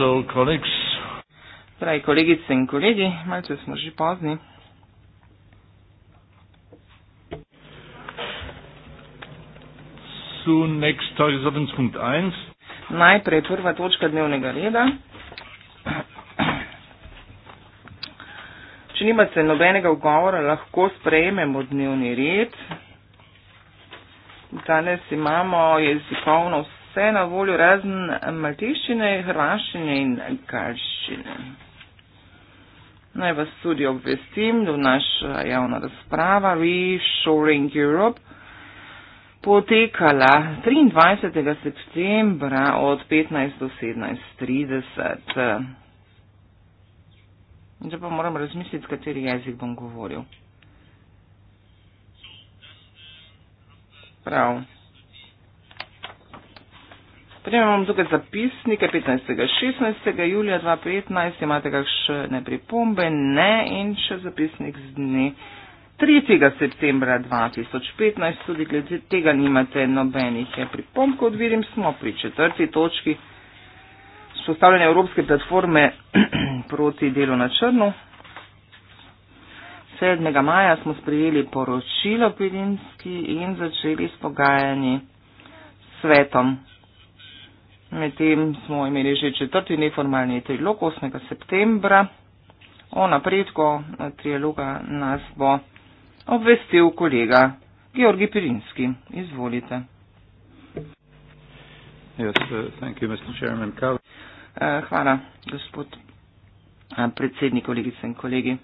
Hello, colleagues. Zdaj, kolegice in kolegi, malce smo že pozni. Next, Najprej prva točka dnevnega reda. Če nimate nobenega ugovora, lahko sprejmemo dnevni red. Danes imamo jezikovno vse vse na voljo razen maltiščine, hrvaščine in galščine. Naj vas tudi obvestim, da v naša javna razprava Reshoring Europe potekala 23. septembra od 15 do 17.30. Zdaj pa moram razmisliti, kateri jezik bom govoril. Prav. Potem imam tukaj zapisnike 15. 16. julija 2015, imate kakšne pripombe? Ne. In še zapisnik z dne 3. septembra 2015, tudi glede tega nimate nobenih pripomb, kot vidim, smo pri četrti točki vzpostavljanja Evropske platforme proti delu na črnu. 7. maja smo sprejeli poročilo Pirinski in začeli s pogajanji svetom Medtem smo imeli že četrti neformalni trilog 8. septembra. O napredku triloga nas bo obvestil kolega Georgi Pirinski. Izvolite. Yes, uh, you, eh, Hvala, gospod eh, predsednik, kolegice in kolegi.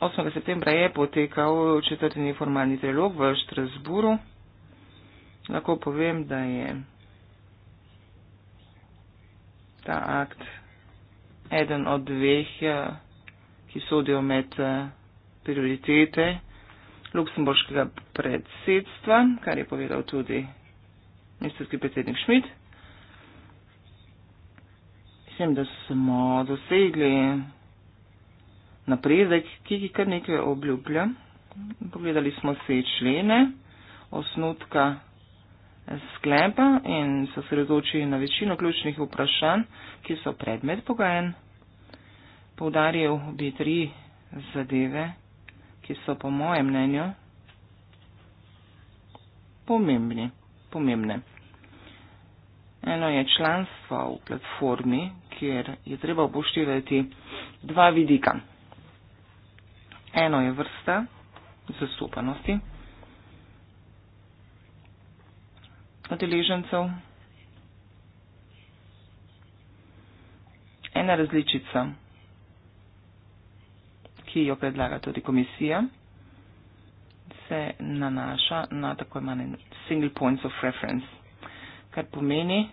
8. septembra je potekal četrti neformalni trilog v Štrasburu lahko povem, da je ta akt eden od dveh, eh, ki sodijo med eh, prioritete luksemburškega predsedstva, kar je povedal tudi ministrski predsednik Šmit. Mislim, da smo dosegli napredek, ki ki kar nekaj obljublja. Pogledali smo se člene osnutka sklepa in se sredoči na večino ključnih vprašanj, ki so predmet pogajen. Poudarjal bi tri zadeve, ki so po mojem mnenju pomembni, pomembne. Eno je članstvo v platformi, kjer je treba upoštevati dva vidika. Eno je vrsta zastopanosti. udeležencev. Ena različica, ki jo predlaga tudi komisija, se nanaša na tako imenovane single points of reference, kar pomeni,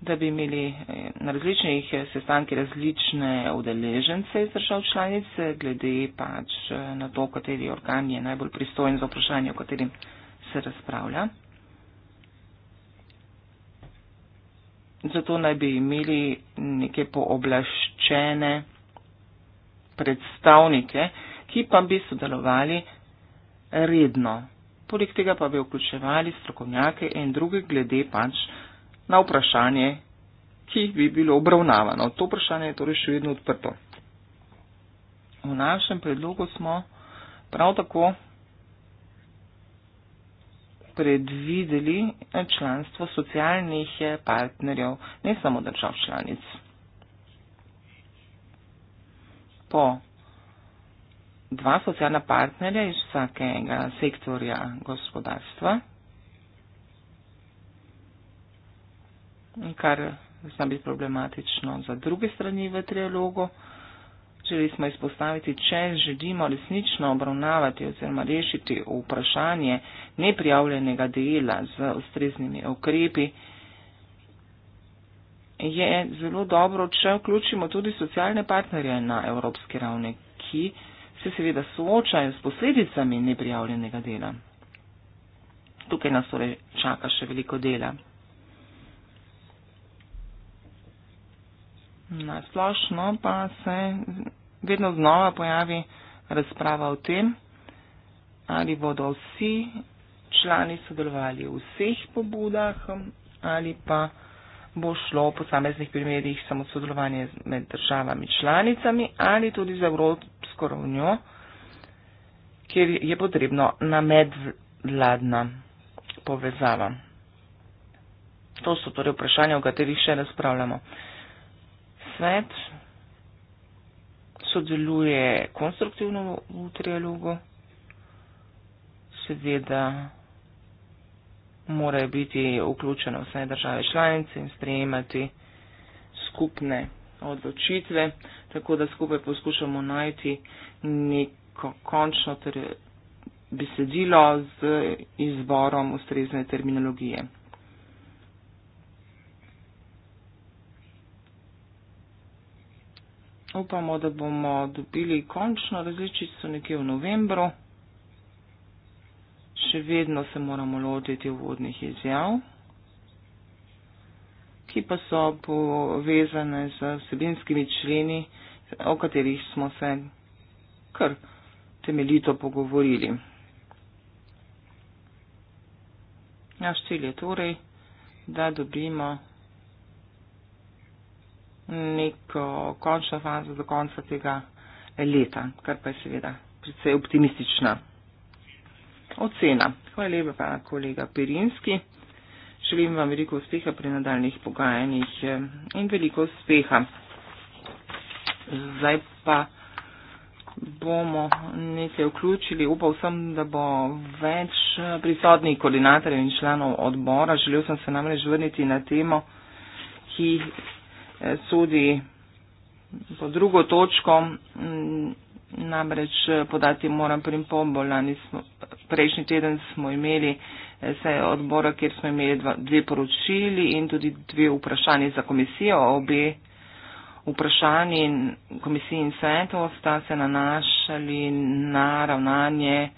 da bi imeli eh, na različnih eh, sestankih različne udeležence iz držav članic, eh, glede pač na to, kateri organ je najbolj pristojen za vprašanje, o katerem se razpravlja. zato naj bi imeli neke pooblaščene predstavnike, ki pa bi sodelovali redno. Poleg tega pa bi vključevali strokovnjake in druge glede pač na vprašanje, ki bi bilo obravnavano. To vprašanje je torej še vedno odprto. V našem predlogu smo prav tako predvideli članstvo socialnih partnerjev, ne samo držav članic. Po dva socialna partnerja iz vsakega sektorja gospodarstva, kar zna biti problematično za druge strani v trialogu. Želeli smo izpostaviti, če želimo resnično obravnavati oziroma rešiti vprašanje neprijavljenega dela z ustreznimi ukrepi, je zelo dobro, če vključimo tudi socialne partnerje na evropski ravni, ki se seveda soočajo s posledicami neprijavljenega dela. Tukaj nas torej čaka še veliko dela. Na splošno pa se vedno znova pojavi razprava o tem, ali bodo vsi člani sodelovali v vseh pobudah ali pa bo šlo v posameznih primerjih samo sodelovanje med državami članicami ali tudi z evropsko ravnjo, kjer je potrebno na medvladna povezava. To so torej vprašanja, o katerih še razpravljamo svet sodeluje konstruktivno v trialogu. Seveda morajo biti vključene vse države članice in sprejemati skupne odločitve, tako da skupaj poskušamo najti neko končno besedilo z izborom ustrezne terminologije. upamo, da bomo dobili končno različico nekje v novembru. Še vedno se moramo lotiti uvodnih izjav, ki pa so povezane z vsebinskimi členi, o katerih smo se kar temeljito pogovorili. Naš cilj je torej, da dobimo neko končno fazo do konca tega leta, kar pa je seveda precej optimistična ocena. Hvala lepa, pa, kolega Pirinski. Želim vam veliko uspeha pri nadaljnih pogajanjih eh, in veliko uspeha. Zdaj pa bomo nekaj vključili. Upal sem, da bo več prisotnih koordinatorjev in članov odbora. Želel sem se namreč vrniti na temo, ki sodi po drugo točko. Mm, namreč eh, podati moram primpombo, prejšnji teden smo imeli eh, sej odbora, kjer smo imeli dve poročili in tudi dve vprašanje za komisijo. Obe vprašanje komisiji in svetu sta se nanašali na ravnanje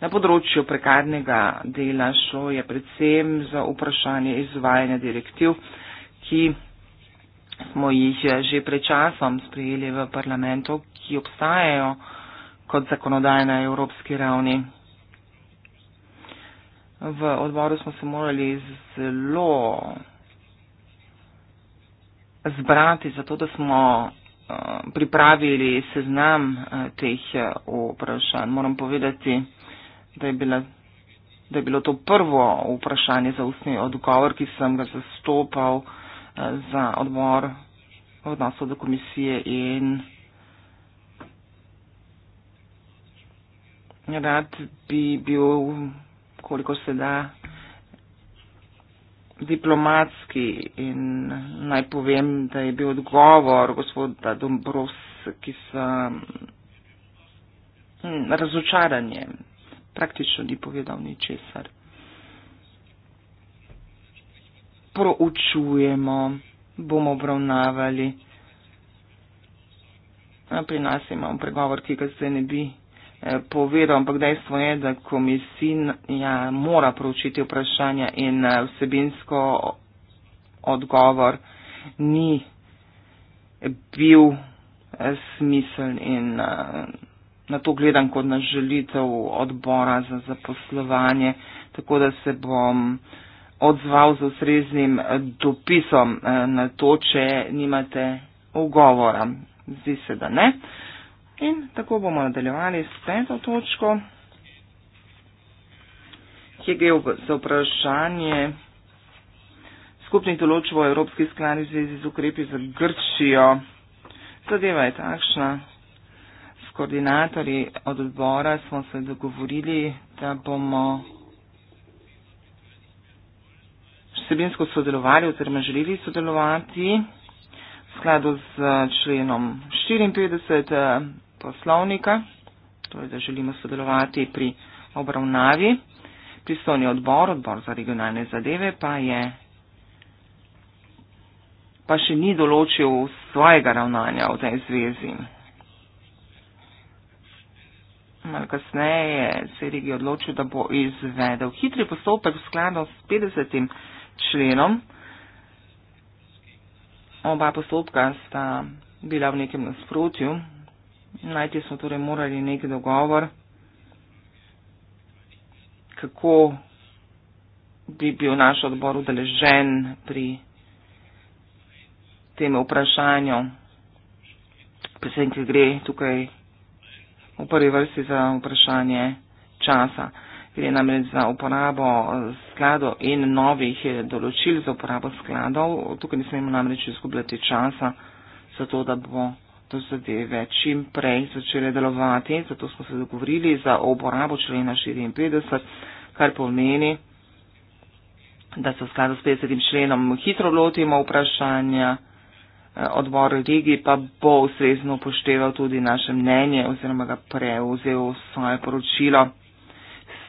na področju prekarnega dela. Šlo je predvsem za vprašanje izvajanja direktiv, ki smo jih že pred časom sprejeli v parlamentu, ki obstajajo kot zakonodaje na evropski ravni. V odboru smo se morali zelo zbrati, zato da smo eh, pripravili seznam eh, teh eh, vprašanj. Moram povedati, da je, bila, da je bilo to prvo vprašanje za ustni odgovor, ki sem ga zastopal za odbor v odnosu do komisije in rad bi bil koliko se da diplomatski in naj povem, da je bil odgovor gospoda Dombrovs, ki so hm, razočaranje, praktično ni povedal ničesar. proučujemo, bomo obravnavali. Pri nas imamo pregovor, ki ga se ne bi eh, povedal, ampak dejstvo je, da komisija mora proučiti vprašanja in eh, vsebinsko odgovor ni bil eh, smisel in na to gledam kot na želitev odbora za zaposlovanje, tako da se bom odzval z ustreznim eh, dopisom eh, na to, če nimate ugovora. Zdi se, da ne. In tako bomo nadaljevali s peto točko, ki je gre za vprašanje skupnih določb o Evropski skladi zvezi z ukrepi za Grčijo. Zadeva je takšna. S koordinatorji od odbora smo se dogovorili, da bomo vsebinsko sodelovali oziroma želeli sodelovati v skladu z eh, členom 54 eh, poslovnika, torej da želimo sodelovati pri obravnavi. Pristojni odbor, odbor za regionalne zadeve, pa je pa še ni določil svojega ravnanja v tej zvezi. Mal kasneje se je regi odločil, da bo izvedel hitri postopek v skladu s 50 členom. Oba postopka sta bila v nekem nasprotju. Najti smo torej morali nek dogovor, kako bi bil naš odbor udeležen pri tem vprašanju, predvsem, ki gre tukaj v prvi vrsti za vprašanje časa. Gre namreč za uporabo skladov in novih določil za uporabo skladov. Tukaj ne smemo namreč izgubljati časa, zato da bo to zadeve čim prej začele delovati. Zato smo se dogovorili za uporabo člena 54, kar pomeni, da se v skladu s 50. členom hitro lotimo vprašanja. Eh, odbor Ligi pa bo ustrezno upošteval tudi naše mnenje oziroma ga preuzel v svoje poročilo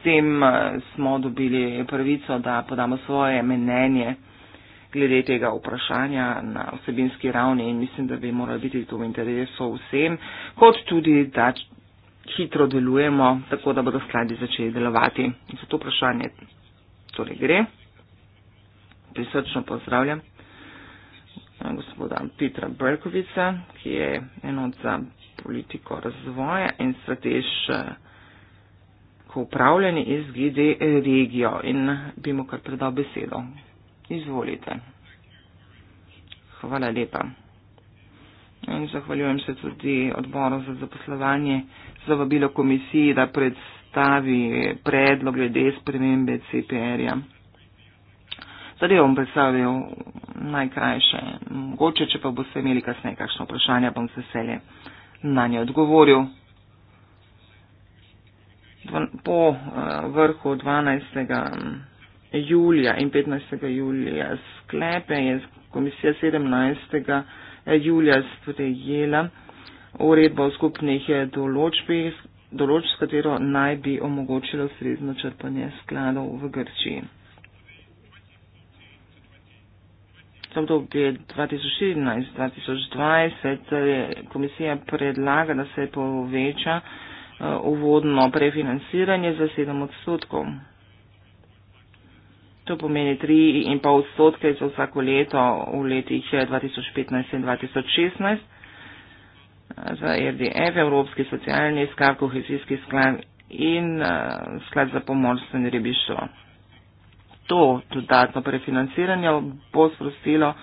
tem eh, smo dobili pravico, da podamo svoje menenje glede tega vprašanja na osebinski ravni in mislim, da bi moralo biti to v interesu vsem, kot tudi, da hitro delujemo, tako da bodo skladi začeli delovati. In za to vprašanje torej gre. Prisrčno pozdravljam eh, gospoda Petra Brkovica, ki je enot za politiko razvoja in strateško. Eh, ko upravljanje izglede eh, regijo in bi mu kar predal besedo. Izvolite. Hvala lepa. In zahvaljujem se tudi odboru za zaposlovanje za vabilo komisiji, da predstavi predlog glede spremembe CPR-ja. Zadevo bom predstavil najkrajše. Mogoče, če pa boste imeli kasneje kakšno vprašanje, bom se veselje na nje odgovoril po eh, vrhu 12. Mm, julija in 15. julija sklepe je komisija 17. Eh, julija sprejela uredbo o skupnih določbih, eh, določb, s katero naj bi omogočilo srezno črpanje skladov v Grčiji. V obdobju 2014-2020 je komisija predlaga, da se poveča uvodno prefinanciranje za 7 odstotkov. To pomeni 3,5 odstotke za vsako leto v letih 2015 in 2016 za RDF, Evropski socialni sklad, kohezijski sklad in uh, sklad za pomorstvo in ribištvo. To dodatno prefinanciranje bo sprostilo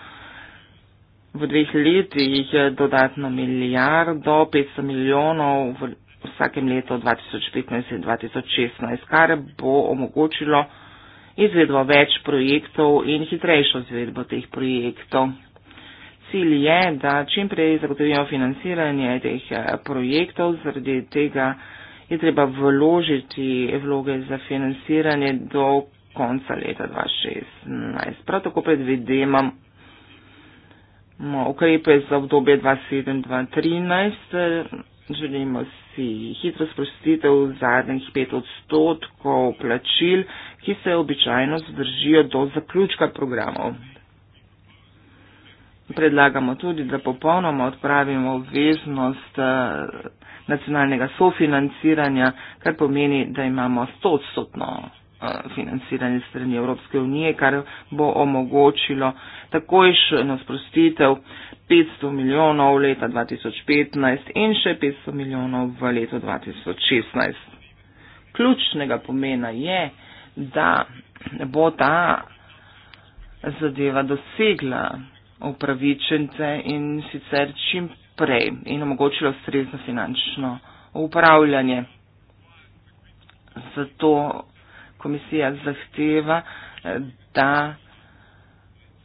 v dveh letih eh, dodatno milijardo 500 milijonov vsakem letu 2015 in 2016, kar bo omogočilo izvedbo več projektov in hitrejšo izvedbo teh projektov. Cilj je, da čim prej zagotovijo financiranje teh eh, projektov, zaradi tega je treba vložiti vloge za financiranje do konca leta 2016. Prav tako predvidevam ukrepe za obdobje 2007-2013. Želimo si hitro sprostitev v zadnjih pet odstotkov plačil, ki se običajno zdržijo do zaključka programov. Predlagamo tudi, da popolnoma odpravimo obveznost eh, nacionalnega sofinanciranja, kar pomeni, da imamo 100 odstotno eh, financiranje strani Evropske unije, kar bo omogočilo takojšno sprostitev. 500 milijonov leta 2015 in še 500 milijonov v letu 2016. Ključnega pomena je, da bo ta zadeva dosegla upravičence in sicer čim prej in omogočila ustrezno finančno upravljanje. Zato komisija zahteva, da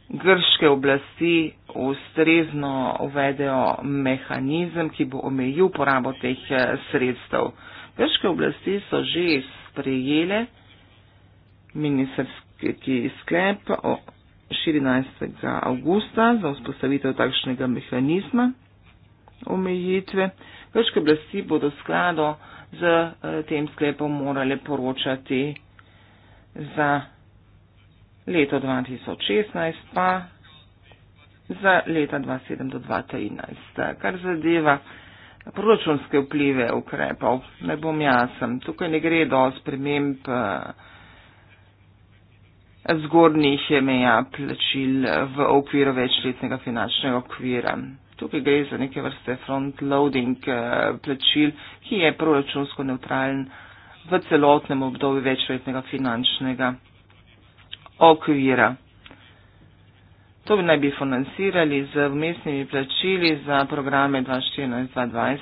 grške oblasti ustrezno uvedejo mehanizem, ki bo omejil porabo teh eh, sredstev. Grške oblasti so že sprejele ministerski sklep 14. augusta za vzpostavitev takšnega mehanizma omejitve. Grške oblasti bodo sklado z eh, tem sklepom morale poročati za leto 2016 pa za leta 2007 do 2013. Kar zadeva proračunske vplive ukrepov, ne bom jasen, tukaj ne gre do sprememb eh, zgornjih meja plačil v okviru večletnega finančnega okvira. Tukaj gre za neke vrste front-loading eh, plačil, ki je proračunsko neutralen v celotnem obdobju večletnega finančnega okvira. To bi naj bi financirali z vmesnimi plačili za programe 2014-2020,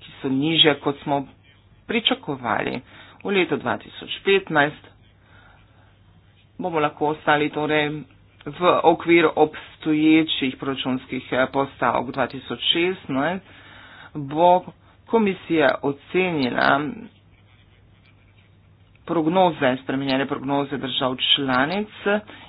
ki so niže, kot smo pričakovali. V letu 2015 bomo lahko ostali torej v okviru obstoječih proračunskih eh, postavk 2016, bo komisija ocenila prognoze, spremenjene prognoze držav članic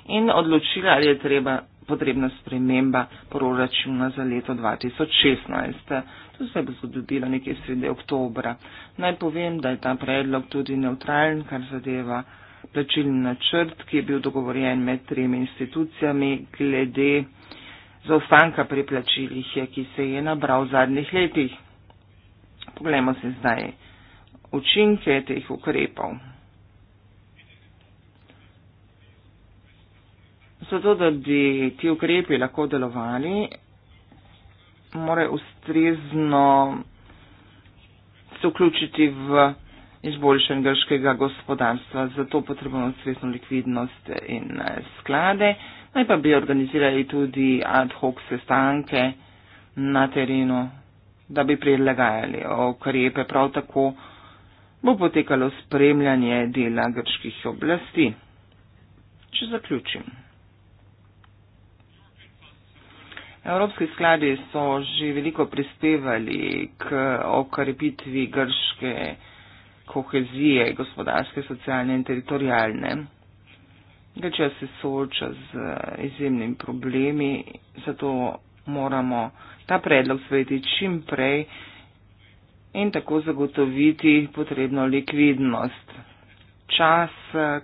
in odločila, ali je treba, potrebna sprememba proračuna za leto 2016. To se bo zgodilo nekje sredi oktobra. Naj povem, da je ta predlog tudi neutralen, kar zadeva plačilni načrt, ki je bil dogovorjen med tremi institucijami glede zaostanka pri plačilih, ki se je nabral v zadnjih letih. Poglejmo se zdaj učinke teh ukrepov. Zato, da bi ti ukrepi lahko delovali, mora ustrezno se vključiti v izboljšan grškega gospodarstva. Zato potrebujemo ustrezno likvidnost in eh, sklade. Naj pa bi organizirali tudi ad hoc sestanke na terenu, da bi prilagajali ukrepe. Prav tako bo potekalo spremljanje dela grških oblasti. Če zaključim. Evropski skladi so že veliko prispevali k okrepitvi grške kohezije, gospodarske, socialne in teritorijalne. Grčija se sooča z izjemnim problemi, zato moramo ta predlog sprejeti čim prej in tako zagotoviti potrebno likvidnost. Čas,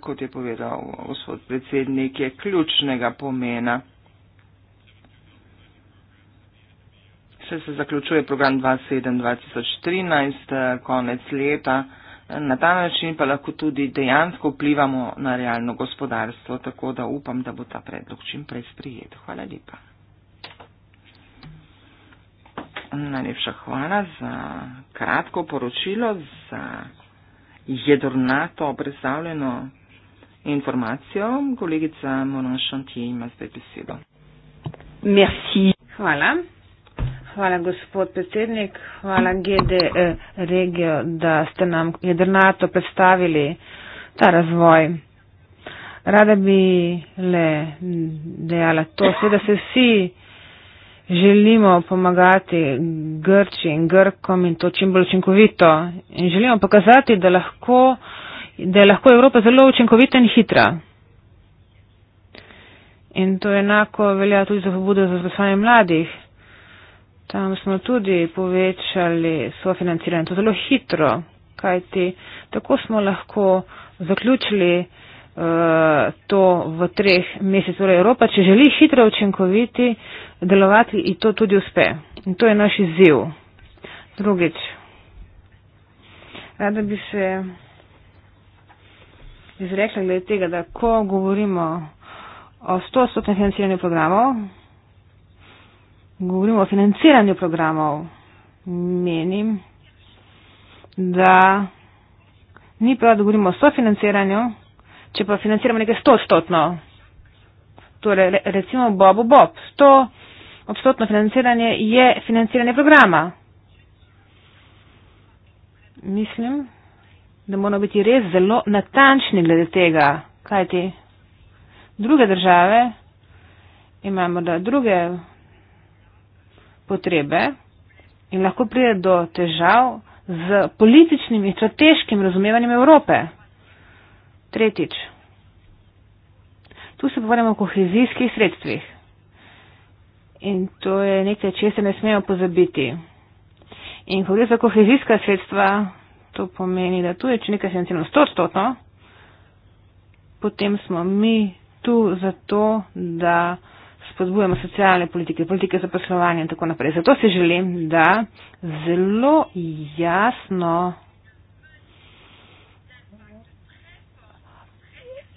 kot je povedal gospod predsednik, je ključnega pomena. Se, se zaključuje program 2007-2013, eh, konec leta. Eh, na ta način pa lahko tudi dejansko vplivamo na realno gospodarstvo, tako da upam, da bo ta predlog čim prej sprijet. Hvala lepa. Najlepša hvala za kratko poročilo, za jedrnato predstavljeno informacijo. Kolegica Monon Šantje ima zdaj besedo. Merci. Hvala. Hvala, gospod predsednik. Hvala, GD eh, Regio, da ste nam jedrnato predstavili ta razvoj. Rada bi le dejala to, da se vsi želimo pomagati Grči in Grkom in to čim bolj učinkovito. In želimo pokazati, da, lahko, da je lahko Evropa zelo učinkovita in hitra. In to enako velja tudi za pobudo za zaposlovanje mladih. Tam smo tudi povečali sofinanciranje, to zelo hitro, kajti tako smo lahko zaključili uh, to v treh mesecih. Torej Evropa, če želi hitro učinkoviti, delovati in to tudi uspe. In to je naš izziv. Drugič. Rada bi se izrekla glede tega, da ko govorimo o 100-stotnem financiranju programov, govorimo o financiranju programov, menim, da ni prav, da govorimo o sofinanciranju, če pa financiramo nekaj stotno. Torej, recimo Bobu Bob, sto odstotno financiranje je financiranje programa. Mislim, da moramo biti res zelo natančni glede tega, kaj ti druge države imajo morda druge potrebe in lahko pride do težav z političnim in strateškim razumevanjem Evrope. Tretjič. Tu se pogovarjamo o kohezijskih sredstvih. In to je nekaj, če se ne smemo pozabiti. In ko gre za kohezijska sredstva, to pomeni, da tu je, če nekaj se ne potem smo mi tu zato, da spodbujamo socialne politike, politike zaposlovanja in tako naprej. Zato se želim, da zelo jasno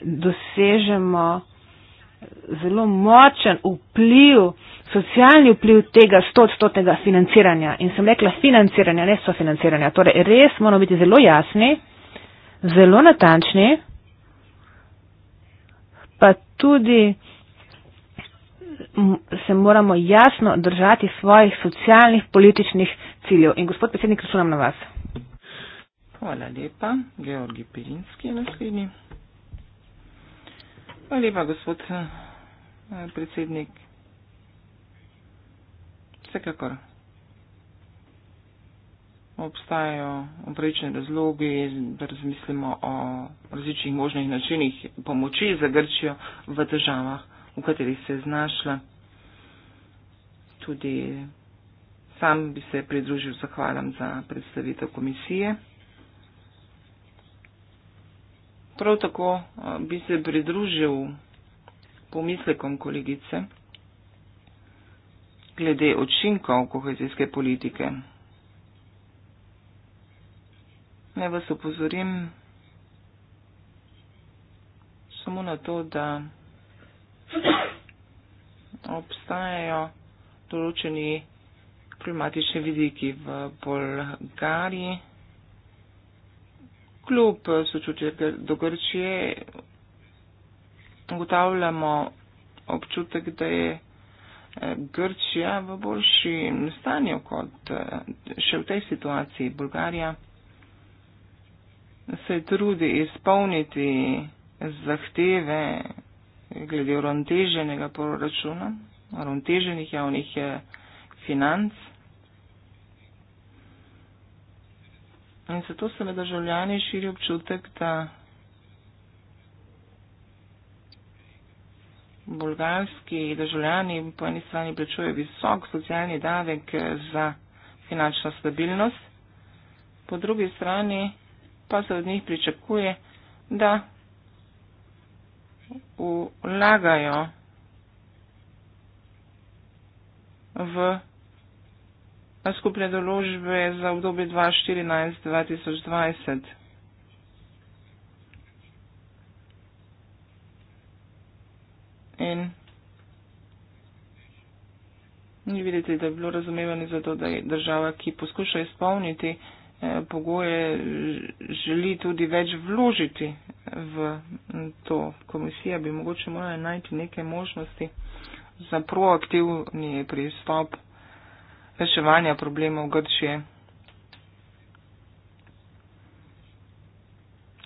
dosežemo zelo močen vpliv, socialni vpliv tega stotstotnega financiranja. In sem rekla financiranja, ne sofinanciranja. Torej, res moramo biti zelo jasni, zelo natančni, pa tudi se moramo jasno držati svojih socialnih, političnih ciljev. In gospod predsednik, računam na vas. Hvala lepa. Georgi Pirinski je naslednji. Hvala lepa, gospod eh, predsednik. Vsekakor obstajajo upravičene razlogi, da razmislimo o različnih možnih načinih pomoči za Grčijo v državah v kateri se je znašla. Tudi sam bi se pridružil zahvalam za predstavitev komisije. Prav tako eh, bi se pridružil pomislekom kolegice glede očinkov kohezijske politike. Naj vas upozorim samo na to, da obstajajo določeni problematični vidiki v Bolgariji. Kljub sočutju do Grčije ugotavljamo občutek, da je eh, Grčija v boljšem stanju kot eh, še v tej situaciji Bolgarija. Se trudi izpolniti zahteve glede uravnoteženega proračuna, uravnoteženih javnih eh, financ. In zato se med državljani širi občutek, da bolgarski državljani po eni strani plačujejo visok socialni davek eh, za finančno stabilnost, po drugi strani pa se od njih pričakuje, da vlagajo v skupne doložbe za obdobje 2014-2020. In ni videti, da je bilo razumevanje za to, da je država, ki poskuša izpolniti pogoje želi tudi več vložiti v to. Komisija bi mogoče morala najti neke možnosti za proaktivni pristop reševanja problemov Grčije.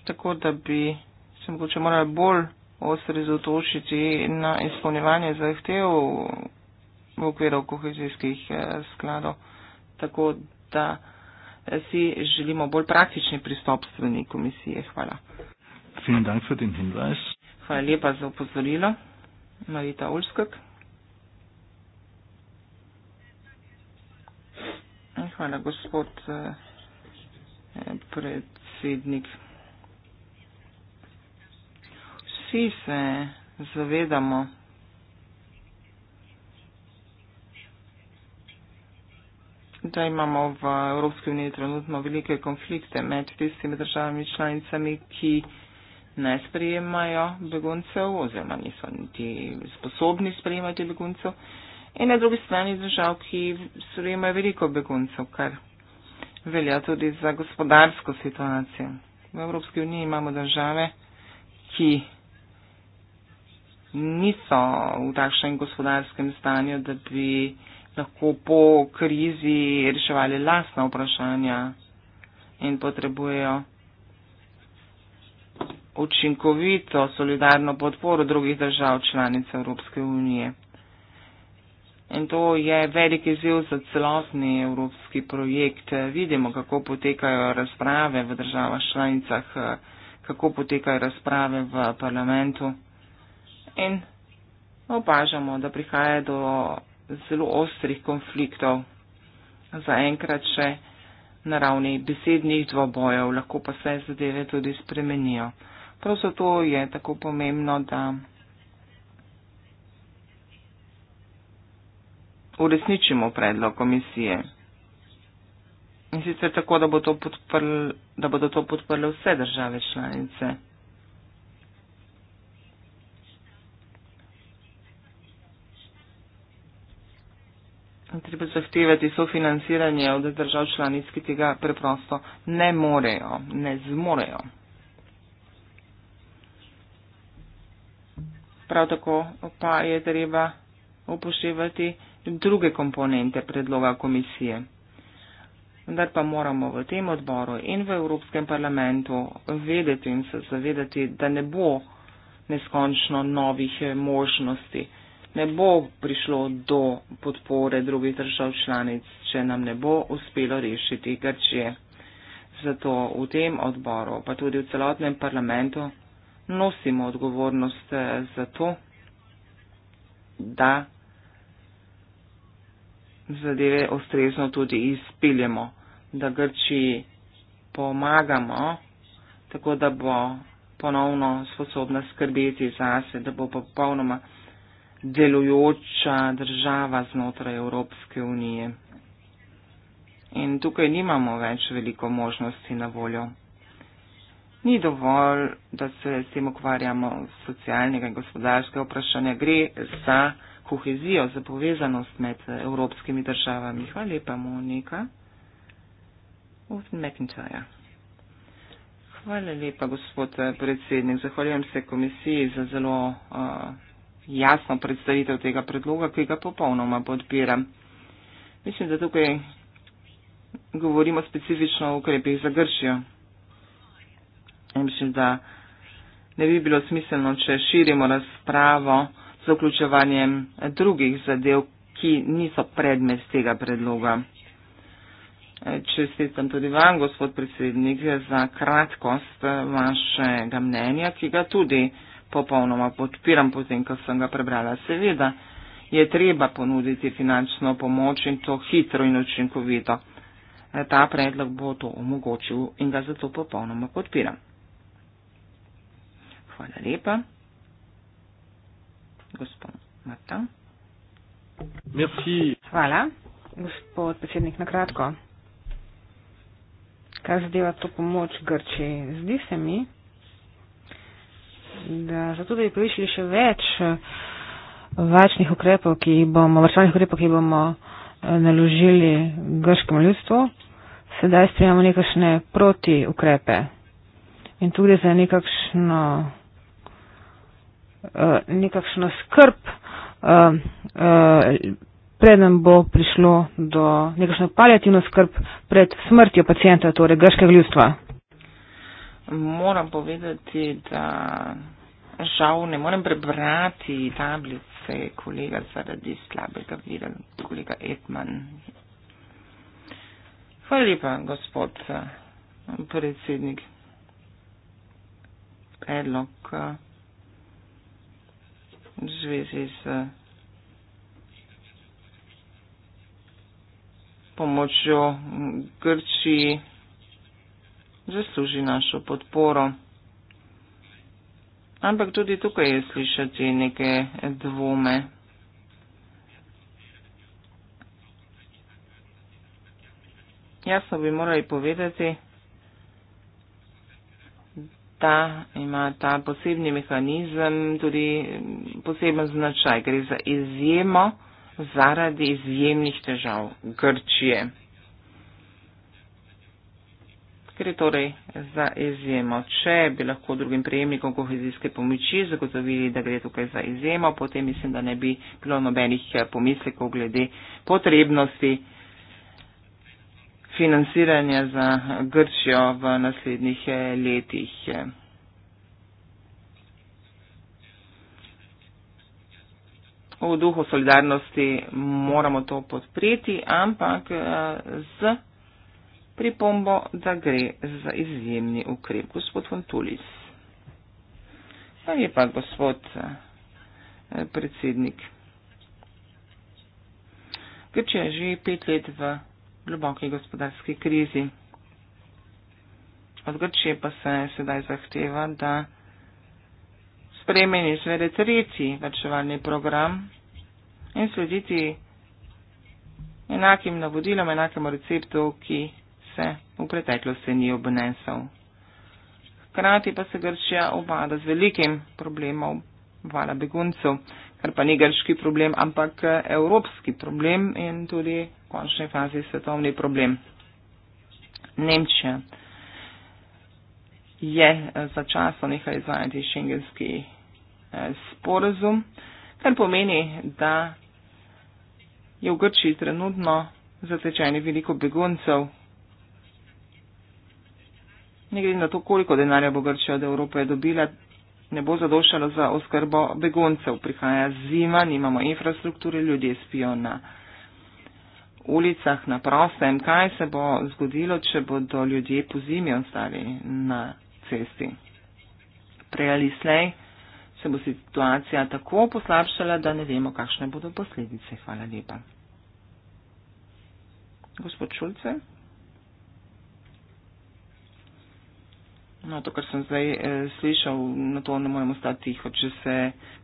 Tako da bi se mogoče morala bolj osredotočiti na izpolnjevanje zahtev v okviru kohezijskih eh, skladov. Tako da si želimo bolj praktični pristop strani komisije. Hvala. Hvala lepa za upozorilo. Marita Olskog. Hvala, gospod eh, predsednik. Vsi se zavedamo, da imamo v Evropski uniji trenutno velike konflikte med tistimi državami članicami, ki ne sprejemajo beguncev oziroma niso niti sposobni sprejemati beguncev in na drugi strani držav, ki sprejemajo veliko beguncev, kar velja tudi za gospodarsko situacijo. V Evropski uniji imamo države, ki niso v takšnem gospodarskem stanju, da bi lahko po krizi reševali lastna vprašanja in potrebujejo učinkovito solidarno podporo drugih držav članic Evropske unije. In to je velik izziv za celotni evropski projekt. Vidimo, kako potekajo razprave v državah članicah, kako potekajo razprave v parlamentu. In opažamo, da prihaja do zelo ostrih konfliktov, zaenkrat še na ravni besednih dvobojev, lahko pa se zadeve tudi spremenijo. Prav zato je tako pomembno, da uresničimo predlog komisije. In sicer tako, da bodo to podprle vse države članice. treba zahtevati sofinanciranje od držav članic, ki tega preprosto ne morejo, ne zmorejo. Prav tako pa je treba upoštevati druge komponente predloga komisije. Vendar pa moramo v tem odboru in v Evropskem parlamentu vedeti in se zavedati, da ne bo neskončno novih možnosti ne bo prišlo do podpore drugih držav članic, če nam ne bo uspelo rešiti Grčije. Zato v tem odboru, pa tudi v celotnem parlamentu, nosimo odgovornost eh, za to, da zadeve ustrezno tudi izpiljemo, da Grčiji pomagamo, tako da bo ponovno sposobna skrbeti zase, da bo popolnoma. Pa delujoča država znotraj Evropske unije. In tukaj nimamo več veliko možnosti na voljo. Ni dovolj, da se s tem ukvarjamo socialnega in gospodarskega vprašanja. Gre za kohezijo, za povezanost med evropskimi državami. Hvala lepa, Monika. Hvala lepa, gospod eh, predsednik. Zahvaljujem se komisiji za zelo. Uh, jasno predstavitev tega predloga, ki ga popolnoma podpiram. Mislim, da tukaj govorimo specifično o ukrepih za Grčijo. Ja, mislim, da ne bi bilo smiselno, če širimo razpravo z vključevanjem drugih zadev, ki niso predmet tega predloga. Čestitam tudi vam, gospod predsednik, za kratkost vašega mnenja, ki ga tudi popolnoma podpiram, potem, ko sem ga prebrala. Seveda je treba ponuditi finančno pomoč in to hitro in učinkovito. Ta predlog bo to omogočil in ga zato popolnoma podpiram. Hvala lepa. Gospod Mata. Merci. Hvala. Gospod predsednik, na kratko. Kaj zadeva to pomoč Grčiji? Zdi se mi, da zato, da bi povišili še več eh, vačnih ukrepov, ki jih bomo, vrčanih ukrepov, ki jih bomo eh, naložili grškemu ljudstvu, sedaj sprejemamo nekakšne proti ukrepe. In tudi za nekakšno, eh, nekakšno skrb, preden bo prišlo do nekakšne paljativno skrb pred smrtjo pacijenta, torej grškega ljudstva moram povedati, da žal ne morem prebrati tablice kolega zaradi slabega vira, kolega Edman. Hvala lepa, gospod eh, predsednik. Predlog eh, v zvezi z eh, pomočjo mm, Grčiji zasluži našo podporo. Ampak tudi tukaj je slišati neke dvome. Jasno bi morali povedati, da ima ta posebni mehanizem tudi poseben značaj. Gre za izjemo zaradi izjemnih težav Grčije ker je torej za izjemo. Če bi lahko drugim prejemnikom kohezijske pomoči zagotovili, da gre tukaj za izjemo, potem mislim, da ne bi bilo nobenih eh, pomislekov glede potrebnosti financiranja za Grčijo v naslednjih eh, letih. V duhu solidarnosti moramo to podpreti, ampak eh, z pripombo, da gre za izjemni ukrep, gospod Fontulis. Pa je pa gospod eh, predsednik. Grčija je že pet let v globoki gospodarski krizi. Od Grčije pa se sedaj zahteva, da spremeni svede tretji vrčevalni program in slediti enakim navodilom, enakemu receptu, ki se v preteklosti ni obnesel. Hkrati pa se Grčija obada z velikim problemom vala beguncev, kar pa ni grški problem, ampak eh, evropski problem in tudi v končni fazi svetovni problem. Nemčija je eh, začasno nehala izvajati šengenski eh, sporozum, kar pomeni, da je v Grčiji trenutno zatečeni veliko beguncev, ne glede na to, koliko denarja bo Grčija od Evrope dobila, ne bo zadošalo za oskrbo beguncev. Prihaja zima, nimamo infrastrukture, ljudje spijo na ulicah, na prostem. Kaj se bo zgodilo, če bodo ljudje po zimi ostali na cesti? Prej ali slej se bo situacija tako poslabšala, da ne vemo, kakšne bodo posledice. Hvala lepa. Gospod Šulce. No, to, kar sem zdaj e, slišal, na to ne moremo stati tiho. Če se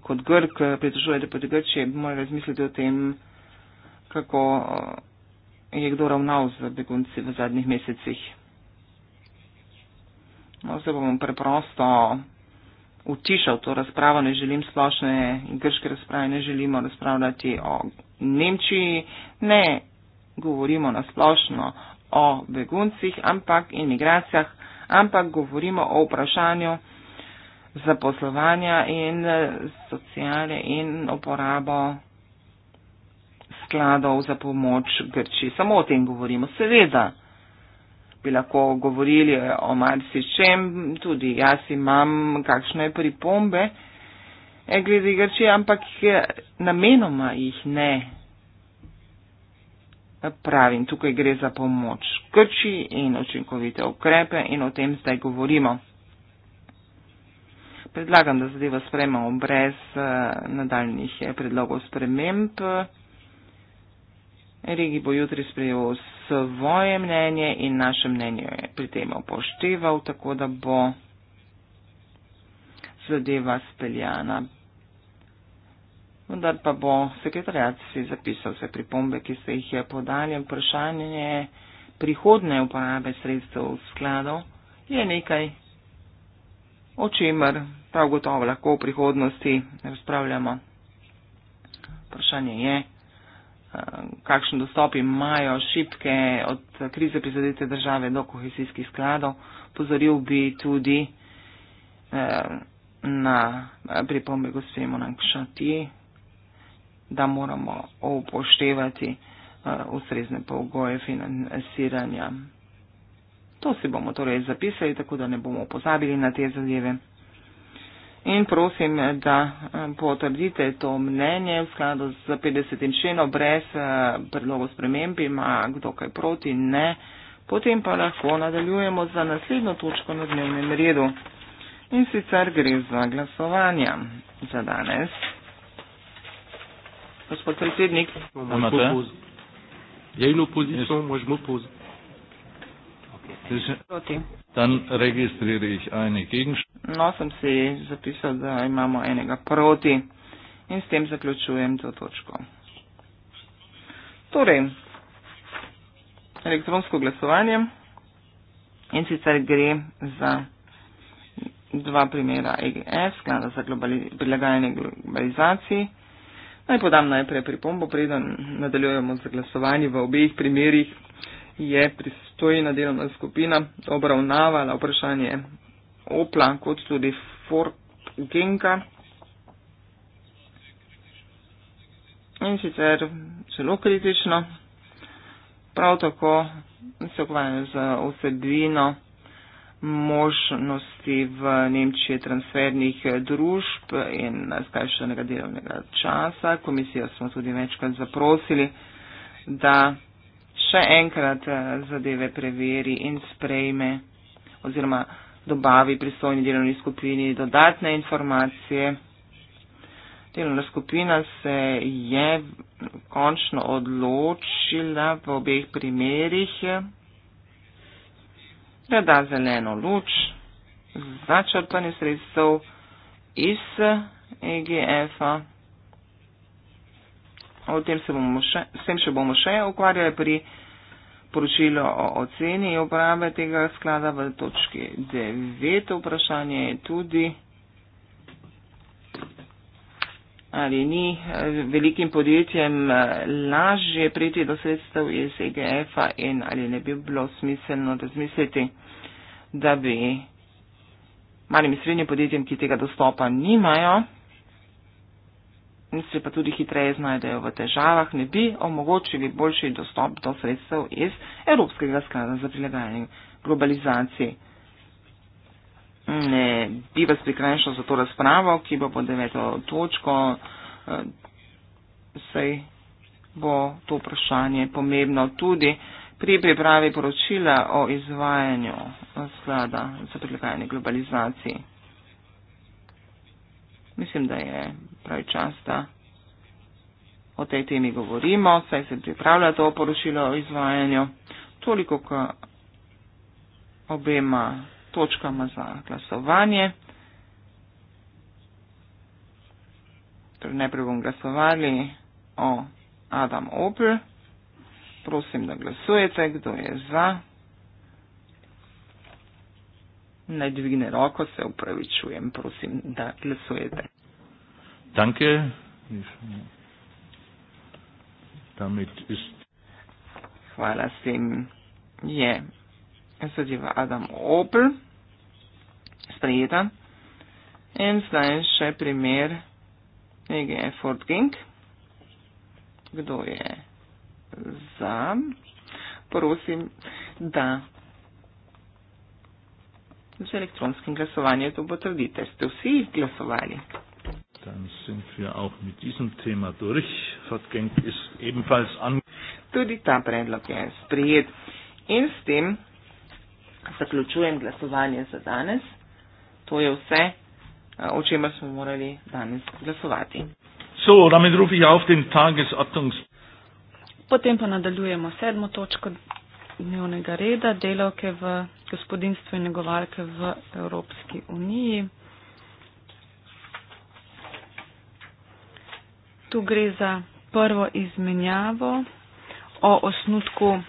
kot Grk eh, pritožujete proti Grčiji, bi morali razmisliti o tem, kako eh, je kdo ravnal z begunci v zadnjih mesecih. No, zdaj bom preprosto utišal to razpravo, ne želim splošne grške razprave, ne želimo razpravljati o Nemčiji, ne govorimo nasplošno o beguncih, ampak imigracijah ampak govorimo o vprašanju zaposlovanja in eh, socijale in uporabo skladov za pomoč Grči. Samo o tem govorimo. Seveda bi lahko govorili o marsičem, tudi jaz imam kakšne pripombe eh, glede Grči, ampak eh, namenoma jih ne pravim, tukaj gre za pomoč krči in očinkovite ukrepe in o tem zdaj govorimo. Predlagam, da zadevo sprejmemo brez eh, nadaljnih eh, predlogov sprememb. Regi bo jutri sprejel svoje mnenje in naše mnenje je pri tem upošteval, tako da bo zadeva speljana vendar pa bo sekretarjat si zapisal vse pripombe, ki ste jih je eh, podali. Vprašanje prihodne uporabe sredstev v skladu je nekaj, o čemer prav gotovo lahko v prihodnosti razpravljamo. Vprašanje je, eh, kakšen dostop imajo šipke od krize prizadete države do kohezijskih skladov. Pozoril bi tudi eh, na pripombe gospe Monank Šatije, da moramo upoštevati uh, ustrezne pogoje financiranja. To si bomo torej zapisali, tako da ne bomo pozabili na te zadeve. In prosim, da eh, potrdite to mnenje v skladu z 50. členom, brez eh, predlogo sprememb ima kdo kaj proti, ne. Potem pa lahko nadaljujemo za naslednjo točko na dnevnem redu. In sicer gre za glasovanja za danes. Gospod predsednik, imate? Je ja, in opozicijo, moč mu pozi. Dan registriraj jih ene gegenstvene. No, sem si zapisal, da imamo enega proti in s tem zaključujem to točko. Torej, elektronsko glasovanje in sicer gre za dva primera EGF, sklada za prilagajanje globalizaciji. globalizaciji. Naj podam najprej pripombo, preden nadaljujemo z glasovanji. V obeh primerjih je pristojna delovna skupina obravnavala vprašanje Opla kot tudi Ford Genka. In sicer zelo kritično, prav tako se ukvarjajo z osebino možnosti v Nemčiji transfernih družb in skrajšanega delovnega časa. Komisijo smo tudi večkrat zaprosili, da še enkrat eh, zadeve preveri in sprejme oziroma dobavi pristojni delovni skupini dodatne informacije. Delovna skupina se je končno odločila v obeh primerih da da zeleno luč za črpanje sredstev iz EGF-a. O tem se bomo še, s tem še bomo še ukvarjali pri poročilu o oceni uporabe tega sklada v točki 9. Vprašanje je tudi ali ni eh, velikim podjetjem eh, lažje priti do sredstev iz EGF-a in ali ne bi bilo smiselno razmisliti, da bi malim in srednjim podjetjem, ki tega dostopa nimajo, in se pa tudi hitreje znajdejo v težavah, ne bi omogočili boljši dostop do sredstev iz Evropskega sklada za prilagajanje globalizaciji ne, bi vas prikrajšal za to razpravo, ki bo pod deveto točko. E, Sej bo to vprašanje pomembno tudi pri pripravi poročila o izvajanju sklada za prilagajanje globalizaciji. Mislim, da je pravi čas, da o tej temi govorimo, saj se pripravlja to poročilo o izvajanju. Toliko k obema točkama za glasovanje. Torej najprej bom glasovali o Adam Opel. Prosim, da glasujete, kdo je za. Naj dvigne roko, se upravičujem, prosim, da glasujete. Danke. Damit ist Hvala, sem je zadeva Adam Opel, sprejeta. In zdaj še primer nege Ford Gink. Kdo je za? Prosim, da. Z elektronskim glasovanjem to potrdite. Ste vsi glasovali. Tudi ta predlog je sprijet. In s tem zaključujem glasovanje za danes. To je vse, eh, o čemer smo morali danes glasovati. So, Potem pa nadaljujemo sedmo točko dnevnega reda, delavke v gospodinstvu in negovalke v Evropski uniji. Tu gre za prvo izmenjavo o osnutku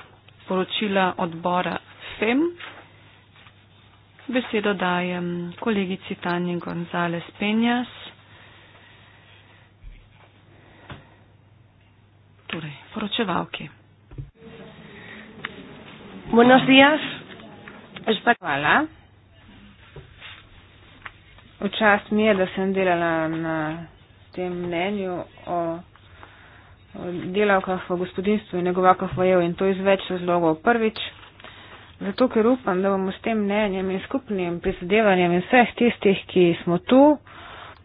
poročila odbora FEM. Besedo dajem kolegici Tanji Gonzales Penjas. Torej, poročevalki. Buenos días. Hvala. Včast mi je, da sem delala na tem mnenju o delavkah v gospodinstvu in negovakah v EU in to iz več razlogov. Prvič, zato ker upam, da bomo s tem mnenjem in skupnim prizadevanjem vseh tistih, ki smo tu,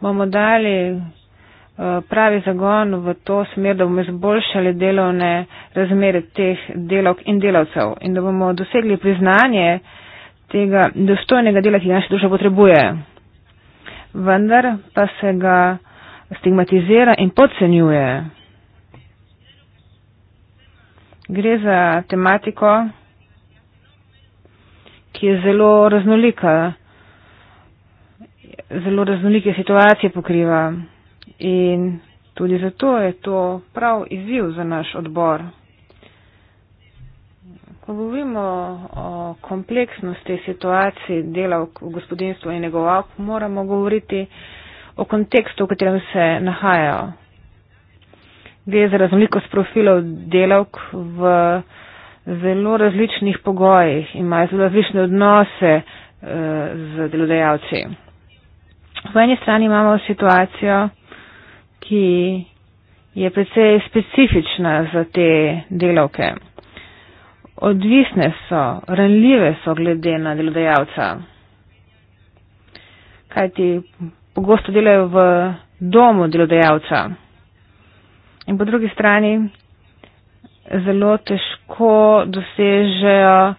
bomo dali eh, pravi zagon v to smer, da bomo izboljšali delovne razmere teh delovk in delavcev in da bomo dosegli priznanje tega dostojnega dela, ki ga naša duša potrebuje. Vendar pa se ga stigmatizira in podcenjuje. Gre za tematiko, ki je zelo raznolika, zelo raznolike situacije pokriva. In tudi zato je to prav izziv za naš odbor. Ko govorimo o kompleksnosti situacije dela v gospodinstvu in negovalk, moramo govoriti o kontekstu, v katerem se nahajajo. Gre za raznolikost profilov delavk v zelo različnih pogojih, imajo zelo različne odnose eh, z delodajalci. Po eni strani imamo situacijo, ki je precej specifična za te delavke. Odvisne so, ranljive so glede na delodajalca, kajti pogosto delajo v domu delodajalca. In po drugi strani zelo težko dosežejo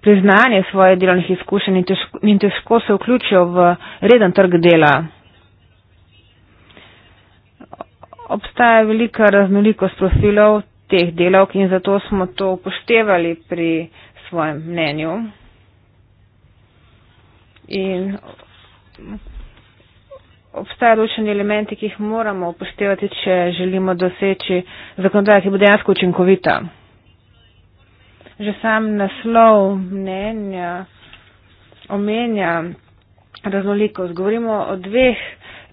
priznanje svoje delovnih izkušenj in težko, in težko se vključijo v reden trg dela. Obstaja velika raznolikost profilov teh delavk in zato smo to upoštevali pri svojem mnenju. In obstajajo določeni elementi, ki jih moramo upoštevati, če želimo doseči zakonodajo, ki bo dejansko učinkovita. Že sam naslov mnenja omenja raznolikost. Govorimo o dveh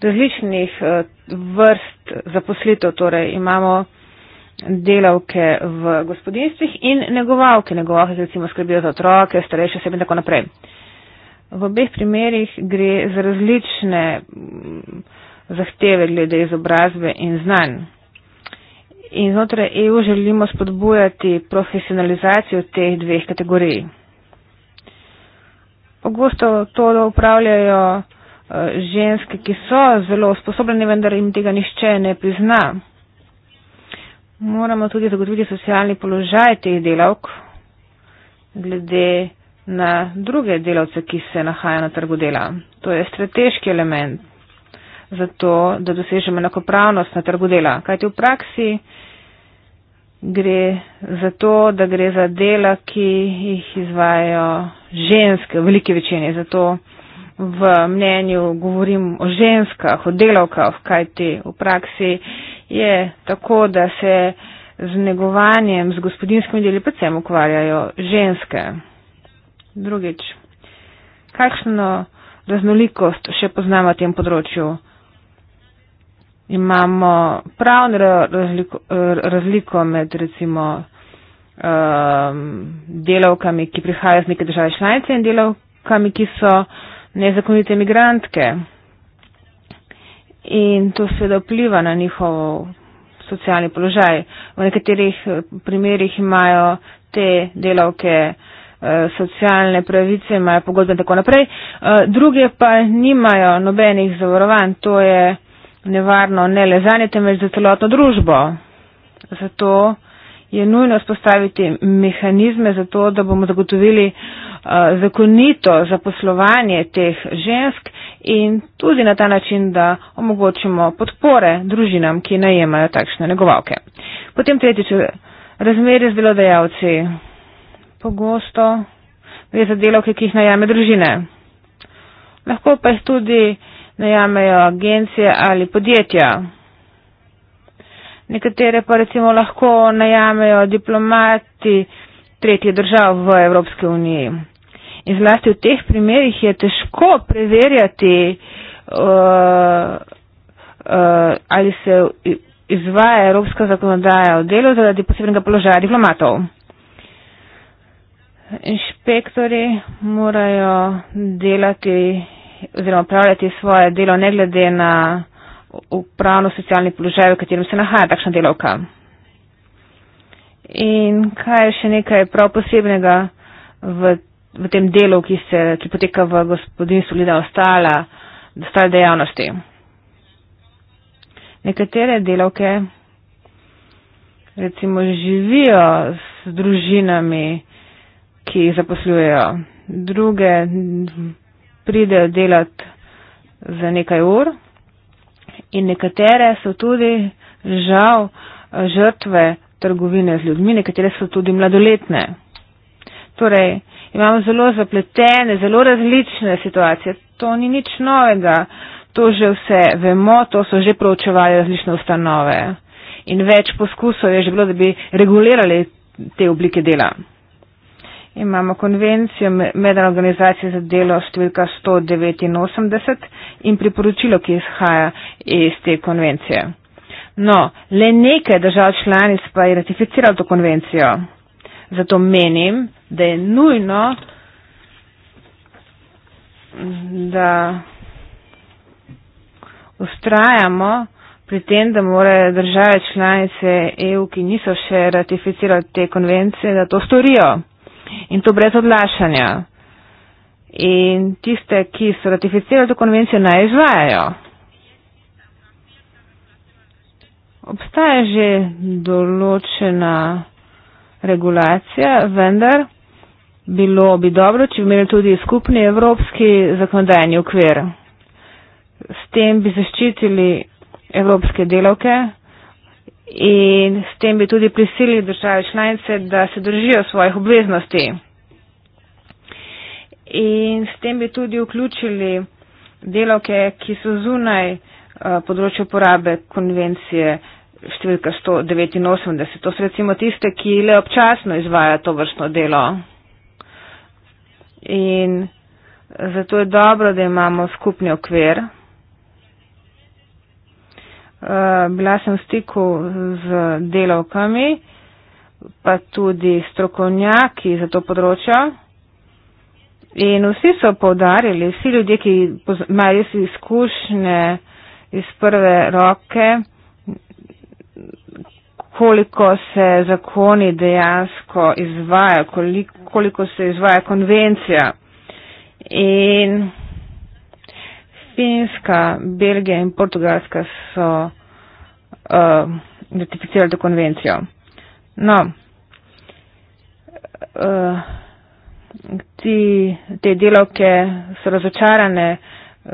različnih eh, vrst zaposlitev. Torej imamo delavke v gospodinstvih in negovalke. Negovalke recimo skrbijo za otroke, starejše osebe in tako naprej. V obeh primerjih gre za različne mm, zahteve glede izobrazbe in znanj. In znotraj EU želimo spodbujati profesionalizacijo teh dveh kategorij. Pogosto to upravljajo e, ženske, ki so zelo usposobljene, vendar jim tega nišče ne prizna. Moramo tudi zagotoviti socialni položaj teh delavk glede na druge delavce, ki se nahajajo na trgu dela. To je strateški element za to, da dosežemo enakopravnost na trgu dela. Kajti v praksi gre za to, da gre za dela, ki jih izvajajo ženske, velike večine. Zato v mnenju govorim o ženskah, o delavkah, kajti v praksi je tako, da se z negovanjem, z gospodinskimi deli predvsem ukvarjajo ženske. Drugič, kakšno raznolikost še poznamo na tem področju? Imamo pravno razliko, razliko med recimo um, delavkami, ki prihajajo iz neke države članice in delavkami, ki so nezakonite imigrantke. In to seveda vpliva na njihov socialni položaj. V nekaterih eh, primerjih imajo te delavke uh, Eh, socialne pravice, imajo pogodbe in tako naprej. Eh, druge pa nimajo nobenih zavarovanj, to je nevarno ne le zanje, temveč za celotno družbo. Zato je nujno spostaviti mehanizme za to, da bomo zagotovili eh, zakonito zaposlovanje teh žensk in tudi na ta način, da omogočimo podpore družinam, ki najemajo takšne negovalke. Potem tretjič, razmerje z delodajalci pogosto gre za delavke, ki jih najame družine. Lahko pa jih tudi najamejo agencije ali podjetja. Nekatere pa recimo lahko najamejo diplomati tretje držav v Evropski uniji. In zlasti v teh primerjih je težko preverjati, uh, uh, ali se izvaja evropska zakonodaja o delu zaradi posebnega položaja diplomatov. Inšpektori morajo delati oziroma upravljati svoje delo ne glede na upravno-socialni položaj, v katerem se nahaja takšna delovka. In kaj je še nekaj prav posebnega v, v tem delu, ki se ki poteka v gospodinstvu ali da ostala, da ostale dejavnosti? Nekatere delovke recimo živijo s družinami, ki zaposlujejo druge, pridejo delat za nekaj ur in nekatere so tudi žal žrtve trgovine z ljudmi, nekatere so tudi mladoletne. Torej, imamo zelo zapletene, zelo različne situacije. To ni nič novega, to že vse vemo, to so že proučevali različne ustanove. In več poskusov je že bilo, da bi regulirali te oblike dela. Imamo konvencijo Medan organizacije za delo številka 189 in priporočilo, ki izhaja iz te konvencije. No, le nekaj držav članic pa je ratificiralo to konvencijo. Zato menim, da je nujno, da ustrajamo pri tem, da morajo države članice EU, ki niso še ratificirali te konvencije, da to storijo in to brez odlašanja. In tiste, ki so ratificirali to konvencijo, naj izvajajo. Obstaja že določena regulacija, vendar bilo bi dobro, če bi imeli tudi skupni evropski zakonodajni okvir. S tem bi zaščitili evropske delavke in s tem bi tudi prisilili države članice, da se držijo svojih obveznosti. In s tem bi tudi vključili delavke, ki so zunaj eh, področja uporabe konvencije številka 189. To so recimo tiste, ki le občasno izvaja to vrstno delo. In zato je dobro, da imamo skupni okvir bila sem v stiku z delavkami, pa tudi strokovnjaki za to področje. In vsi so povdarjali, vsi ljudje, ki imajo res izkušnje iz prve roke, koliko se zakoni dejansko izvaja, koliko, koliko se izvaja konvencija. In Finska, Belgija in Portugalska so uh, ratificirali to konvencijo. No, uh, ti, te delovke so razočarane uh,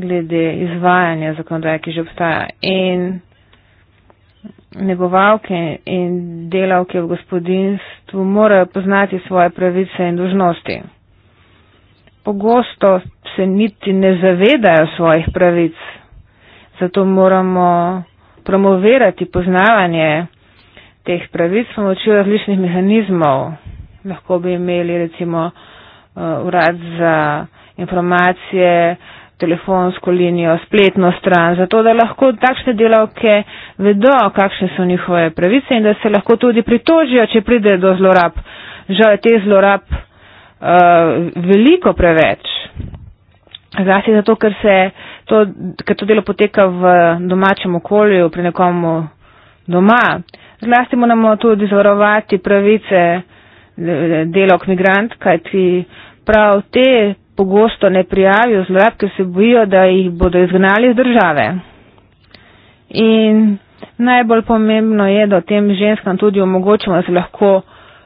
glede izvajanja zakonodaje, ki že obstaja. In negovalke in delavke v gospodinstvu morajo poznati svoje pravice in dožnosti pogosto se niti ne zavedajo svojih pravic. Zato moramo promovirati poznavanje teh pravic s pomočjo različnih mehanizmov. Lahko bi imeli recimo eh, urad za informacije, telefonsko linijo, spletno stran, zato da lahko takšne delavke vedo, kakšne so njihove pravice in da se lahko tudi pritožijo, če pride do zlorab. Žal je teh zlorab Eh, veliko preveč. Zlasti zato, ker, se, to, ker to delo poteka v domačem okolju, pri nekomu doma. Zlasti moramo tudi zavarovati pravice eh, delovk migrant, kajti prav te pogosto ne prijavijo zlorab, ker se bojijo, da jih bodo izgnali iz države. In najbolj pomembno je, da tem ženskam tudi omogočimo, da se lahko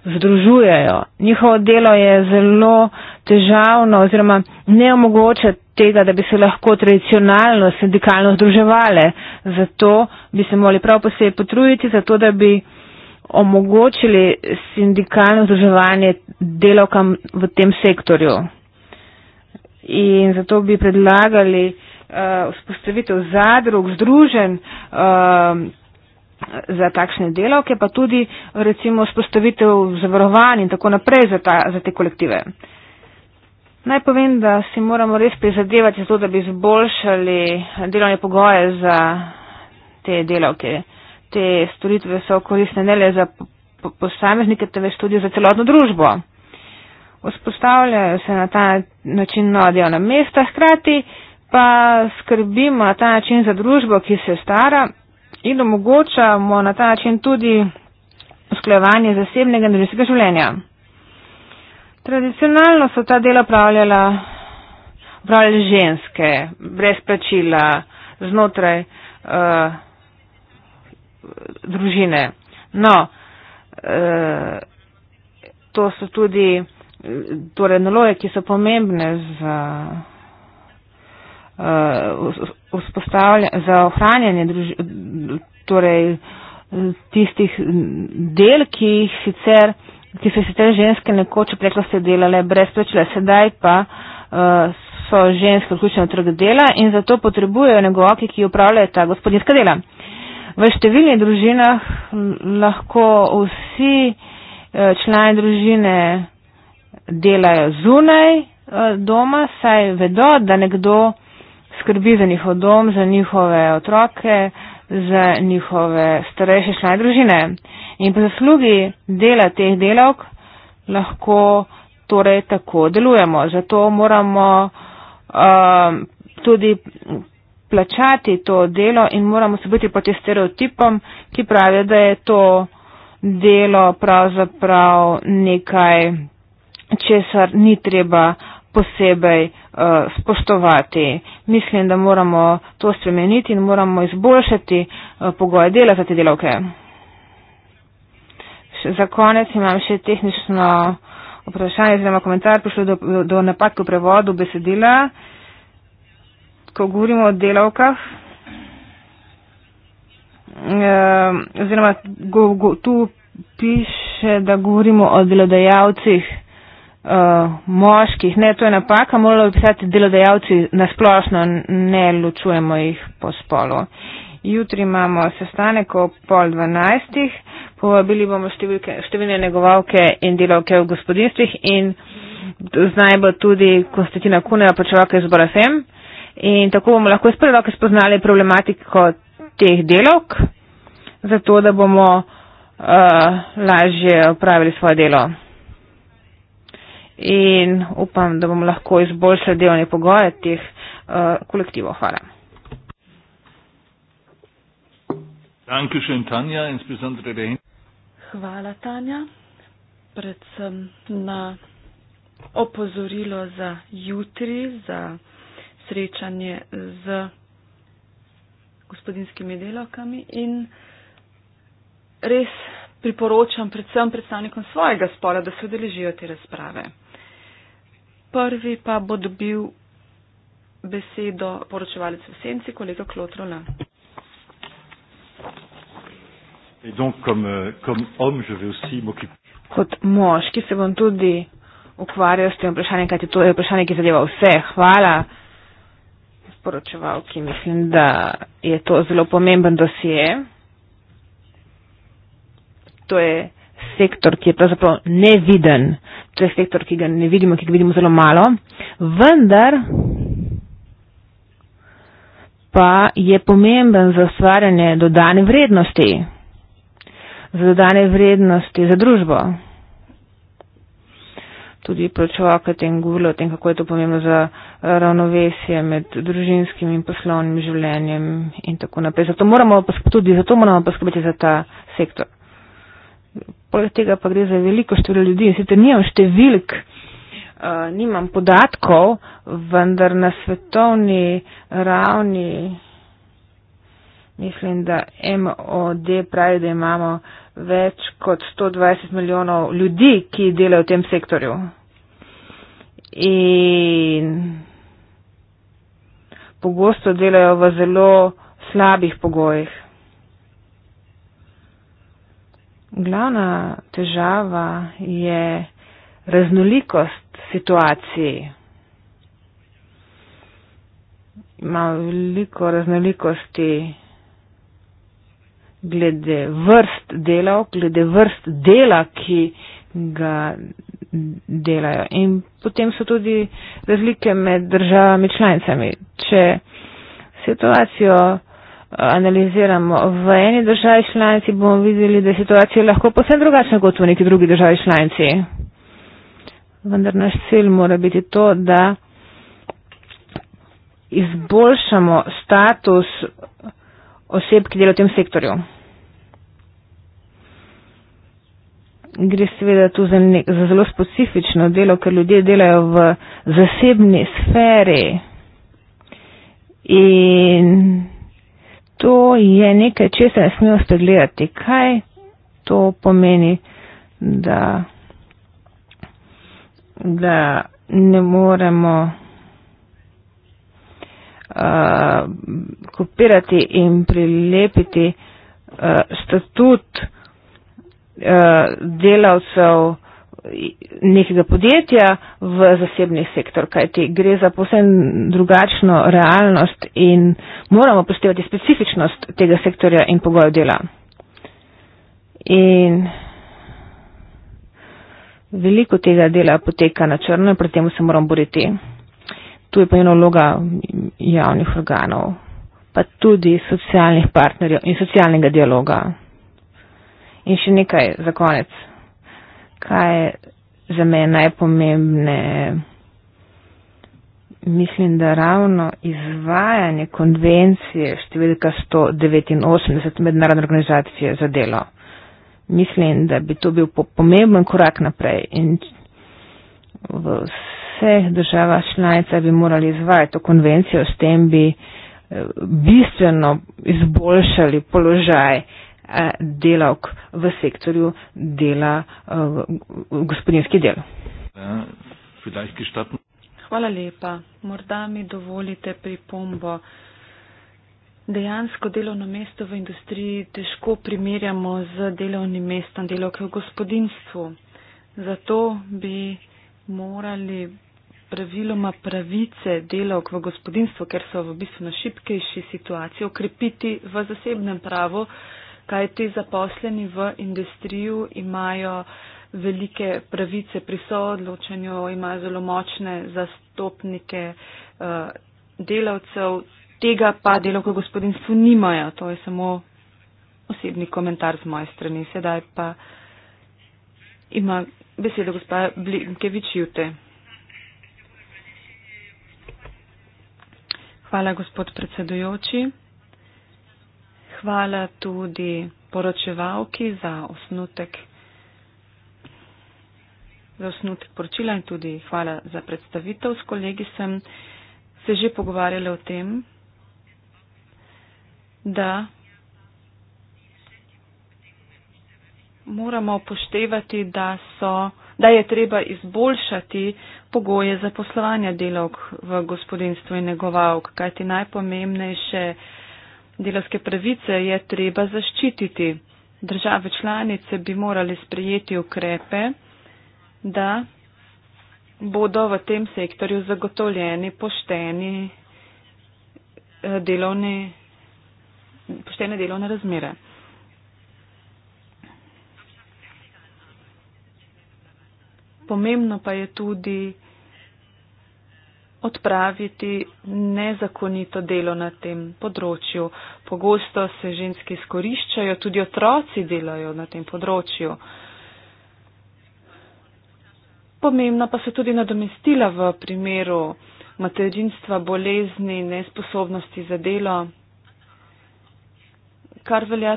združujejo. Njihovo delo je zelo težavno oziroma ne omogoča tega, da bi se lahko tradicionalno sindikalno združevale. Zato bi se morali prav posebej potruditi, zato da bi omogočili sindikalno združevanje delovkam v tem sektorju. In zato bi predlagali uh, vzpostavitev zadrug, združen, uh, um, za takšne delavke, pa tudi recimo spostavitev zavarovanj in tako naprej za, ta, za te kolektive. Naj povem, da si moramo res prizadevati za to, da bi zboljšali delovne pogoje za te delavke. Te storitve so koristne ne le za posameznike, temveč tudi za celotno družbo. Vzpostavljajo se na ta način nova delovna mesta, hkrati pa skrbimo na ta način za družbo, ki se stara in omogočamo na ta način tudi usklajevanje zasebnega in družinskega življenja. Tradicionalno so ta dela upravljala, upravljali ženske, brez plačila, znotraj uh, družine. No, uh, to so tudi eh, torej, naloje, ki so pomembne za. Eh, vzpostavlja, za ohranjanje druži, torej, tistih del, ki, sicer, ki so sicer ženske nekoč v preteklosti delale brez plačila, sedaj pa eh, so ženske vključene v trg dela in zato potrebujejo negovalke, ki upravljajo ta gospodinska dela. V številnih družinah lahko vsi eh, člani družine delajo zunaj doma, saj vedo, da nekdo skrbi za njihov dom, za njihove otroke, za njihove starejše člane družine. In po zaslugi dela teh delavk lahko torej tako delujemo. Zato moramo um, tudi plačati to delo in moramo se biti proti stereotipom, ki pravi, da je to delo pravzaprav nekaj, česar ni treba posebej uh, spoštovati. Mislim, da moramo to spremeniti in moramo izboljšati uh, pogoje dela za te delavke. Še za konec imam še tehnično vprašanje, oziroma komentar, prišlo do, do napadka v prevodu besedila. Ko govorimo o delavkah, eh, oziroma go, go, tu piše, da govorimo o delodajalcih uh, moških. Ne, to je napaka, moralo bi pisati delodajalci nasplošno, ne ločujemo jih po spolu. Jutri imamo sestanek ob pol dvanajstih, povabili bomo številke, številne negovalke in delavke v gospodinstvih in z naj bo tudi Konstantina Kuneva, počevalka iz Borafem. In tako bomo lahko iz prve roke spoznali problematiko teh delovk, zato da bomo uh, lažje upravili svoje delo in upam, da bomo lahko izboljšali delovne pogoje teh uh, kolektivov. Hvala. Hvala, Tanja. Predvsem na opozorilo za jutri, za srečanje z gospodinskimi delavkami in res priporočam predvsem predstavnikom svojega spola, da se odeležijo te razprave prvi pa bo dobil besedo poročevalec v senci, kolega Klotrona. Euh, Kot moški se bom tudi ukvarjal s tem vprašanjem, kajti to je vprašanje, ki zadeva vse. Hvala poročevalki, mislim, da je to zelo pomemben dosje. To je sektor, ki je pravzaprav neviden, to je sektor, ki ga ne vidimo, ki ga vidimo zelo malo, vendar pa je pomemben za ustvarjanje dodane vrednosti, za dodane vrednosti za družbo. Tudi pročovak je tem govoril o tem, kako je to pomembno za ravnovesje med družinskim in poslovnim življenjem in tako naprej. Zato moramo poskrbeti, zato moramo poskrbeti za ta sektor poleg tega pa gre za veliko število ljudi. Sicer nimam številk, uh, nimam podatkov, vendar na svetovni ravni mislim, da MOD pravi, da imamo več kot 120 milijonov ljudi, ki delajo v tem sektorju. In pogosto delajo v zelo slabih pogojih. Glavna težava je raznolikost situacij. Ima veliko raznolikosti glede vrst delav, glede vrst dela, ki ga delajo. In potem so tudi razlike med državami članicami. Če situacijo analiziramo v eni državi članici, bomo videli, da je situacija lahko posebno drugačna kot v neki drugi državi članici. Vendar naš cilj mora biti to, da izboljšamo status oseb, ki delajo v tem sektorju. Gre seveda tu za, nek, za zelo specifično delo, ker ljudje delajo v zasebni sferi. In to je nekaj, če se ne smemo stregledati. Kaj to pomeni, da, da ne moremo uh, kopirati in prilepiti uh, statut uh, delavcev nekega podjetja v zasebni sektor, kajti gre za posebno drugačno realnost in moramo postevati specifičnost tega sektorja in pogojev dela. In veliko tega dela poteka na črno in pred tem se moramo boriti. Tu je pomembna vloga javnih organov, pa tudi socialnih partnerjev in socialnega dialoga. In še nekaj za konec kaj za me je najpomembnejše. Mislim, da ravno izvajanje konvencije številka 189 mednarodne organizacije za delo. Mislim, da bi to bil pomemben korak naprej in v vseh državah članica bi morali izvajati to konvencijo, s tem bi eh, bistveno izboljšali položaj uh, Eh, delavk v sektorju dela, eh, gospodinski del. Ja, Hvala lepa. Morda mi dovolite pripombo. Dejansko delovno mesto v industriji težko primerjamo z delovnim mestom delovke v gospodinstvu. Zato bi morali praviloma pravice delovk v gospodinstvu, ker so v bistvu na šipkejši situaciji, okrepiti v zasebnem pravu, kaj ti zaposleni v industriju imajo velike pravice pri soodločanju, imajo zelo močne zastopnike uh, delavcev, tega pa delovko gospodinstvo nimajo. To je samo osebni komentar z moje strani. Sedaj pa ima besedo gospa Blinkevič Jute. Hvala, gospod predsedujoči hvala tudi poročevalki za osnutek, za osnutek poročila in tudi hvala za predstavitev. S kolegi sem se že pogovarjala o tem, da moramo upoštevati, da, so, da je treba izboljšati pogoje za poslovanje delovk v gospodinstvu in negovalk, kajti najpomembnejše je, Delavske pravice je treba zaščititi. Države članice bi morali sprejeti ukrepe, da bodo v tem sektorju zagotovljeni pošteni eh, delovni, poštene delovne razmere. Pomembno pa je tudi, odpraviti nezakonito delo na tem področju. Pogosto se ženske izkoriščajo, tudi otroci delajo na tem področju. Pomembna pa so tudi nadomestila v primeru materinstva, bolezni, nesposobnosti za delo, kar velja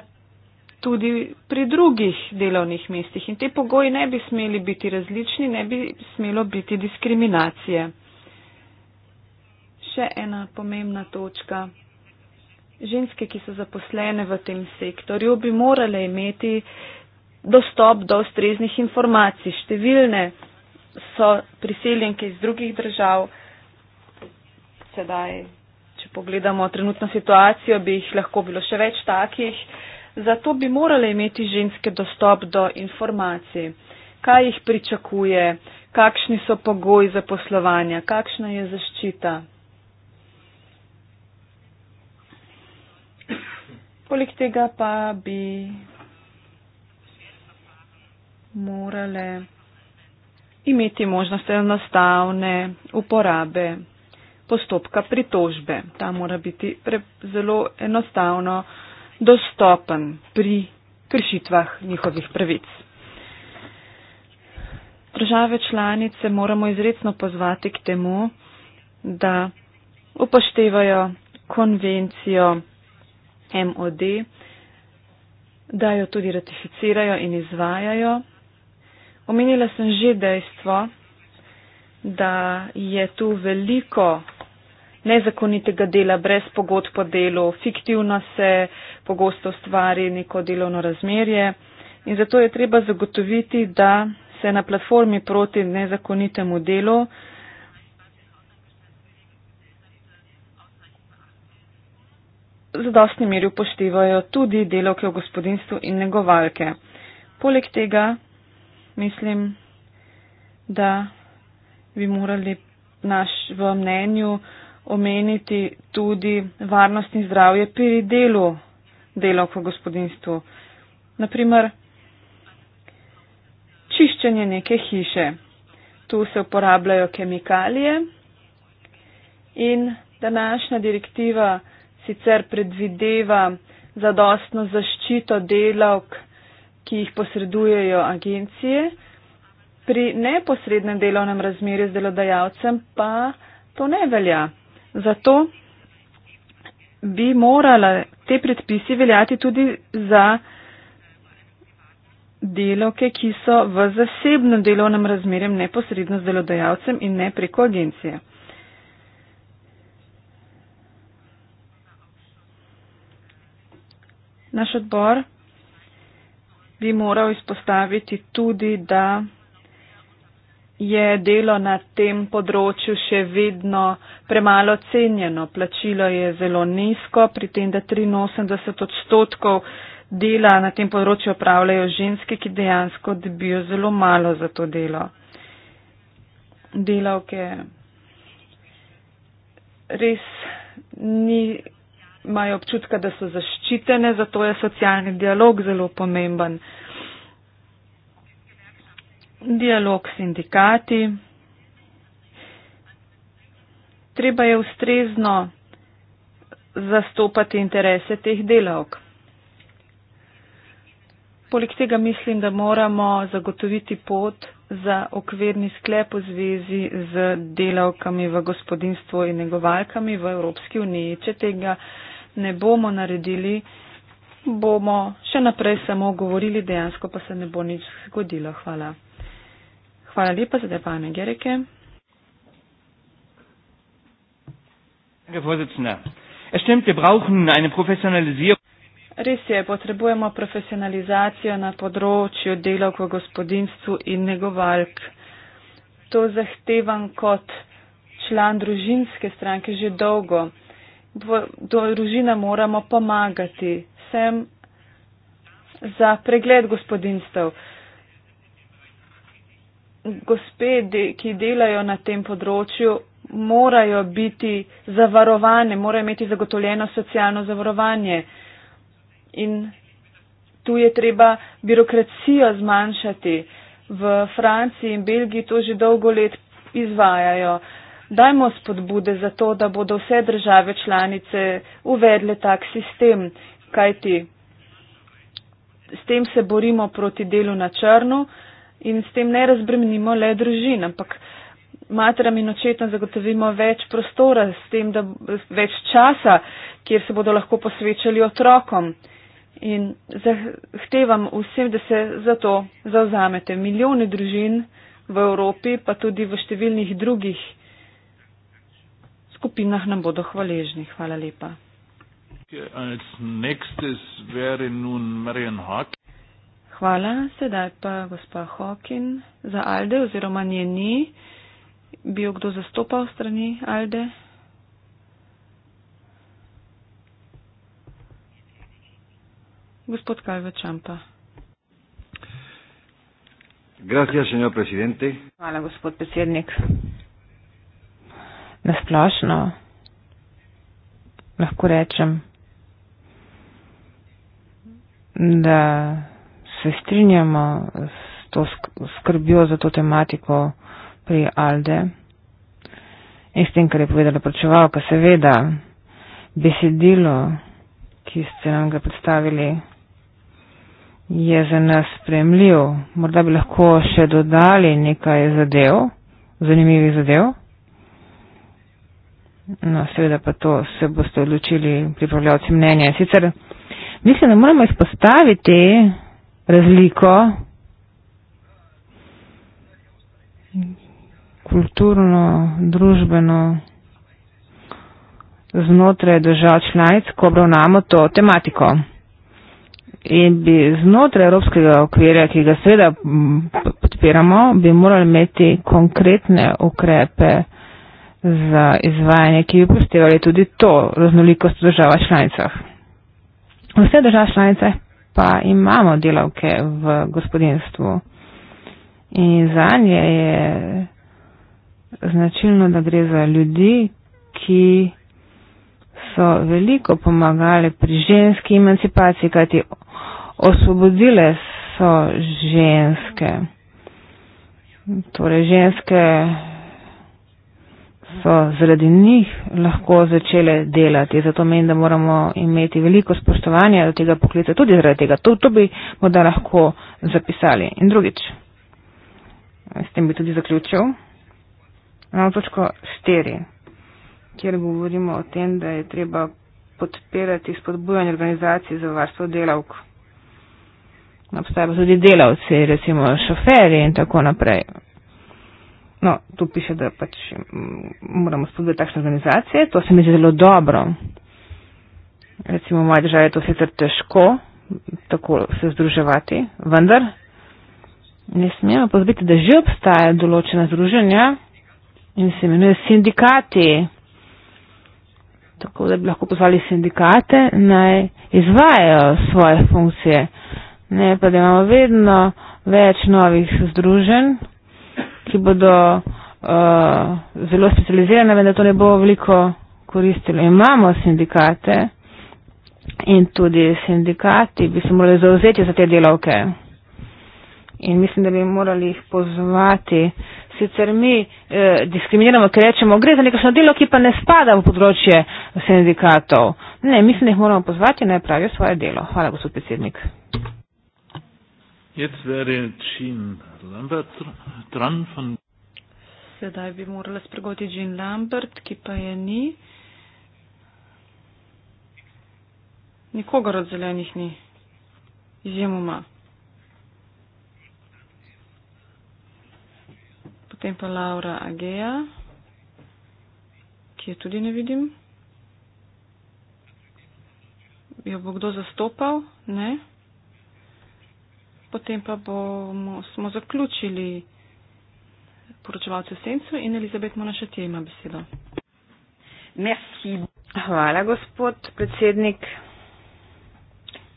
tudi pri drugih delovnih mestih. In te pogoji ne bi smeli biti različni, ne bi smelo biti diskriminacije še ena pomembna točka. Ženske, ki so zaposlene v tem sektorju, bi morale imeti dostop do ustreznih informacij. Številne so priseljenke iz drugih držav. Sedaj, če pogledamo trenutno situacijo, bi jih lahko bilo še več takih. Zato bi morale imeti ženske dostop do informacij. Kaj jih pričakuje, kakšni so pogoji za poslovanje, kakšna je zaščita. Poleg tega pa bi morale imeti možnost enostavne uporabe postopka pritožbe. Ta mora biti pre, zelo enostavno dostopen pri kršitvah njihovih pravic. Države članice moramo izredno pozvati k temu, da upoštevajo konvencijo MOD, da jo tudi ratificirajo in izvajajo. Omenila sem že dejstvo, da je tu veliko nezakonitega dela brez pogod po delu, fiktivno se pogosto ustvari neko delovno razmerje in zato je treba zagotoviti, da se na platformi proti nezakonitemu delu zadostni meri upoštevajo tudi delovke v gospodinstvu in negovalke. Poleg tega mislim, da bi morali naš v mnenju omeniti tudi varnost in zdravje pri delu delovk v gospodinstvu. Naprimer, čiščenje neke hiše. Tu se uporabljajo kemikalije in današnja direktiva sicer predvideva zadostno zaščito delavk, ki jih posredujejo agencije. Pri neposrednem delovnem razmerju z delodajalcem pa to ne velja. Zato bi morala te predpisi veljati tudi za delovke, ki so v zasebnem delovnem razmerju neposredno z delodajalcem in ne preko agencije. naš odbor bi moral izpostaviti tudi, da je delo na tem področju še vedno premalo cenjeno. Plačilo je zelo nizko, pri tem, da 83 odstotkov dela na tem področju opravljajo ženske, ki dejansko dobijo zelo malo za to delo. Delavke res ni imajo občutka, da so zaščitene, zato je socialni dialog zelo pomemben. Dialog s sindikati. Treba je ustrezno zastopati interese teh delavk. Poleg tega mislim, da moramo zagotoviti pot za okvirni sklep v zvezi z delavkami v gospodinstvu in negovalkami v Evropski uniji. Če tega ne bomo naredili, bomo še naprej samo govorili, dejansko pa se ne bo nič zgodilo. Hvala. Hvala lepa za depane Gereke. Res je, potrebujemo profesionalizacijo na področju delov v gospodinstvu in negovalk. To zahtevam kot član družinske stranke že dolgo družina moramo pomagati. Sem za pregled gospodinstv. Gospedi, ki delajo na tem področju, morajo biti zavarovane, morajo imeti zagotovljeno socialno zavarovanje. In tu je treba birokracijo zmanjšati. V Franciji in Belgiji to že dolgo let izvajajo. Uh, dajmo spodbude za to, da bodo vse države članice uvedle tak sistem, kajti s tem se borimo proti delu na črnu in s tem ne razbremenimo le družin, ampak materam in očetom zagotovimo več prostora, s tem, da več časa, kjer se bodo lahko posvečali otrokom. In zahtevam vsem, da se za to zauzamete. Milijone družin v Evropi, pa tudi v številnih drugih skupinah nam bodo hvaležni. Hvala lepa. Hvala, sedaj pa gospa Hawking za Alde oziroma njeni. Bi jo kdo zastopal strani Alde? Gospod Kalve Čampa. Gracias, señor presidente. Hvala, gospod predsednik nasplošno lahko rečem, da se strinjamo s to skrbjo za to tematiko pri Alde in s tem, kar je povedala pročevalka, seveda besedilo, ki ste nam ga predstavili, je za nas spremljiv. Morda bi lahko še dodali nekaj zadev, zanimivih zadev. No, seveda pa to se boste odločili pripravljavci mnenja. Sicer mislim, da moramo izpostaviti razliko kulturno, družbeno znotraj držav članic, ko obravnamo to tematiko. In bi znotraj evropskega okvirja, ki ga seveda podpiramo, bi morali imeti konkretne ukrepe za izvajanje, ki bi upoštevali tudi to raznolikost država članicah. Vse države članice pa imamo delavke v gospodinstvu in za nje je značilno, da gre za ljudi, ki so veliko pomagali pri ženski emancipaciji, kajti osvobodile so ženske. Torej, ženske so zaradi njih lahko začele delati. Zato menim, da moramo imeti veliko spoštovanja do tega poklica, tudi zaradi tega. To, to bi morda lahko zapisali. In drugič, s tem bi tudi zaključil, na točko 4, kjer govorimo o tem, da je treba podpirati spodbujanje organizacij za varstvo delavk. Obstajajo tudi delavci, recimo šoferi in tako naprej. No, tu piše, da pač mm, moramo spodbujati takšne organizacije. To se mi zdi zelo dobro. Recimo v moji državi je to sicer težko tako se združevati, vendar ne smemo pozbiti, da že obstajajo določena združenja in se imenuje sindikati. Tako da bi lahko pozvali sindikate naj izvajajo svoje funkcije. Ne pa da imamo vedno več novih združenj, ki bodo uh, zelo specializirane, vendar to ne bo veliko koristilo. Imamo sindikate in tudi sindikati bi se morali zauzeti za te delavke. In mislim, da bi morali jih pozvati. Sicer mi eh, diskriminiramo, ker rečemo, gre za neko delo, ki pa ne spada v področje sindikatov. Ne, mislim, da jih moramo pozvati, naj pravijo svoje delo. Hvala, gospod predsednik. Jetzt wäre Jean Lambert dran von. Sedaj bi morala spregoti Jean Lambert, ki pa je ni. Nikogar od zelenih ni. Izjemoma. Potem pa Laura Ageja, ki je tudi ne vidim. Jo bo kdo zastopal? Ne potem pa bomo, smo zaključili poročevalce v sencu in Elizabet Monašati ima besedo. Merci. Hvala, gospod predsednik.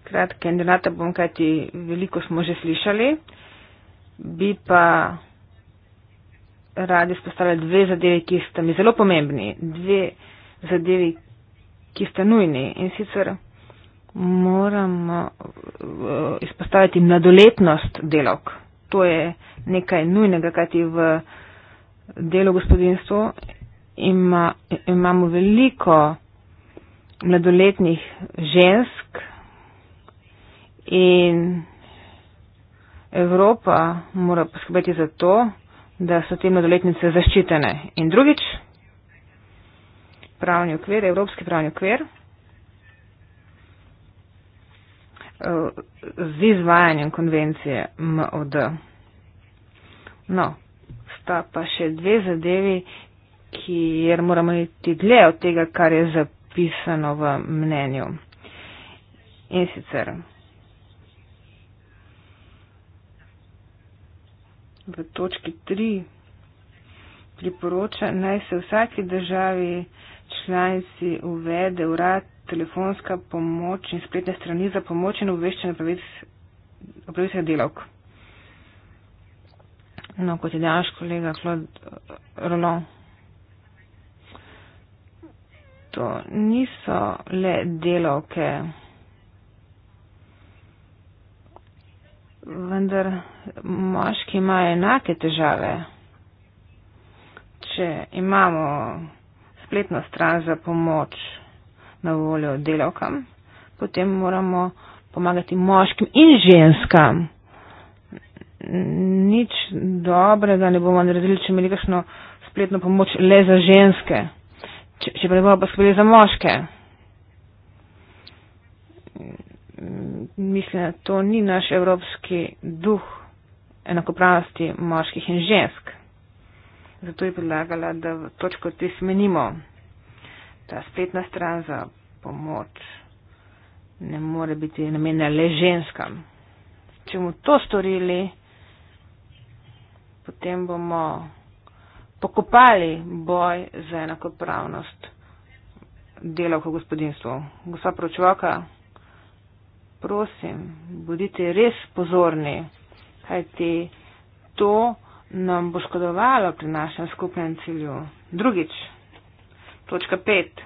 Kratka in denata bom, kajti veliko smo že slišali. Bi pa radi spostavljali dve zadeve, ki sta mi zelo pomembni. Dve zadeve, ki sta nujni. In sicer moramo eh, izpostaviti mladoletnost delavk. To je nekaj nujnega, kajti v delu gospodinstvu ima, imamo veliko mladoletnih žensk in Evropa mora poskrbeti za to, da so te mladoletnice zaščitene. In drugič, pravni okvir, evropski pravni okvir. z izvajanjem konvencije MOD. No, sta pa še dve zadevi, kjer moramo iti dlje od tega, kar je zapisano v mnenju. In sicer v točki 3 priporoča naj se vsaki državi članici uvede urad telefonska pomoč in spletne strani za pomoč in obveščanje o pravicah delavk. No, kot je danes kolega Klod eh, Rolo. To niso le delavke, vendar moški imajo enake težave. Če imamo spletno stran za pomoč, na voljo delavkam, potem moramo pomagati moškim in ženskam. Nič dobrega ne bomo naredili, če imeli kakšno spletno pomoč le za ženske, če pa ne bomo poskrbeli za moške. Mislim, da to ni naš evropski duh enakopravnosti moških in žensk. Zato je predlagala, da točko te spremenimo ta spletna stran za pomoč ne more biti namenjena le ženskam. Če bomo to storili, potem bomo pokopali boj za enakopravnost delavk v gospodinstvu. Gospa pročvaka, prosim, bodite res pozorni, kajti to nam bo škodovalo pri našem skupnem cilju. Drugič. Točka pet.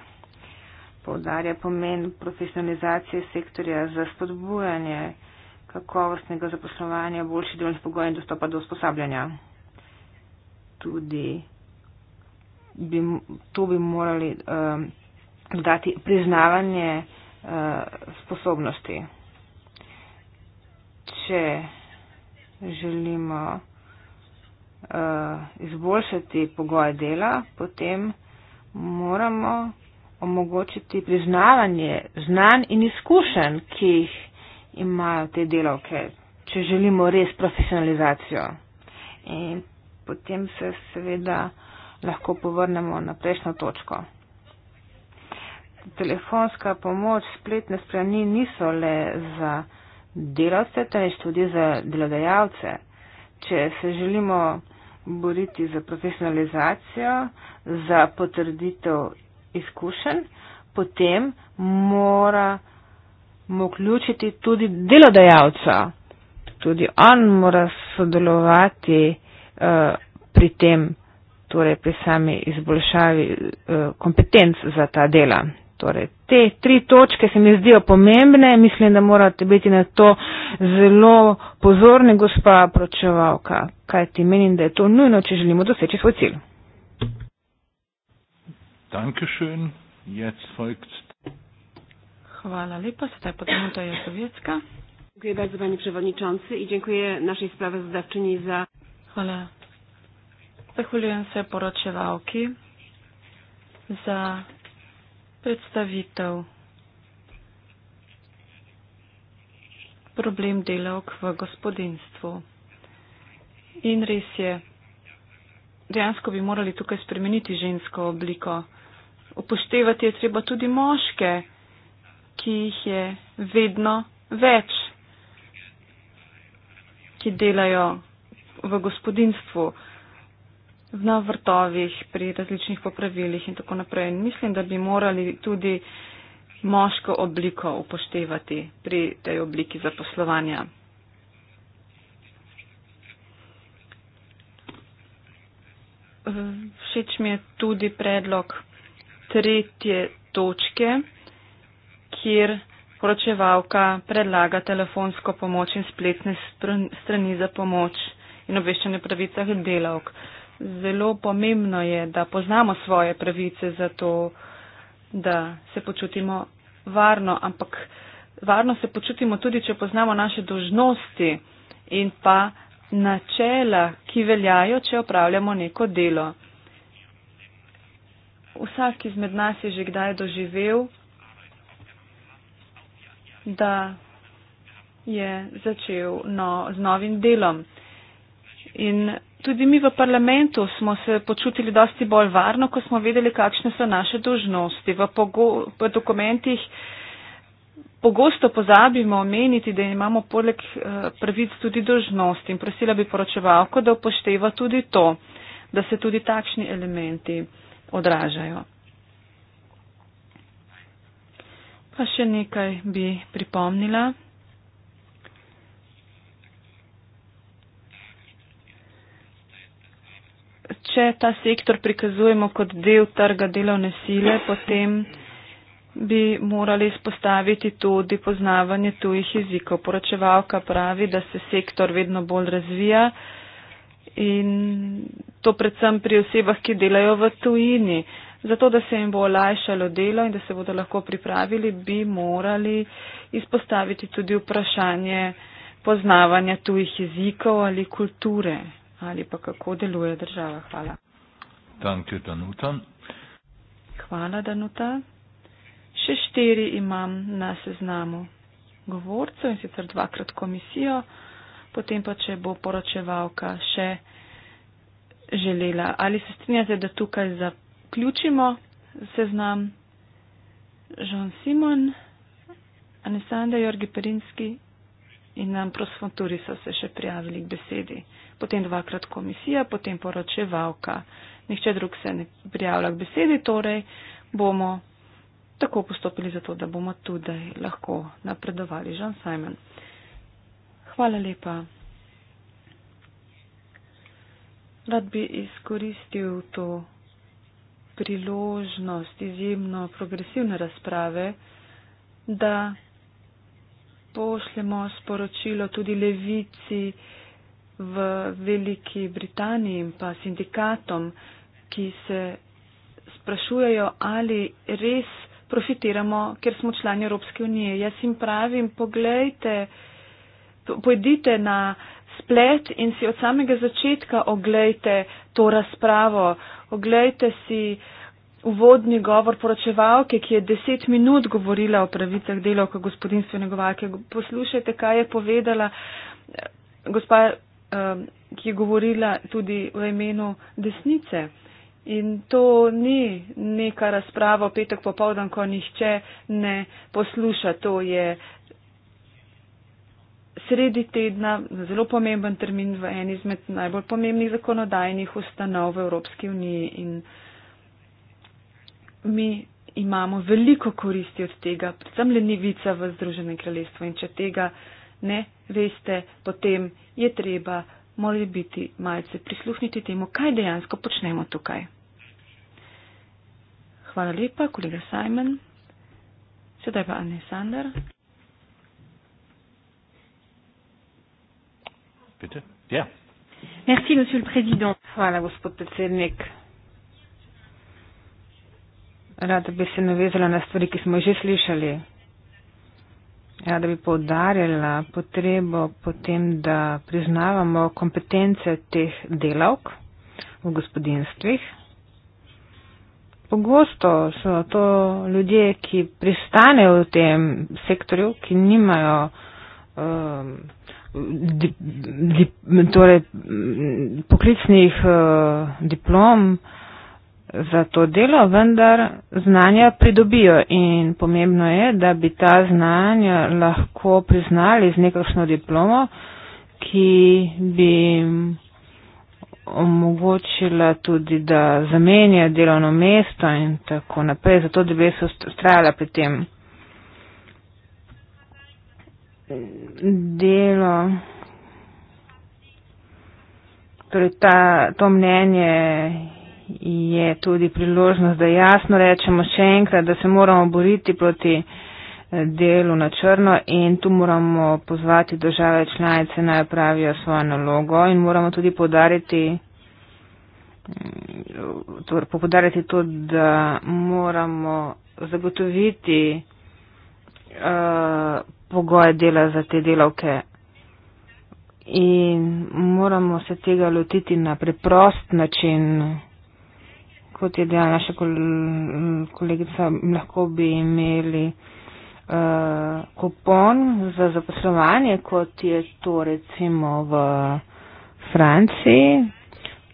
Povdarja pomen profesionalizacije sektorja za spodbujanje kakovostnega zaposlovanja, boljši delovni pogoj in dostopa do usposabljanja. Tudi bi, tu bi morali uh, um, dati priznavanje uh, sposobnosti. Če želimo uh, izboljšati pogoje dela, potem moramo omogočiti priznavanje znanj in izkušenj, ki jih imajo te delavke, če želimo res profesionalizacijo. In potem se seveda lahko povrnemo na prejšnjo točko. Telefonska pomoč, spletne strani niso le za delavce, temveč tudi za delodajalce. Če se želimo boriti za profesionalizacijo, za potrditev izkušenj, potem moramo vključiti tudi delodajalca. Tudi on mora sodelovati uh, pri tem, torej pri sami izboljšavi uh, kompetenc za ta dela. Torej, te tri točke se mi zdijo pomembne, mislim, da morate biti na to zelo pozorni, gospa pročevalka, kaj ti menim, da je to nujno, če želimo doseči svoj cilj. Dankeschön, jetzt folgt. Hvala lepa, sedaj pa Tomota Jasovjecka. Dziękuję bardzo Panie Przewodniczący i dziękuję naszej sprawozdawczyni za... Hvala. Zahvaljujem se poročevalki za Predstavitev. Problem delavk v gospodinstvu. In res je, dejansko bi morali tukaj spremeniti žensko obliko. Upoštevati je treba tudi moške, ki jih je vedno več, ki delajo v gospodinstvu na vrtovih, pri različnih popravilih in tako naprej. In mislim, da bi morali tudi moško obliko upoštevati pri tej obliki zaposlovanja. Všeč mi je tudi predlog tretje točke, kjer poročevalka predlaga telefonsko pomoč in spletne strani za pomoč in obveščanje pravicah delavk zelo pomembno je, da poznamo svoje pravice za to, da se počutimo varno, ampak varno se počutimo tudi, če poznamo naše dožnosti in pa načela, ki veljajo, če opravljamo neko delo. Vsak izmed nas je že kdaj doživel, da je začel no, z novim delom. In Tudi mi v parlamentu smo se počutili dosti bolj varno, ko smo vedeli, kakšne so naše dožnosti. V, v dokumentih pogosto pozabimo omeniti, da imamo poleg uh, pravic tudi dožnosti in prosila bi poročevalko, da upošteva tudi to, da se tudi takšni elementi odražajo. Pa še nekaj bi pripomnila. če ta sektor prikazujemo kot del trga delovne sile, potem bi morali izpostaviti tudi poznavanje tujih jezikov. Poročevalka pravi, da se sektor vedno bolj razvija in to predvsem pri osebah, ki delajo v tujini. Zato, da se jim bo olajšalo delo in da se bodo lahko pripravili, bi morali izpostaviti tudi vprašanje poznavanja tujih jezikov ali kulture ali pa kako deluje država. Hvala. Danke, Danuta. Hvala, Danuta. Še štiri imam na seznamu govorcev in sicer dvakrat komisijo, potem pa, če bo poročevalka še želela. Ali se strinjate, da tukaj zaključimo seznam? Jean Simon, Anisande Jorgi Perinski in nam prosfonturi so se še prijavili k besedi. Potem dvakrat komisija, potem poročevalka. Nihče drug se ne prijavlja k besedi, torej bomo tako postopili za to, da bomo tudi lahko napredovali. Žan Simon. Hvala lepa. Rad bi izkoristil to priložnost izjemno progresivne razprave, da pošljemo sporočilo tudi levici v Veliki Britaniji in pa sindikatom, ki se sprašujejo, ali res profitiramo, ker smo člani Evropske unije. Jaz jim pravim, pogledajte, pojdite na splet in si od samega začetka oglejte to razpravo, oglejte si uh, uvodni govor poročevalke, ki je deset minut govorila o pravicah delovke gospodinstva negovalke. Poslušajte, kaj je povedala eh, gospa, eh, ki je govorila tudi v imenu desnice. In to ni neka razprava v petek popovdan, ko nihče ne posluša. To je sredi tedna, zelo pomemben termin v eni izmed najbolj pomembnih zakonodajnih ustanov v Evropski uniji. In mi imamo veliko koristi od tega, predvsem lenivica v Združenem kraljestvu in če tega ne veste, potem je treba morali biti malce prisluhniti temu, kaj dejansko počnemo tukaj. Hvala lepa, kolega Simon. Sedaj pa Anisander. Ja. Merci, monsieur le président. Hvala, gospod predsednik. Rada bi se navezala na stvari, ki smo že slišali. Rada bi poudarjala potrebo potem, da priznavamo kompetence teh delavk v gospodinstvih. Pogosto so to ljudje, ki pristanejo v tem sektorju, ki nimajo um, di, di, torej, poklicnih uh, diplom za to delo, vendar znanja pridobijo in pomembno je, da bi ta znanja lahko priznali z nekakšno diplomo, ki bi omogočila tudi, da zamenja delovno mesto in tako naprej, zato da bi se ustrajala pri tem. Delo. Torej, ta, to mnenje je tudi priložnost, da jasno rečemo še enkrat, da se moramo boriti proti eh, delu na črno in tu moramo pozvati države članice naj pravijo svojo nalogo in moramo tudi podariti. Mm, Popodarjati to, da moramo zagotoviti uh, pogoje dela za te delavke in moramo se tega lotiti na preprost način kot je dejala naša kol kolegica, lahko bi imeli uh, kupon za zaposlovanje, kot je to recimo v Franciji.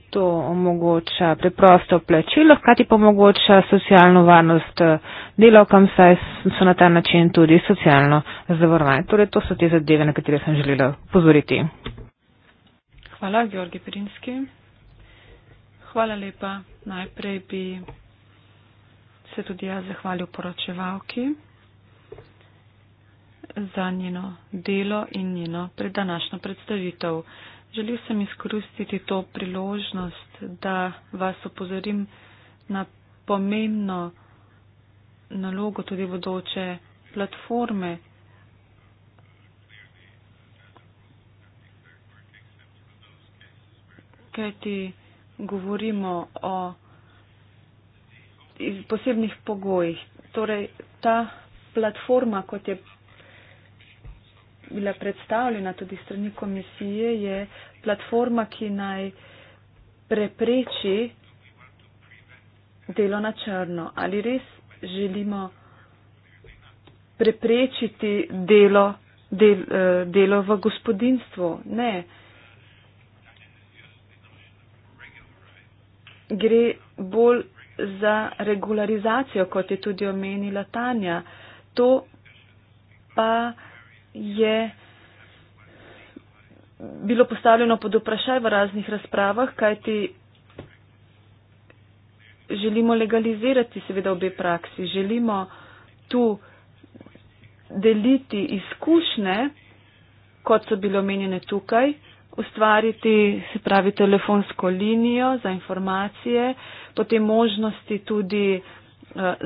To omogoča preprosto plačilo, hkrati pa omogoča socialno varnost eh, delavkam, saj so na ta način tudi socialno zavarovani. Torej, to so te zadeve, na katere sem želela pozoriti. Hvala, Georgi Pirinski. Hvala lepa najprej bi se tudi jaz zahvalil poročevalki za njeno delo in njeno predanašno predstavitev. Želel sem izkoristiti to priložnost, da vas opozorim na pomembno nalogo tudi bodoče platforme. Kajti govorimo o posebnih pogojih. Torej, ta platforma, kot je bila predstavljena tudi strani komisije, je platforma, ki naj prepreči delo na črno. Ali res želimo preprečiti delo, del, eh, delo v gospodinstvu? Ne. gre bolj za regularizacijo, kot je tudi omenila Tanja. To pa je bilo postavljeno pod vprašaj v raznih razpravah, kajti želimo legalizirati seveda obe praksi, želimo tu deliti izkušnje, kot so bile omenjene tukaj, ustvariti, se pravi, telefonsko linijo za informacije, potem možnosti tudi eh,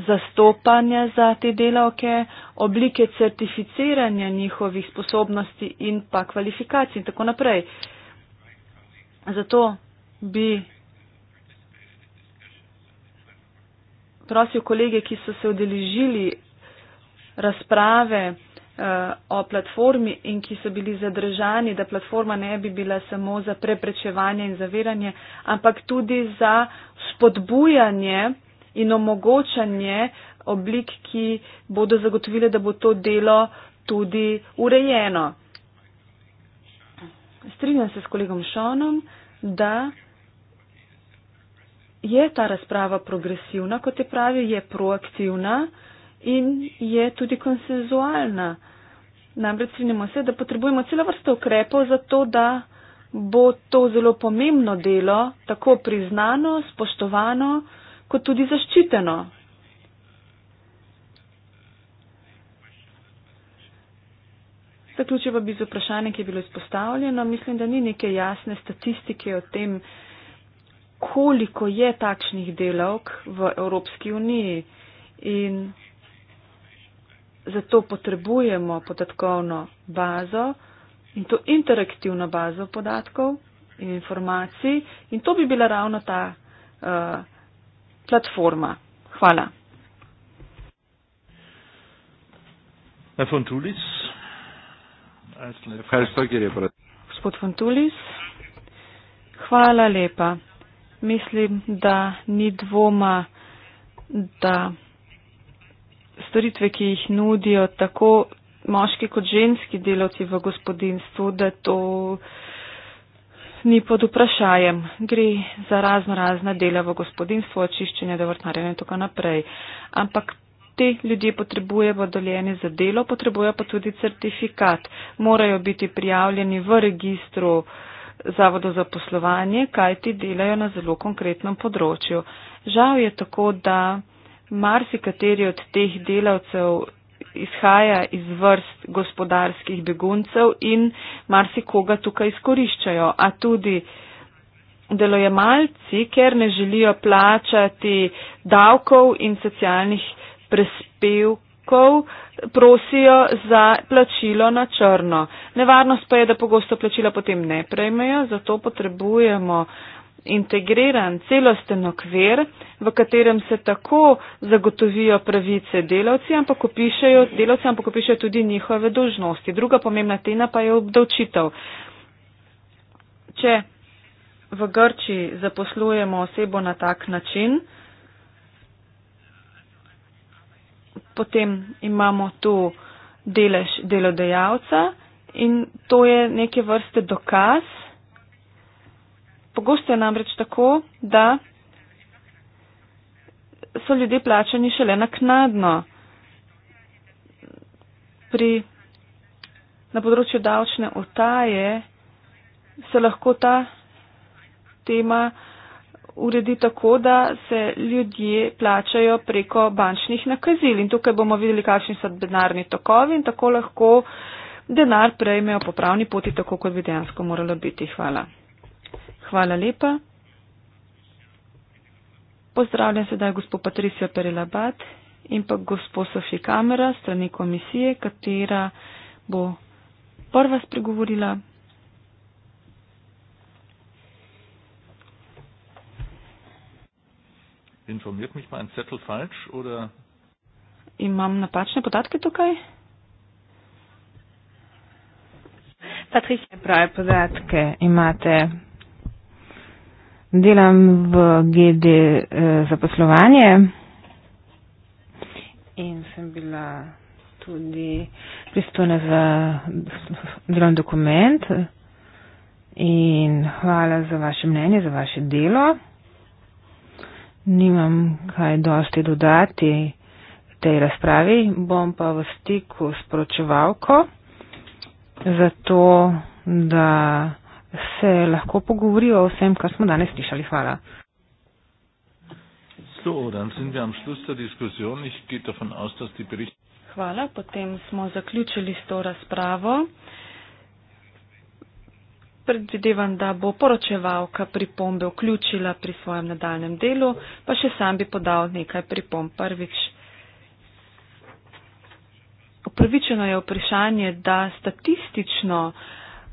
zastopanja za te delavke, oblike certificiranja njihovih sposobnosti in pa kvalifikacij in tako naprej. Zato bi prosil kolege, ki so se odeležili razprave, Eh, o platformi in ki so bili zadržani, da platforma ne bi bila samo za preprečevanje in zaviranje, ampak tudi za spodbujanje in omogočanje oblik, ki bodo zagotovile, da bo to delo tudi urejeno. Strinjam se s kolegom Šonom, da je ta razprava progresivna, kot je pravi, je proaktivna in je tudi konsenzualna. Namreč strinjamo se, da potrebujemo celo vrsto ukrepov za to, da bo to zelo pomembno delo tako priznano, spoštovano, kot tudi zaščiteno. Zaključiva bi z vprašanjem, ki je bilo izpostavljeno. Mislim, da ni neke jasne statistike o tem, koliko je takšnih delavk v Evropski uniji. In zato potrebujemo podatkovno bazo in to interaktivno bazo podatkov in informacij in to bi bila ravno ta uh, platforma. Hvala. Gospod Fontulis, hvala lepa. Mislim, da ni dvoma, da storitve, ki jih nudijo tako moški kot ženski delavci v gospodinstvu, da to ni pod vprašajem. Gre za razno razna dela v gospodinstvu, očiščenje, devrtnarjenje in tako naprej. Ampak te ljudje potrebujejo doljeni za delo, potrebujejo pa tudi certifikat. Morajo biti prijavljeni v registru zavodo za poslovanje, kaj ti delajo na zelo konkretnem področju. Žal je tako, da marsikateri od teh delavcev izhaja iz vrst gospodarskih beguncev in marsikoga tukaj izkoriščajo, a tudi delojemalci, ker ne želijo plačati davkov in socialnih prispevkov, prosijo za plačilo na črno. Nevarnost pa je, da pogosto plačila potem ne prejmejo, zato potrebujemo integriran, celosten okvir, v katerem se tako zagotovijo pravice delavci, ampak opišajo, delavci, ampak opišajo tudi njihove dožnosti. Druga pomembna tema pa je obdavčitev. Če v Grči zaposlujemo osebo na tak način, potem imamo tu delež delodajalca in to je neke vrste dokaz, Pogosto je namreč tako, da so ljudje plačani šele naknadno pri na področju davčne otaje se lahko ta tema uredi tako, da se ljudje plačajo preko bančnih nakazil. In tukaj bomo videli, kakšni so denarni tokovi in tako lahko denar prejmejo po pravni poti, tako kot bi dejansko moralo biti. Hvala. Hvala lepa. Pozdravljam sedaj gospod Patricio Perelabat in pa gospod Sofi Kamera strani komisije, katera bo prva spregovorila. Informirate mich mal ein Zettel falsch oder? Imam napačne podatke tukaj? Patricia Braj, podatke imate delam v GD eh, zaposlovanje in sem bila tudi pristojna za delovni dokument in hvala za vaše mnenje, za vaše delo. Nimam kaj dosti dodati tej razpravi, bom pa v stiku s poročevalko, zato da se lahko pogovorijo o vsem, kar smo danes slišali. Hvala. Hvala, potem smo zaključili s to razpravo. Predvidevam, da bo poročevalka pripombe vključila pri svojem nadaljem delu, pa še sam bi podal nekaj pripomb prvič. Upravičeno je vprašanje, da statistično uh,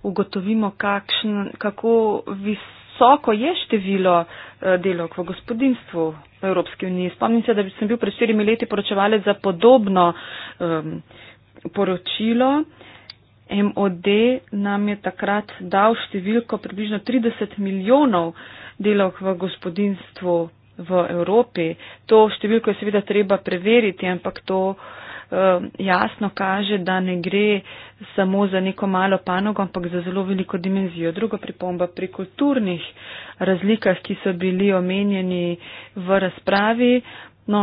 ugotovimo, kakšen, kako visoko je število eh, delok v gospodinstvu v Evropski uniji. Spomnim se, da sem bil pred štirimi leti poročevalec za podobno um, poročilo. MOD nam je takrat dal številko približno 30 milijonov delok v gospodinstvu v Evropi. To številko je seveda treba preveriti, ampak to. Uh, Um, jasno kaže, da ne gre samo za neko malo panogo, ampak za zelo veliko dimenzijo. Druga pripomba pri kulturnih razlikah, ki so bili omenjeni v razpravi, no,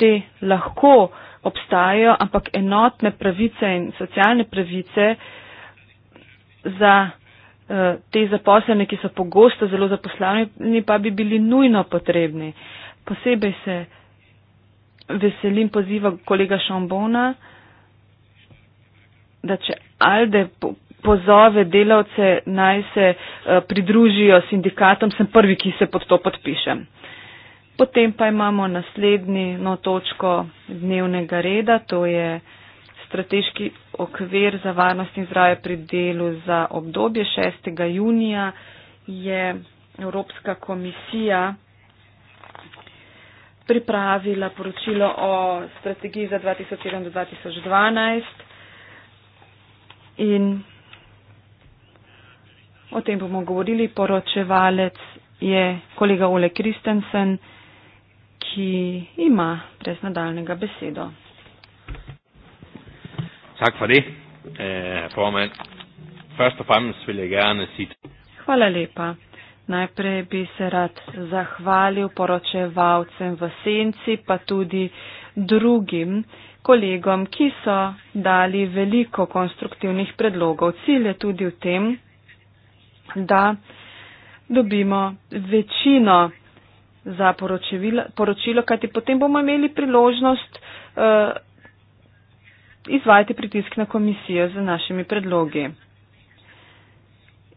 te lahko obstajajo, ampak enotne pravice in socialne pravice za uh, te zaposlene, ki so pogosto zelo zaposlani, pa bi bili nujno potrebni. Posebej se veselim poziva kolega Šambona, da če Alde pozove delavce naj se eh, pridružijo sindikatom, sem prvi, ki se pod to podpišem. Potem pa imamo naslednji no, točko dnevnega reda, to je strateški okvir za varnost in zdravje pri delu za obdobje 6. junija je Evropska komisija pripravila poročilo o strategiji za 2007-2012 in o tem bomo govorili. Poročevalec je kolega Ole Kristensen, ki ima brez nadaljnega besedo. Eh, Hvala lepa. Najprej bi se rad zahvalil poročevalcem v senci, pa tudi drugim kolegom, ki so dali veliko konstruktivnih predlogov. Cilj je tudi v tem, da dobimo večino za poročilo, kajti potem bomo imeli priložnost uh, izvajati pritisk na komisijo z našimi predlogi.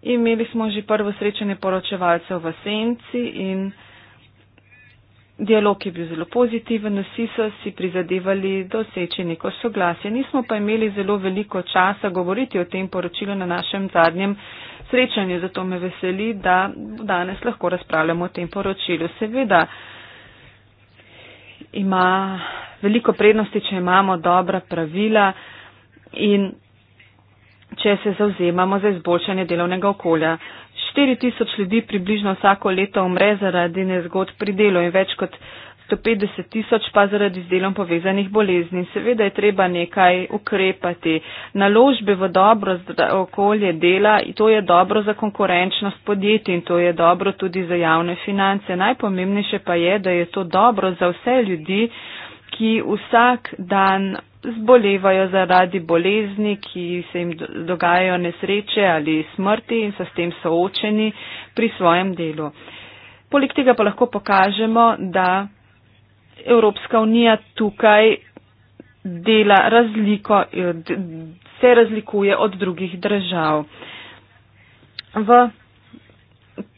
Imeli smo že prvo srečanje poročevalcev v senci in dialog je bil zelo pozitiven, vsi so si prizadevali doseči neko soglasje. Nismo pa imeli zelo veliko časa govoriti o tem poročilu na našem zadnjem srečanju, zato me veseli, da danes lahko razpravljamo o tem poročilu. Seveda ima veliko prednosti, če imamo dobra pravila in če se zauzemamo za izboljšanje delovnega okolja. 4 tisoč ljudi približno vsako leto umre zaradi nezgod pri delu in več kot 150 tisoč pa zaradi z delom povezanih bolezni. Seveda je treba nekaj ukrepati. Naložbe v dobro okolje dela, to je dobro za konkurenčnost podjetij in to je dobro tudi za javne finance. Najpomembnejše pa je, da je to dobro za vse ljudi, ki vsak dan zbolevajo zaradi bolezni, ki se jim dogajajo nesreče ali smrti in so s tem soočeni pri svojem delu. Poleg tega pa lahko pokažemo, da Evropska unija tukaj dela razliko, se razlikuje od drugih držav. V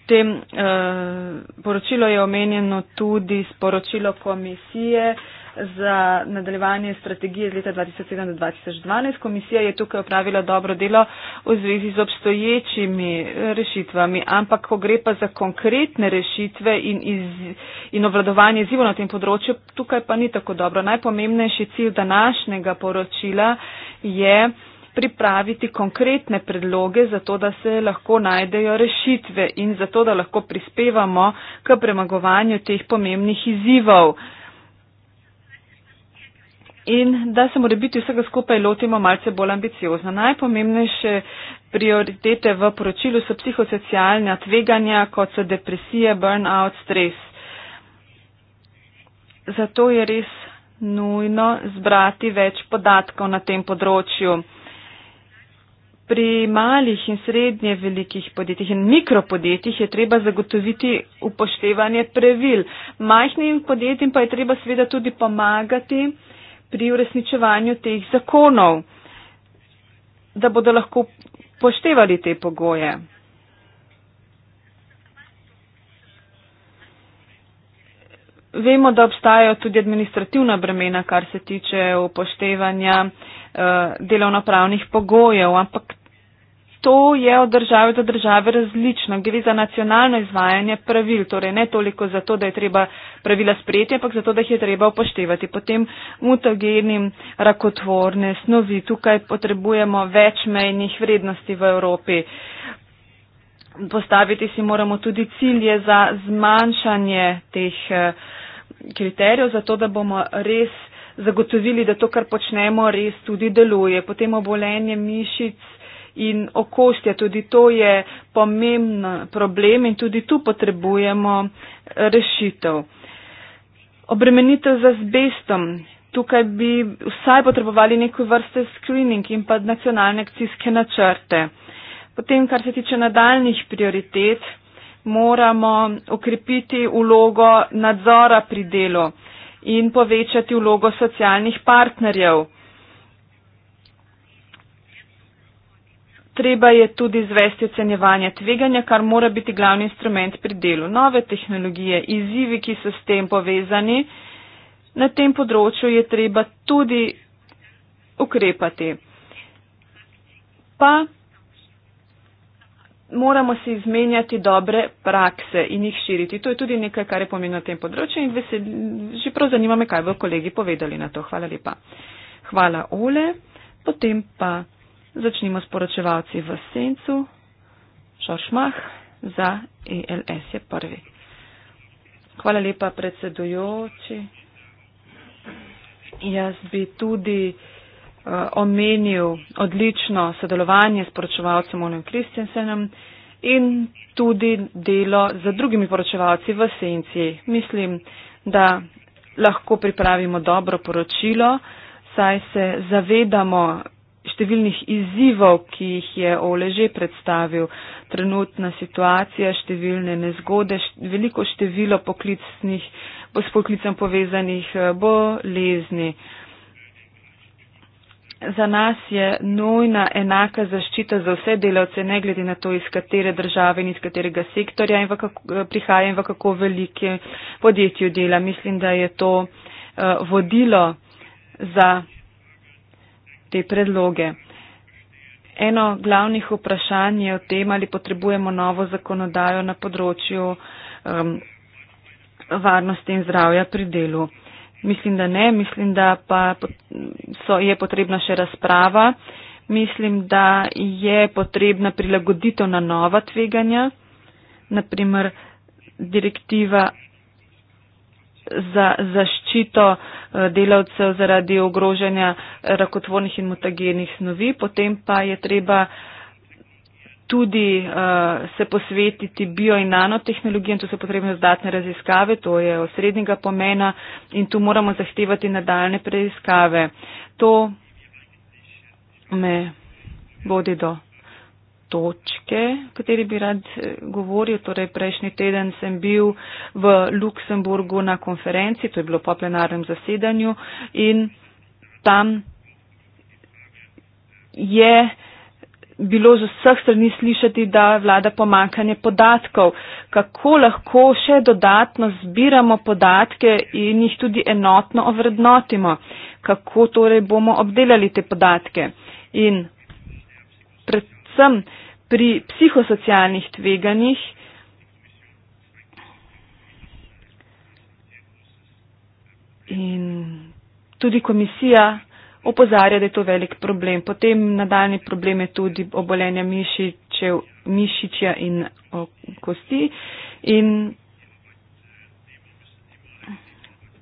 tem eh, poročilu je omenjeno tudi sporočilo komisije eh, za nadaljevanje strategije z leta 2007 do 2012. Komisija je tukaj opravila dobro delo v zvezi z obstoječimi eh, rešitvami, ampak ko gre pa za konkretne rešitve in, iz, in obvladovanje zivo na tem področju, tukaj pa ni tako dobro. Najpomembnejši cilj današnjega poročila je pripraviti konkretne predloge, zato da se lahko najdejo rešitve in zato da lahko prispevamo k premagovanju teh pomembnih izzivov in da se mora biti vsega skupaj lotimo malce bolj ambiciozno. Najpomembnejše prioritete v poročilu so psihosocialna tveganja, kot so depresije, burnout, stres. Zato je res nujno zbrati več podatkov na tem področju. Pri malih in srednje velikih podjetjih in mikropodjetjih je treba zagotoviti upoštevanje previl. Majhnim podjetjem pa je treba seveda tudi pomagati pri uresničevanju teh zakonov, da bodo lahko poštevali te pogoje. Vemo, da obstajajo tudi administrativna bremena, kar se tiče upoštevanja uh, delovnopravnih pogojev, ampak to je od države do države različno. Gre za nacionalno izvajanje pravil, torej ne toliko za to, da je treba pravila sprejeti, ampak za to, da jih je treba upoštevati. Potem mutageni rakotvorne snovi, tukaj potrebujemo več mejnih vrednosti v Evropi. Postaviti si moramo tudi cilje za zmanjšanje teh eh, kriterijev, zato da bomo res zagotovili, da to, kar počnemo, res tudi deluje. Potem obolenje mišic in okostja. Tudi to je pomemben problem in tudi tu potrebujemo rešitev. Obremenitev z azbestom. Tukaj bi vsaj potrebovali neko vrste screening in pa nacionalne akcijske načrte. Potem, kar se tiče nadaljnih prioritet, moramo okrepiti ulogo nadzora pri delu in povečati ulogo socialnih partnerjev. treba je tudi izvesti ocenjevanje tveganja, kar mora biti glavni instrument pri delu. Nove tehnologije, izzivi, ki so s tem povezani, na tem področju je treba tudi ukrepati. Pa moramo se izmenjati dobre prakse in jih širiti. To je tudi nekaj, kar je pomenilo na tem področju in vesel, že prav zanima me, kaj bo kolegi povedali na to. Hvala lepa. Hvala Ole, potem pa. Začnimo s poročevalci v Sencu. Šošmah za ELS je prvi. Hvala lepa, predsedujoči. Jaz bi tudi uh, omenil odlično sodelovanje s poročevalcem Olim Kristjansenom in tudi delo z drugimi poročevalci v Senci. Mislim, da lahko pripravimo dobro poročilo, saj se zavedamo številnih izzivov, ki jih je Ole že predstavil, trenutna situacija, številne nezgode, veliko število poklicnih, s poklicem povezanih eh, bolezni. Za nas je nujna enaka zaščita za vse delavce, ne glede na to, iz katere države in iz katerega sektorja in kako, eh, prihaja in v kako velike podjetju dela. Mislim, da je to uh, vodilo za te predloge. Eno glavnih vprašanj je o tem, ali potrebujemo novo zakonodajo na področju um, varnosti in zdravja pri delu. Mislim, da ne, mislim, da pa so, je potrebna še razprava, mislim, da je potrebna prilagoditev na nova tveganja, naprimer direktiva za zaščito eh, delavcev zaradi ogrožanja rakotvornih in mutagenih snovi, potem pa je treba tudi uh, se posvetiti bio- in nanotehnologijam, tu so potrebne zdatne raziskave, to je osrednjega pomena in tu moramo zahtevati nadaljne preiskave. To me vodi do točke, o kateri bi rad eh, govoril. Torej, prejšnji teden sem bil v Luksemburgu na konferenci, to je bilo po plenarnem zasedanju in tam je bilo z vseh strani slišati, da vlada pomankanje podatkov. Kako lahko še dodatno zbiramo podatke in jih tudi enotno ovrednotimo? Kako torej bomo obdelali te podatke? In predvsem pri psihosocialnih tveganjih in tudi komisija opozarja, da je to velik problem. Potem nadaljni problem je tudi obolenja mišičev, mišičja in kosti. In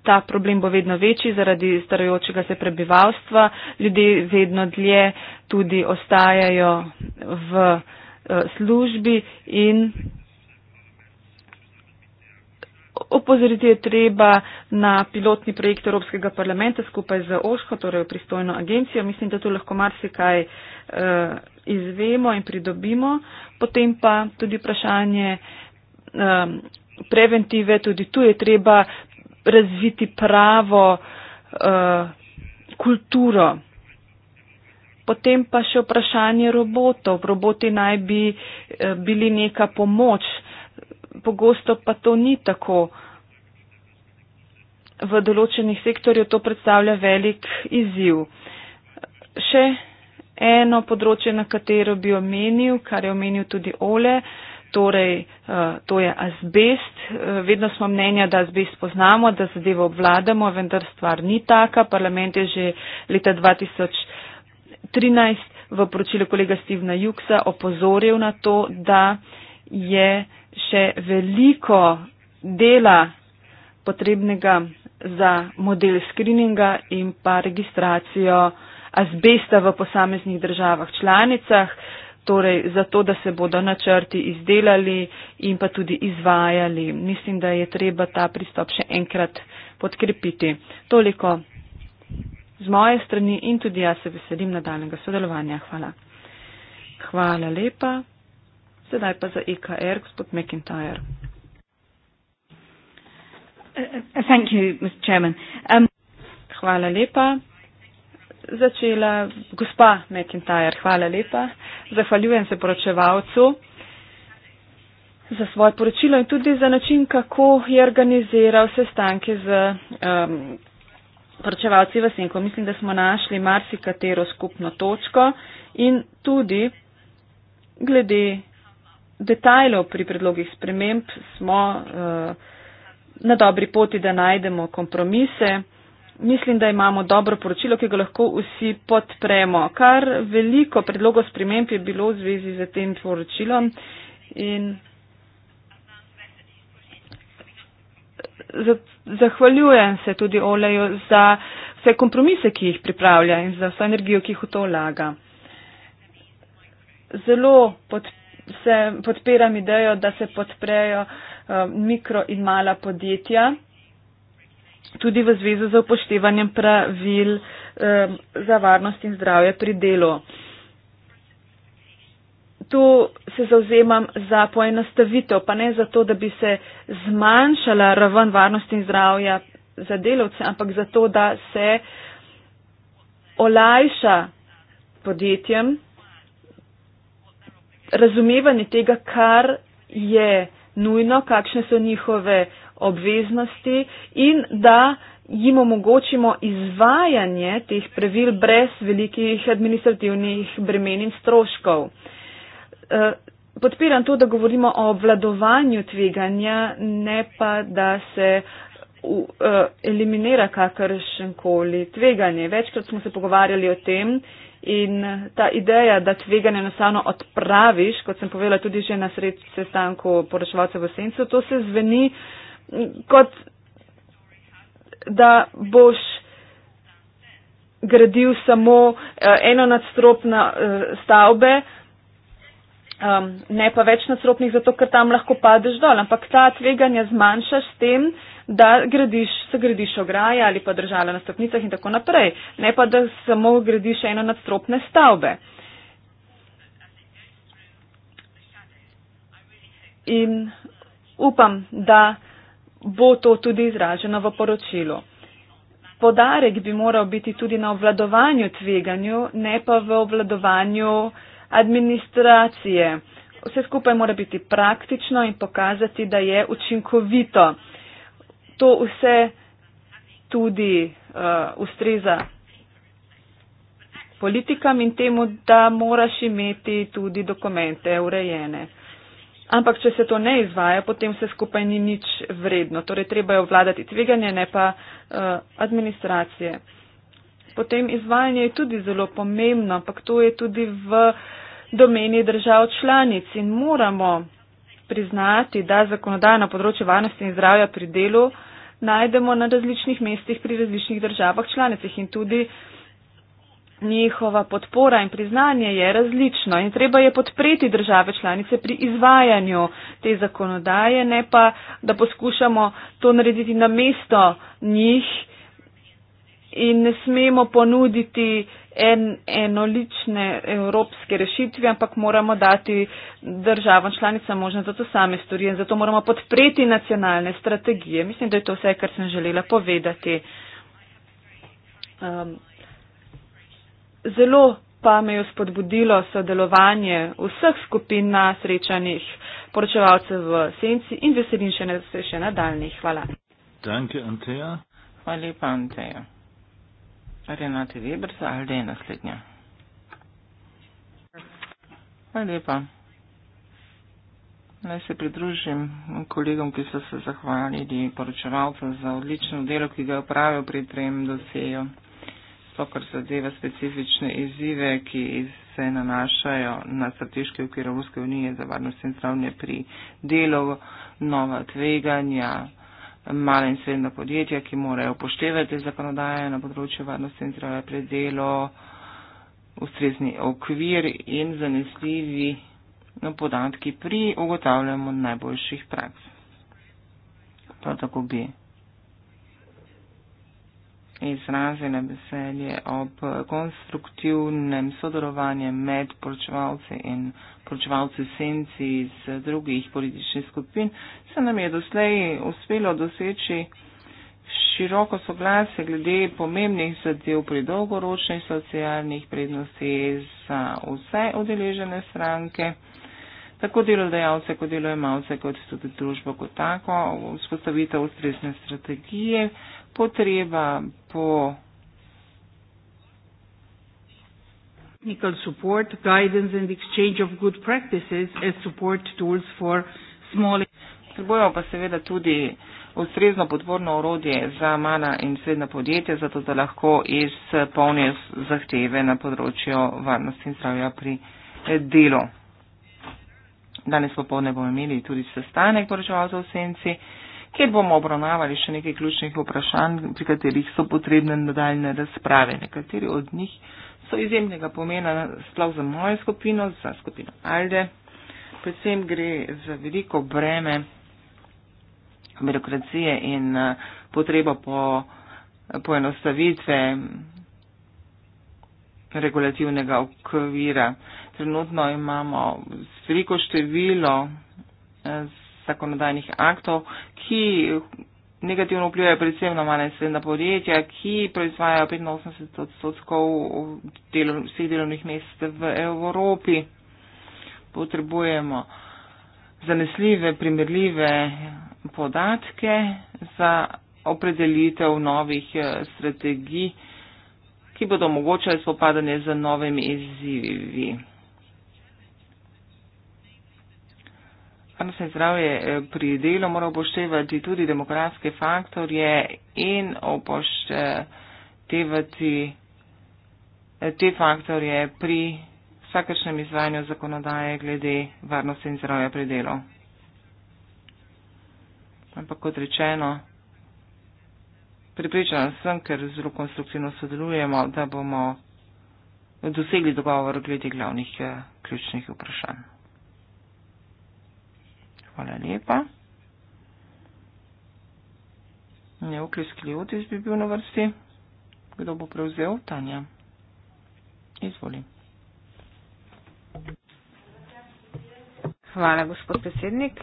ta problem bo vedno večji zaradi starajočega se prebivalstva. Ljudje vedno dlje tudi ostajajo v eh, službi in opozoriti je treba na pilotni projekt Evropskega parlamenta skupaj z Oško, torej pristojno agencijo. Mislim, da tu lahko marsikaj eh, izvemo in pridobimo. Potem pa tudi vprašanje eh, preventive, tudi tu je treba razviti pravo uh, kulturo. Potem pa še vprašanje robotov. Roboti naj bi eh, bili neka pomoč, pogosto pa to ni tako. V določenih sektorju to predstavlja velik izziv. Še eno področje, na katero bi omenil, kar je omenil tudi Ole, uh, Torej, eh, to je azbest. Eh, vedno smo mnenja, da azbest poznamo, da zadevo obvladamo, vendar stvar ni taka. Parlament je že leta 2013 v poročilu kolega Stevena Juksa opozoril na to, da je še veliko dela potrebnega za model skrininga in pa registracijo azbesta v posameznih državah članicah. Uh, torej zato, da se bodo načrti izdelali in pa tudi izvajali. Mislim, da je treba ta pristop še enkrat podkrepiti. Toliko z moje strani in tudi jaz se veselim nadaljnega sodelovanja. Hvala. Hvala lepa. Sedaj pa za EKR, gospod McIntyre. Uh, uh, um, Hvala lepa začela gospa McIntyre. Hvala lepa. Zahvaljujem se poročevalcu za svoje poročilo in tudi za način, kako je organiziral sestanke z um, poročevalci v Senko. Mislim, da smo našli marsikatero skupno točko in tudi glede detajlov pri predlogih sprememb smo uh, na dobri poti, da najdemo kompromise. Mislim, da imamo dobro poročilo, ki ga lahko vsi podpremo. Kar veliko predlogov sprememb je bilo v zvezi z tem poročilom in zahvaljujem se tudi Oleju za vse kompromise, ki jih pripravlja in za vso energijo, ki jih v to vlaga. Zelo pod, se, podpiram idejo, da se podprejo uh, mikro in mala podjetja tudi v zvezi z upoštevanjem pravil um, za varnost in zdravje pri delu. Tu se zauzemam za poenostavitev, pa ne zato, da bi se zmanjšala raven varnosti in zdravja za delavce, ampak zato, da se olajša podjetjem razumevanje tega, kar je nujno, kakšne so njihove obveznosti in da jim omogočimo izvajanje teh pravil brez velikih administrativnih bremen in stroškov. Eh, podpiram to, da govorimo o obvladovanju tveganja, ne pa, da se eh, eliminira kakršenkoli tveganje. Večkrat smo se pogovarjali o tem in ta ideja, da tveganje enostavno odpraviš, kot sem povedala tudi že na sredstvu sestanku poročevalcev v Sencu, to se zveni. Uh, kot da boš gradil samo eh, eno nadstropno eh, stavbe, um, ne pa več nadstropnih, zato ker tam lahko padeš dol. Ampak ta tveganja zmanjšaš s tem, da gradiš, se gradiš ograje ali pa držala na stopnicah in tako naprej. Ne pa, da samo gradiš eno nadstropne stavbe. In upam, da bo to tudi izraženo v poročilu. Podarek bi moral biti tudi na obvladovanju tveganju, ne pa v obvladovanju administracije. Vse skupaj mora biti praktično in pokazati, da je učinkovito. To vse tudi uh, ustreza politikam in temu, da moraš imeti tudi dokumente urejene. Ampak, če se to ne izvaja, potem vse skupaj ni nič vredno. Torej, treba je obvladati tveganje, ne pa uh, administracije. Potem izvajanje je tudi zelo pomembno, ampak to je tudi v domeni držav članic in moramo priznati, da zakonodajo na področju varnosti in zdravja pri delu najdemo na različnih mestih pri različnih državah članicah in tudi uh, Njihova podpora in priznanje je različno in treba je podpreti države članice pri izvajanju te zakonodaje, ne pa, da poskušamo to narediti na mesto njih in ne smemo ponuditi en, enolične evropske rešitve, ampak moramo dati državam članicam možnost, da to same storijo in zato moramo podpreti nacionalne strategije. Mislim, da je to vse, kar sem želela povedati. Um, zelo pa me je spodbudilo sodelovanje vseh skupin na srečanjih poročevalcev v senci in veselim še, ne, še nadaljnjih. Hvala. Danke, Anteja. Hvala lepa, Anteja. Renate Weber, ali je naslednja? Hvala lepa. Naj se pridružim kolegom, ki so se zahvalili poročevalcem za odlično delo, ki ga je upravil pri trem dosejo so kar zadeva specifične izzive, ki se nanašajo na strateški okvir Evropske unije za varnost in zdravje pri delu, nova tveganja, male in srednja podjetja, ki morajo upoštevati zakonodaje na področju varnosti in zdravja pri delu, ustrezni okvir in zanesljivi podatki pri ugotavljanju najboljših praks. Prav tako bi izrazile veselje ob konstruktivnem sodelovanju med poročevalci in poročevalci senci iz drugih političnih skupin, se nam je doslej uspelo doseči široko soglasje glede pomembnih zadev pri dolgoročnih socialnih prednosti za vse odeležene stranke, tako delodajalce kot delojemalce, kot tudi družbo kot tako, vzpostavitev ustrezne strategije, potreba for technical support, guidance, and exchange of good practices as support tools for small. Potrebujemo pa seveda tudi ustrezno podporno orodje za mala in srednja podjetja, zato da lahko izpolnijo zahteve na področju varnosti in zdravja pri eh, delu. Danes popovdne bomo imeli tudi sestanek poročevalcev v senci kjer bomo obravnavali še nekaj ključnih vprašanj, pri katerih so potrebne nadaljne razprave. Nekateri od njih so izjemnega pomena sploh za mojo skupino, za skupino Alde. Predvsem gre za veliko breme birokracije in eh, potrebo po poenostavitve regulativnega okvira. Trenutno imamo veliko število z eh, zakonodajnih aktov, ki negativno vplivajo predvsem na male in srednja podjetja, ki proizvajajo 85 odstotkov delo, vseh delovnih mest v Evropi. Potrebujemo zanesljive, primerljive podatke za opredelitev novih eh, strategij, ki bodo omogočali spopadanje z novimi izzivi. Varnost in zdravje eh, pri delu mora upoštevati tudi demokratske faktorje in upoštevati eh, te faktorje pri vsakršnem izvajanju zakonodaje glede varnosti in zdravja pri delu. Ampak kot rečeno, pripričana sem, ker zelo konstruktivno sodelujemo, da bomo dosegli dogovor glede glavnih eh, ključnih vprašanj. Hvala lepa. Neukleskljivotež bi bil na vrsti. Kdo bo prevzel? Tanja. Izvoli. Hvala, gospod predsednik.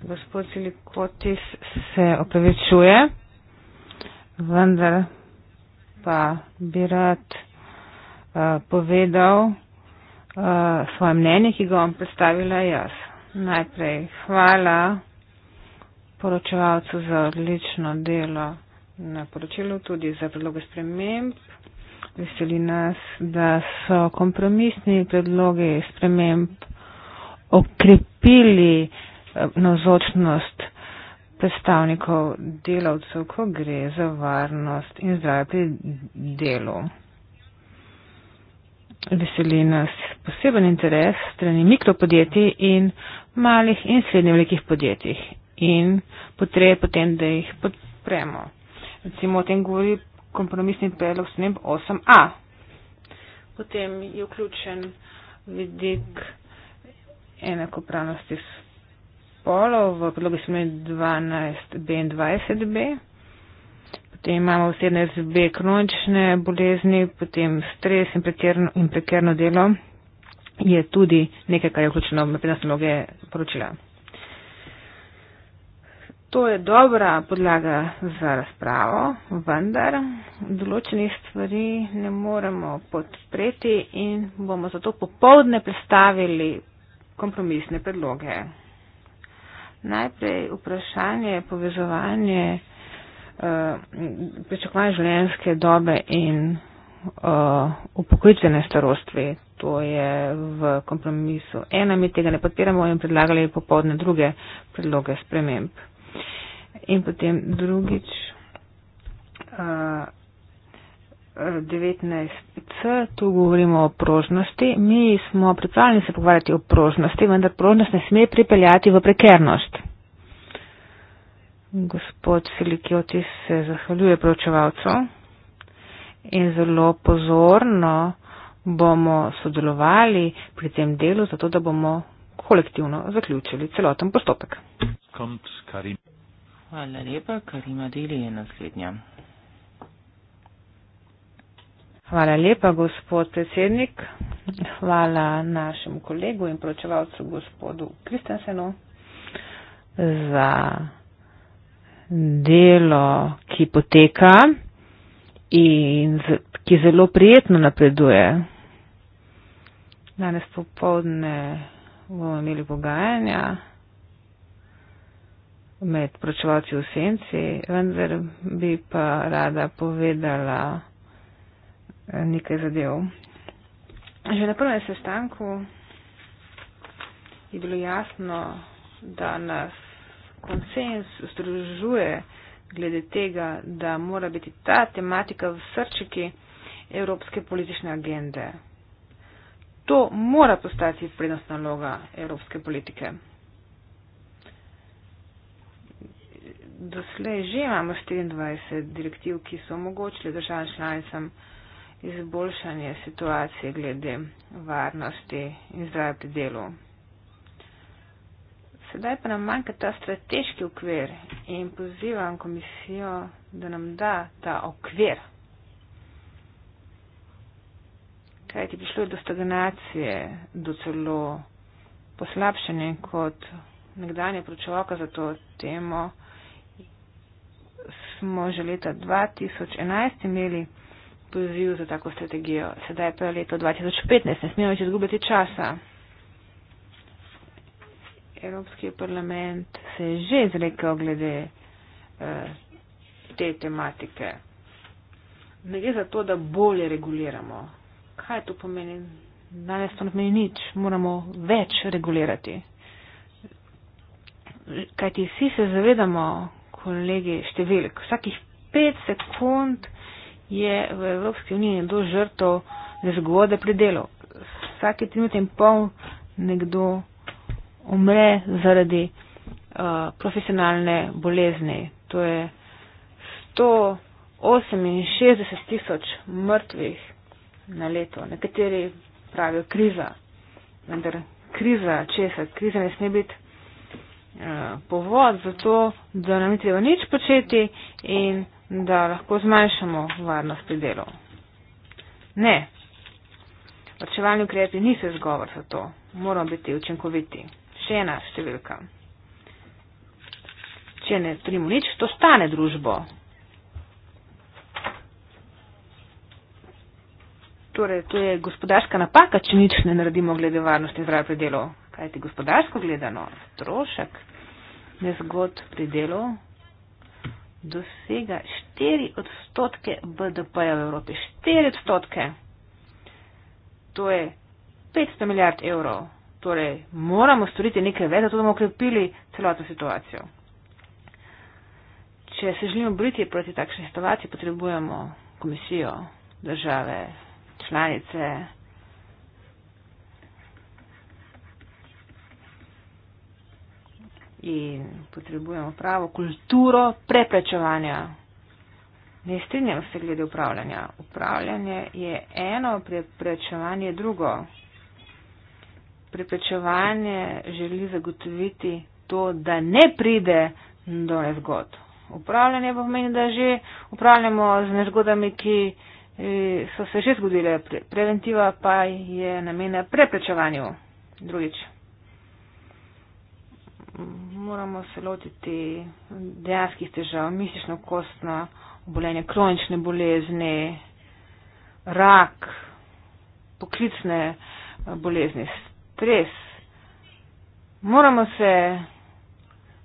Gospod Silikotis se opravičuje, vendar pa bi rad. Eh, povedal eh, svoje mnenje, ki ga bom predstavila jaz. Najprej hvala poročevalcu za odlično delo na poročilu, tudi za predloge sprememb. Veseli nas, da so kompromisni predloge sprememb okrepili eh, navzočnost predstavnikov delavcev, ko gre za varnost in zdravje pri delu veseli nas poseben interes strani mikropodjetij in malih in srednje velikih podjetij in potrebe potem, da jih podpremo. Recimo o tem govori kompromisni predlog s njim 8a. Potem je vključen vidik enakopravnosti spolov v predlogu s 12b in 20b potem imamo osebne zbe kronične bolezni, potem stres in prekerno, in prekerno delo je tudi nekaj, kar je vključeno v prednost mnoge poročila. To je dobra podlaga za razpravo, vendar določenih stvari ne moremo podpreti in bomo zato popovdne predstavili kompromisne predloge. Najprej vprašanje povezovanje Eh, pričakovanje življenjske dobe in uh, upokojitvene starosti. To je v kompromisu ena, mi tega ne podpiramo in predlagali popovdne druge predloge sprememb. In potem drugič. Uh, eh, 19c, tu govorimo o prožnosti. Mi smo pripravljeni se pogovarjati o prožnosti, vendar prožnost ne sme pripeljati v prekernost. Gospod Filikiotis se zahvaljuje pročevalcu in zelo pozorno bomo sodelovali pri tem delu, zato da bomo kolektivno zaključili celoten postopek. Hvala lepa, Karima Deli je naslednja. Hvala lepa, gospod predsednik. Hvala našemu kolegu in pročevalcu, gospodu Kristensenu, za delo, ki poteka in ki zelo prijetno napreduje. Danes popovdne bomo imeli pogajanja med pročevalci v senci, vendar bi pa rada povedala eh, nekaj zadev. Že na prvem sestanku je bilo jasno, da nas konsens združuje glede tega, da mora biti ta tematika v srčiki evropske politične agende. To mora postati prednost naloga evropske politike. Doslej že imamo 24 direktiv, ki so omogočili državam članicam izboljšanje situacije glede varnosti in zdravja pri delu. Sedaj pa nam manjka ta strateški okvir in pozivam komisijo, da nam da ta okvir. Kaj ti prišlo je do stagnacije, do celo poslabšanja kot nekdanje pročevalka za to temo. Smo že leta 2011 imeli poziv za tako strategijo, sedaj pa je leto 2015, ne smemo več izgubljati časa. Evropski parlament se je že izrekel glede eh, te tematike. Ne gre za to, da bolje reguliramo. Kaj to pomeni? Danes to ne pomeni nič, moramo več regulirati. Kaj ti vsi se zavedamo, kolegi, številk. Vsakih pet sekund je v Evropski uniji nekdo žrtov za zgode pri delu. Vsake trenutke in pol nekdo umre zaradi uh, profesionalne bolezni. To je 168 tisoč mrtvih na leto. Nekateri pravijo kriza, vendar kriza česa, kriza ne sme biti uh, povod za to, da nam ni treba nič početi in da lahko zmanjšamo varnost pri delu. Ne, plačevalni ukrepi niso izgovor za to, moramo biti učinkoviti. Če ena številka. Če ne trimo nič, to stane družbo. Torej, to je gospodarska napaka, če nič ne naredimo glede varnosti zdravja pri delu. Kaj ti gospodarsko gledano, strošek nezgod pri delu dosega 4 odstotke BDP-ja v Evropi. 4 odstotke. To je 500 milijard evrov. Torej, moramo storiti nekaj več, zato da bomo okrepili celotno situacijo. Če se želimo briti proti takšni situaciji, potrebujemo komisijo, države, članice. In potrebujemo pravo kulturo preprečevanja. Ne strinjam se glede upravljanja. Upravljanje je eno, preprečevanje je drugo. Prepečevanje želi zagotoviti to, da ne pride do nezgod. Upravljanje pa pomeni, da že upravljamo z nezgodami, ki eh, so se že zgodile. Preventiva pa je namena preprečevanju. Drugič, moramo se lotiti dejanskih težav, mišično kostna obolenja, kronične bolezni, rak, poklicne eh, bolezni, stres. Moramo se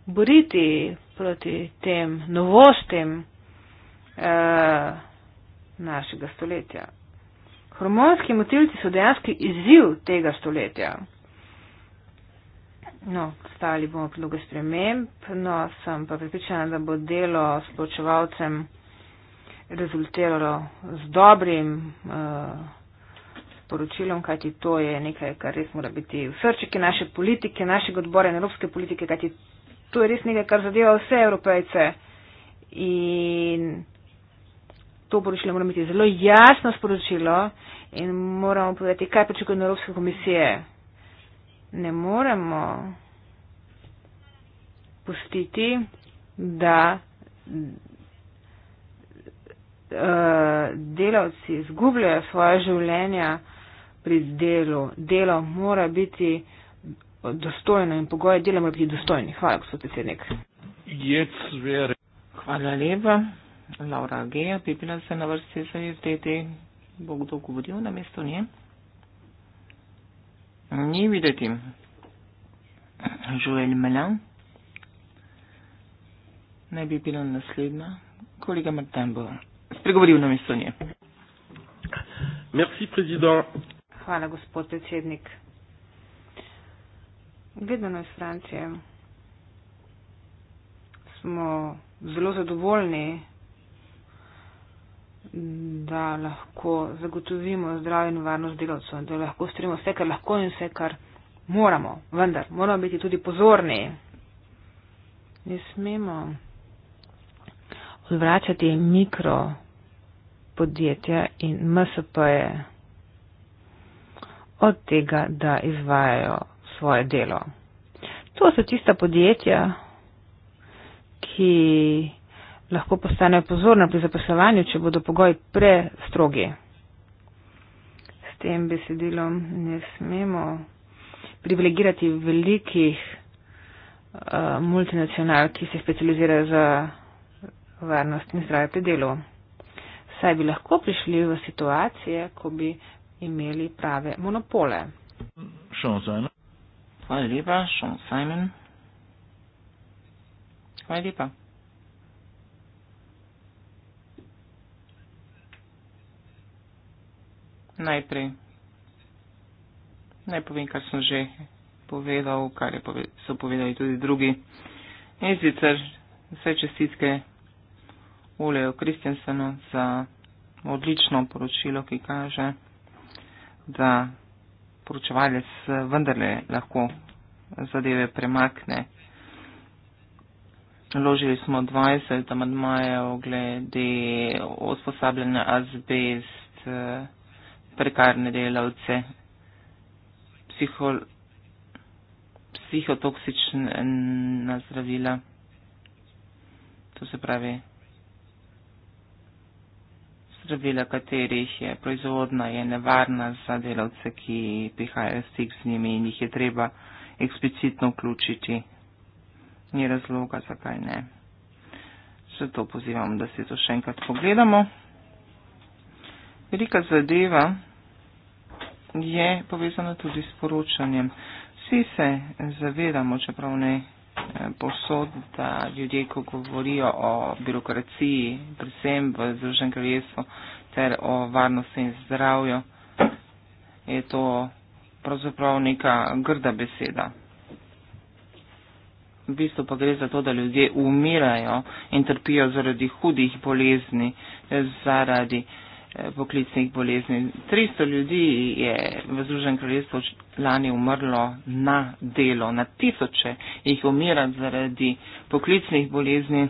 boriti proti tem novostem eh, našega stoletja. Hormonski motilci so dejansko izziv tega stoletja. No, stali bomo predloge sprememb, no, sem pa pripričana, da bo delo s počevalcem rezultiralo z dobrim. Eh, poročilom, kajti to je nekaj, kar res mora biti v srčike naše politike, našega odbora in evropske politike, kajti to je res nekaj, kar zadeva vse evropejce. In to poročilo mora biti zelo jasno sporočilo in moramo povedati, kaj pričakujemo Evropske komisije. Ne moremo pustiti, da uh, delavci izgubljajo svoje življenja pri delu. Delo mora biti dostojno in pogoje dela mora biti dostojni. Hvala, gospod predsednik. Hvala lepa. Laura Geja, bi bila se na vrsti za SDD. Bo kdo govoril na mesto nje? Ni videti. Joel Melan. Naj bi bila naslednja. Kolega Martin bo spregovoril na mesto nje. Merci, président. Hvala, gospod predsednik. Gledano iz Francije smo zelo zadovoljni, da lahko zagotovimo zdravje in varnost delavcev, da lahko storimo vse, kar lahko in vse, kar moramo. Vendar moramo biti tudi pozorni. Ne smemo odvračati mikro podjetja in MSP-je od tega, da izvajajo svoje delo. To so tista podjetja, ki lahko postanejo pozorna pri zaposlovanju, če bodo pogoji prestrogi. S tem besedilom ne smemo privilegirati velikih uh, multinacionalk, ki se specializirajo za varnost in zdravje pri delu. Saj bi lahko prišli v situacije, ko bi imeli prave monopole. Hvala lepa, Sean Simon. Hvala lepa. Najprej naj povem, kar sem že povedal, kar je pove, so povedali tudi drugi. In sicer vse čestitke Uleju Kristjansenu za odlično poročilo, ki kaže, da poročevalec vendarle lahko zadeve premakne. Ložili smo 20 amadmajev glede osposabljanja azbest, eh, prekarne delavce, psihol, psihotoksična zdravila, to se pravi zdravila, katerih je proizvodna, je nevarna za delavce, ki prihajajo stik z njimi in jih je treba eksplicitno vključiti. Ni razloga, zakaj ne. Zato pozivam, da si to še enkrat pogledamo. Velika zadeva je povezana tudi s poročanjem. Vsi se zavedamo, čeprav ne posod, da ljudje, ko govorijo o birokraciji, predvsem v Združenem kraljestvu, ter o varnosti in zdravju, je to pravzaprav neka grda beseda. V bistvu pa gre za to, da ljudje umirajo in trpijo zaradi hudih bolezni, zaradi eh, Eh, poklicnih bolezni. 300 ljudi je v Združenem kraljestvu lani umrlo na delo, na tisoče jih umira zaradi poklicnih bolezni.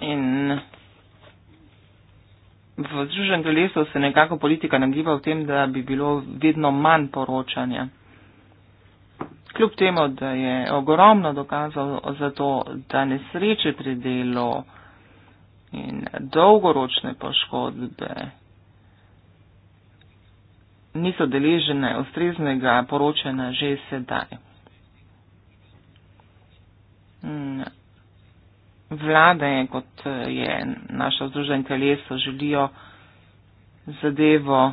In v Združenem kraljestvu se nekako politika nagiba v tem, da bi bilo vedno manj poročanja kljub temu, da je ogromno dokazov za to, da nesreče pri delu in dolgoročne poškodbe niso deležene ustreznega poročena že sedaj. Vlade, kot je naša združen kaleso, želijo zadevo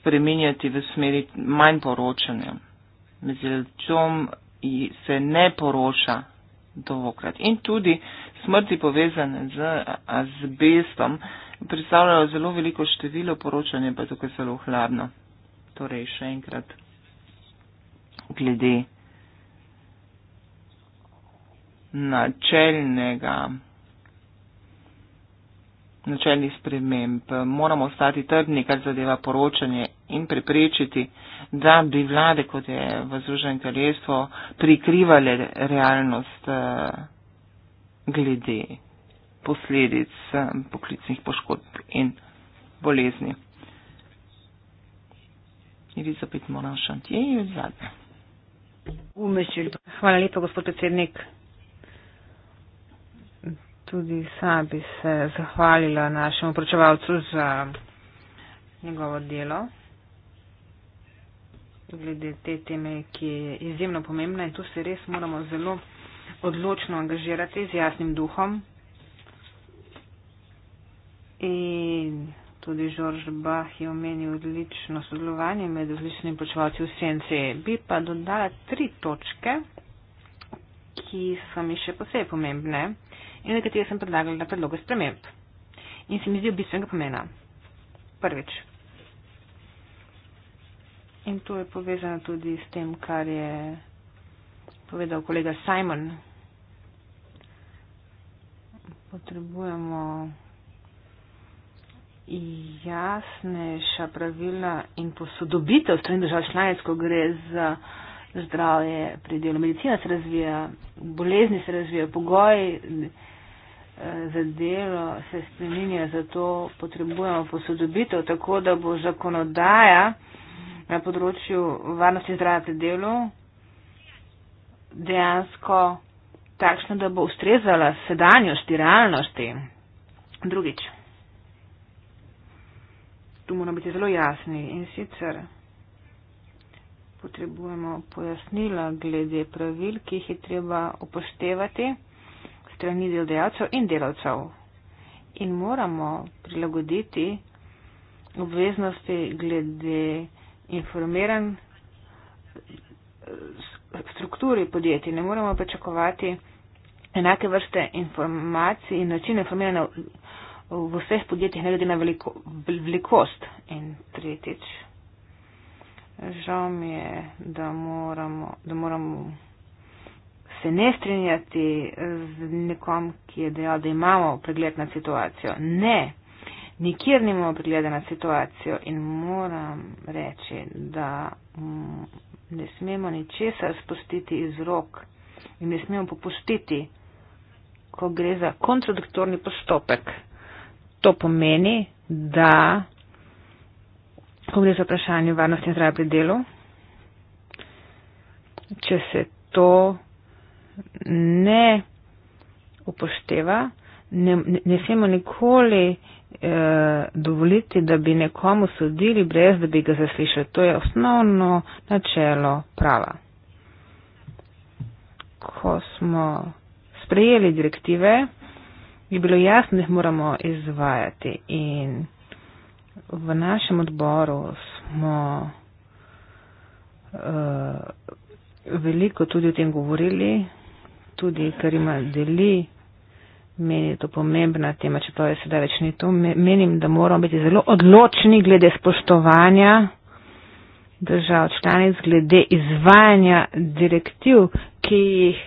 spreminjati v smeri manj poročanja med zelčom se ne poroša dovokrat. In tudi smrti povezane z azbestom predstavljajo zelo veliko število poročanja, pa tukaj zelo hladno. Torej, še enkrat glede načelnega, načelnih sprememb. Moramo ostati trdni, kar zadeva poročanje in preprečiti, da bi vlade, kot je v Združenem kraljestvu, prikrivali realnost eh, glede posledic eh, poklicnih poškodb in bolezni. Elizabeth Moran Šantier je zadnja. Hvala lepa, gospod predsednik. Tudi sam bi se zahvalila našemu pročevalcu za njegovo delo glede te teme, ki je izjemno pomembna in tu se res moramo zelo odločno angažirati z jasnim duhom. In tudi Žorž Bah je omenil odlično sodelovanje med različnimi počevalci v senci. Bi pa dodala tri točke, ki so mi še posebej pomembne in na katere sem predlagala predloge sprememb. In se mi zdi bistvenega pomena. Prvič, In to je povezano tudi s tem, kar je povedal kolega Simon. Potrebujemo jasnejša pravila in posodobitev strani držav članic, ko gre za zdravje pri delu. Medicina se razvija, bolezni se razvijajo, pogoji eh, za delo se spreminjajo, zato potrebujemo posodobitev, tako da bo zakonodaja, na področju varnosti zdravja pri delu dejansko takšna, da bo ustrezala sedanjosti, realnosti. Drugič, tu moramo biti zelo jasni in sicer potrebujemo pojasnila glede pravil, ki jih je treba upoštevati strani delodajalcev in delavcev. In moramo prilagoditi obveznosti glede informiran eh, strukturi podjetij. Ne moremo pričakovati enake vrste informacij in način informiranja v vseh podjetjih, ne glede na veliko, velikost. In tretjič, žal mi je, da moramo, da moramo se ne strinjati z nekom, ki je dejal, da imamo pregled nad situacijo. Ne, nikjer nimamo pregledana situacijo in moram reči, da mm, ne smemo ničesar spustiti iz rok in ne smemo popustiti, ko gre za kontradiktorni postopek. To pomeni, da ko gre za vprašanje varnosti in zdravja pri delu, če se to ne upošteva, ne, ne smemo nikoli eh, dovoliti, da bi nekomu sodili brez, da bi ga zaslišali. To je osnovno načelo prava. Ko smo sprejeli direktive, je bilo jasno, da jih moramo izvajati in v našem odboru smo eh, veliko tudi o tem govorili, tudi kar ima deli meni je to pomembna tema, čeprav je sedaj več ni to. Menim, da moramo biti zelo odločni glede spoštovanja držav članic, glede izvajanja direktiv, ki jih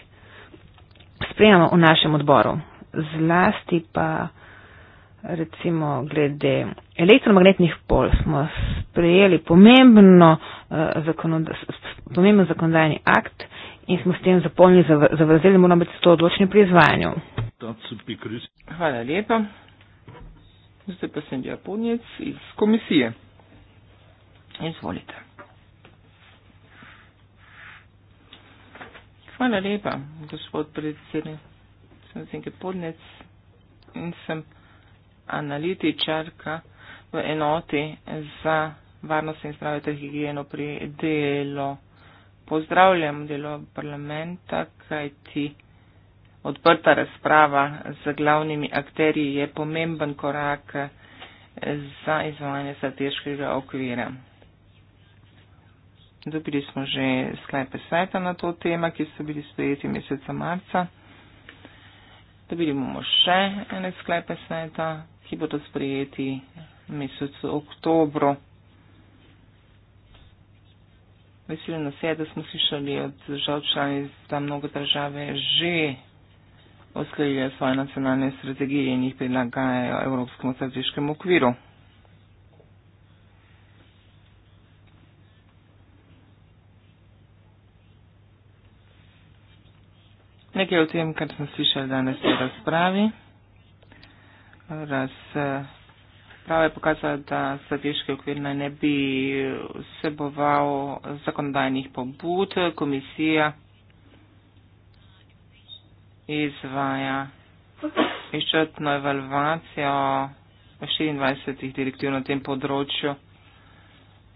sprejemamo v našem odboru. Zlasti pa recimo glede elektromagnetnih pol smo sprejeli pomembno, uh, eh, zakonod pomembno zakonodajni akt, in smo s tem zapolnili zavrzeli, moramo biti to odločni pri izvajanju. Hvala lepa. Zdaj pa sem Japonec iz komisije. Izvolite. Hvala lepa, gospod predsednik. Sem Zinke Podnec in sem analitičarka v enoti za varnost in zdravje ter higieno pri delu pozdravljam delo parlamenta, kajti odprta razprava z glavnimi akterji je pomemben korak za izvajanje strateškega okvira. Dobili smo že sklepe sveta na to tema, ki so bili sprejeti meseca marca. Dobili bomo še ene sklepe sveta, ki bodo sprejeti v mesecu oktobru. Veseli nas je, da smo slišali od držav članic, da mnogo države že uskladijo svoje nacionalne strategije in jih prilagajajo Evropskemu strateškemu okviru. Nekaj o tem, kar smo slišali danes v razpravi, raz eh, razprave pokazala, da strateški okvir naj ne bi vseboval zakonodajnih pobud, komisija izvaja izčrpno evalvacijo 24 direktiv na tem področju.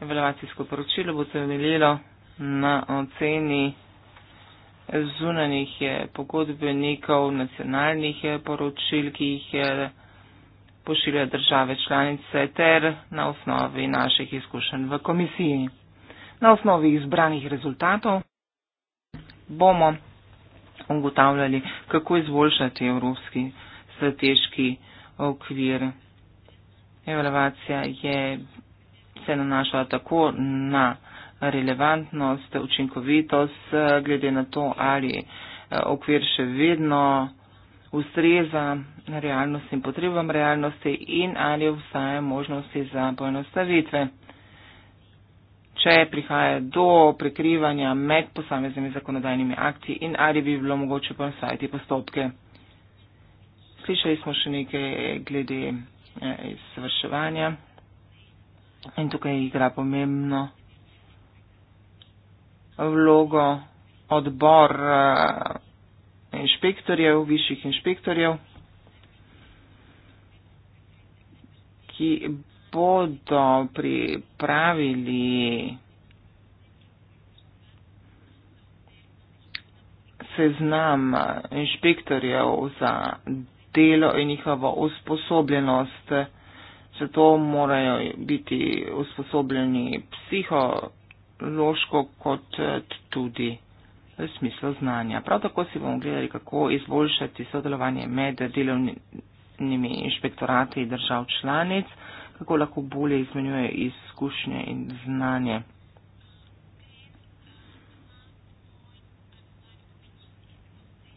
Evalvacijsko poročilo bo temeljilo na oceni zunanjih pogodbenikov, nacionalnih poročil, ki jih je pošiljajo države članice ter na osnovi naših izkušenj v komisiji. Na osnovi izbranih rezultatov bomo ugotavljali, kako izboljšati evropski strateški okvir. Evaluacija je se nanašala tako na relevantnost, učinkovitost, glede na to, ali eh, okvir še vedno ustreza realnosti in potrebam realnosti in ali obstaja možnosti za poenostavitve. Če prihaja do prekrivanja med posameznimi zakonodajnimi akti in ali bi bilo mogoče poenostaviti postopke. Slišali smo še nekaj glede eh, izvrševanja in tukaj igra pomembno vlogo odbor. Uh, inšpektorjev, višjih inšpektorjev, ki bodo pripravili seznam inšpektorjev za delo in njihovo usposobljenost. Zato morajo biti usposobljeni psihološko kot tudi v smislu znanja. Prav tako si bomo gledali, kako izboljšati sodelovanje med delovnimi inšpektorati držav članic, kako lahko bolje izmenjujejo izkušnje in znanje.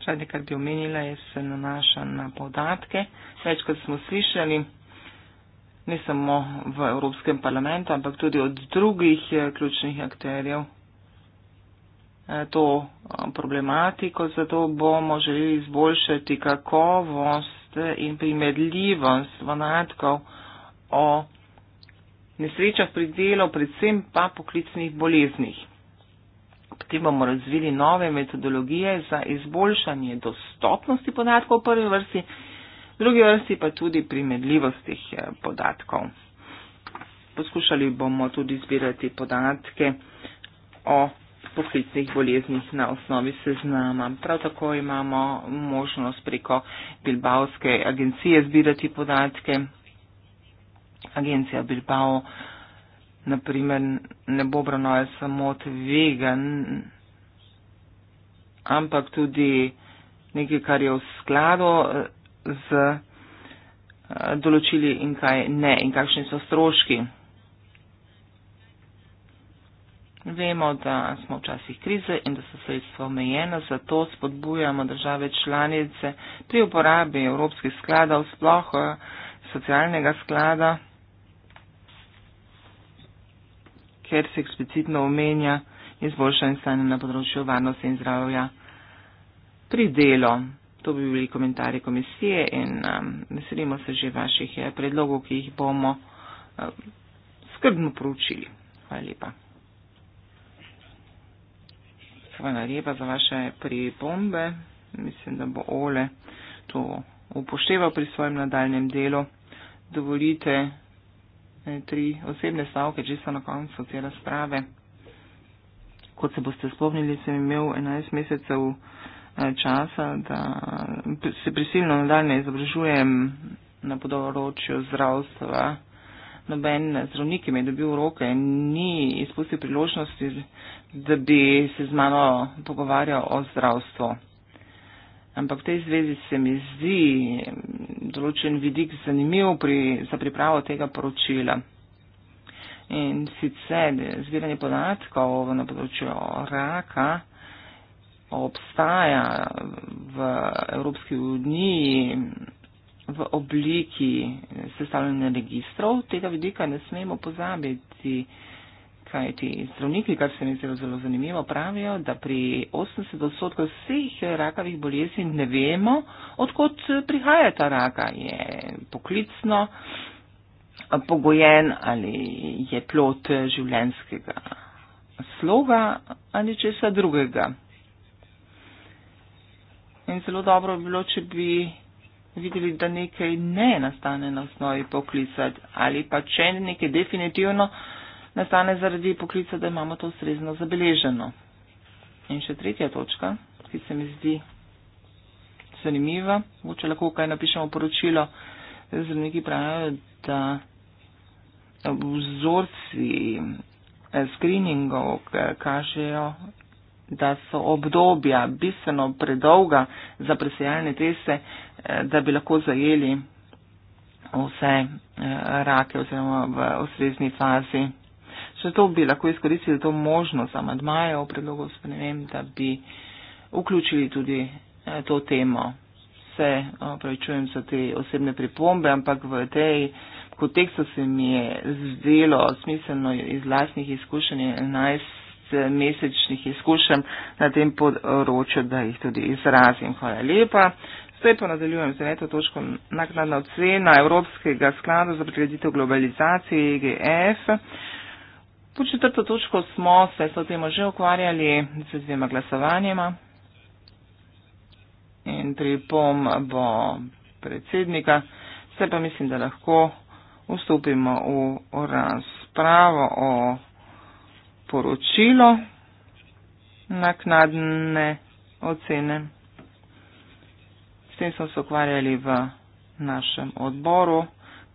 Zadnje, kar bi omenila, je se nanaša na podatke. Več kot smo slišali, ne samo v Evropskem parlamentu, ampak tudi od drugih eh, ključnih akterjev, to eh, problematiko, zato bomo želeli izboljšati kakovost eh, in primedljivost vanatkov o nesrečah pri delu, predvsem pa poklicnih boleznih. Potem bomo razvili nove metodologije za izboljšanje dostopnosti podatkov v prvi vrsti, v drugi vrsti pa tudi primedljivosti eh, podatkov. Poskušali bomo tudi zbirati podatke o poklicnih boleznih na osnovi seznama. Prav tako imamo možnost preko Bilbaovske agencije zbirati podatke. Agencija Bilbao naprimer ne bo obravnavala samo tvegan, ampak tudi nekaj, kar je v skladu eh, z eh, določili in kaj ne in kakšni so stroški. Vemo, da smo včasih krize in da so sredstva omejena, zato spodbujamo države članice pri uporabi evropskih skladov, sploh eh, socialnega sklada, ker se eksplicitno omenja izboljšanje stanja na področju varnosti in zdravja pri delu. To bi bili komentarji komisije in um, veselimo se že vaših eh, predlogov, ki jih bomo um, skrbno proučili. Hvala lepa hvala lepa za vaše pripombe. Mislim, da bo Ole to upošteval pri svojem nadaljem delu. Dovolite eh, tri osebne stavke, čisto na koncu te razprave. Kot se boste spomnili, sem imel 11 mesecev eh, časa, da se prisilno nadaljne izobražujem na področju zdravstva noben zdravnik mi je dobil roke in ni izpustil priložnosti, da bi se z mano pogovarjal o zdravstvu. Ampak v tej zvezi se mi zdi določen vidik zanimiv pri, za pripravo tega poročila. In sicer zbiranje podatkov na področju raka obstaja v Evropski uniji v obliki sestavljanja registrov, tega vidika ne smemo pozabiti, kaj ti zdravniki, kar se mi zelo, zelo zanimivo, pravijo, da pri 80 odstotkov vseh rakavih bolezni ne vemo, odkot prihaja ta raka. Je poklicno pogojen ali je plot življenskega sloga ali česa drugega. In zelo dobro bi bilo, če bi videli, da nekaj ne nastane na osnovi poklica ali pa če nekaj definitivno nastane zaradi poklica, da imamo to ustrezno zabeleženo. In še tretja točka, ki se mi zdi zanimiva, mogoče lahko kaj napišemo poročilo, zdravniki pravijo, da vzorci eh, screeningov eh, kažejo da so obdobja bistveno predolga za presejalne teste, eh, da bi lahko zajeli vse eh, rake oziroma v osrezni fazi. Še to bi lahko izkoristili to možnost amadmaja v predlogu spremem, da bi vključili tudi eh, to temo. Se opravičujem za te osebne pripombe, ampak v tej kontekstu se mi je zdelo smiselno iz vlastnih izkušenj 11 mesečnih izkušenj na tem področju, da jih tudi izrazim. Hvala lepa. Zdaj pa nadaljujem z deveto točko naknadna ocena Evropskega sklada za pregleditev globalizacije EGF. Po četrto točko smo se s temo že ukvarjali z dvema glasovanjima. In pripom bo predsednika. Zdaj pa mislim, da lahko vstopimo v razpravo o sporočilo, naknadne ocene. S tem smo se ukvarjali v našem odboru,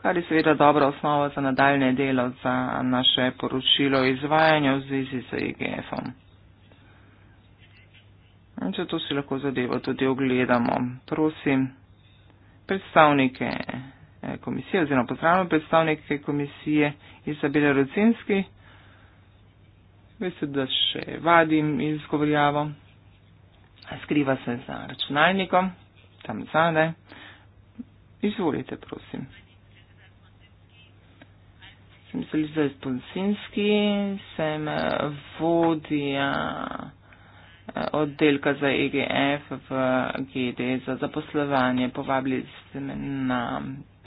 kar je seveda dobra osnova za nadaljne delo za naše poročilo izvajanja v zvezi z IGF-om. E In če to si lahko zadevo tudi ogledamo, prosim predstavnike eh, komisije oziroma pozdravljam predstavnike komisije Izabela Rocinski. Veste, da še vadim izgovorjavo. Skriva se za računalnikom, tam zadaj. Izvolite, prosim. Sem se Liza iz Ponsinski, sem vodja eh, oddelka za EGF v GD za zaposlovanje. Povabili ste me na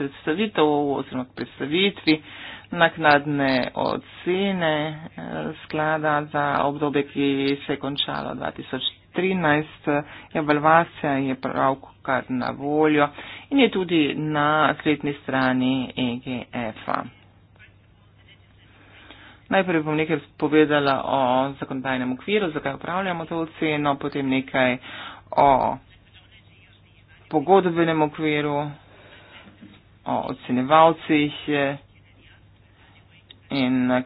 predstavitev oziroma predstavitvi, naknadne ocene eh, sklada za obdobje, ki se je končalo 2013. Evalvacija je pravkar na voljo in je tudi na spletni strani EGF-a. Najprej bom nekaj povedala o zakonodajnem okviru, zakaj upravljamo to oceno, potem nekaj o pogodbenem okviru, o ocenevalcih in eh,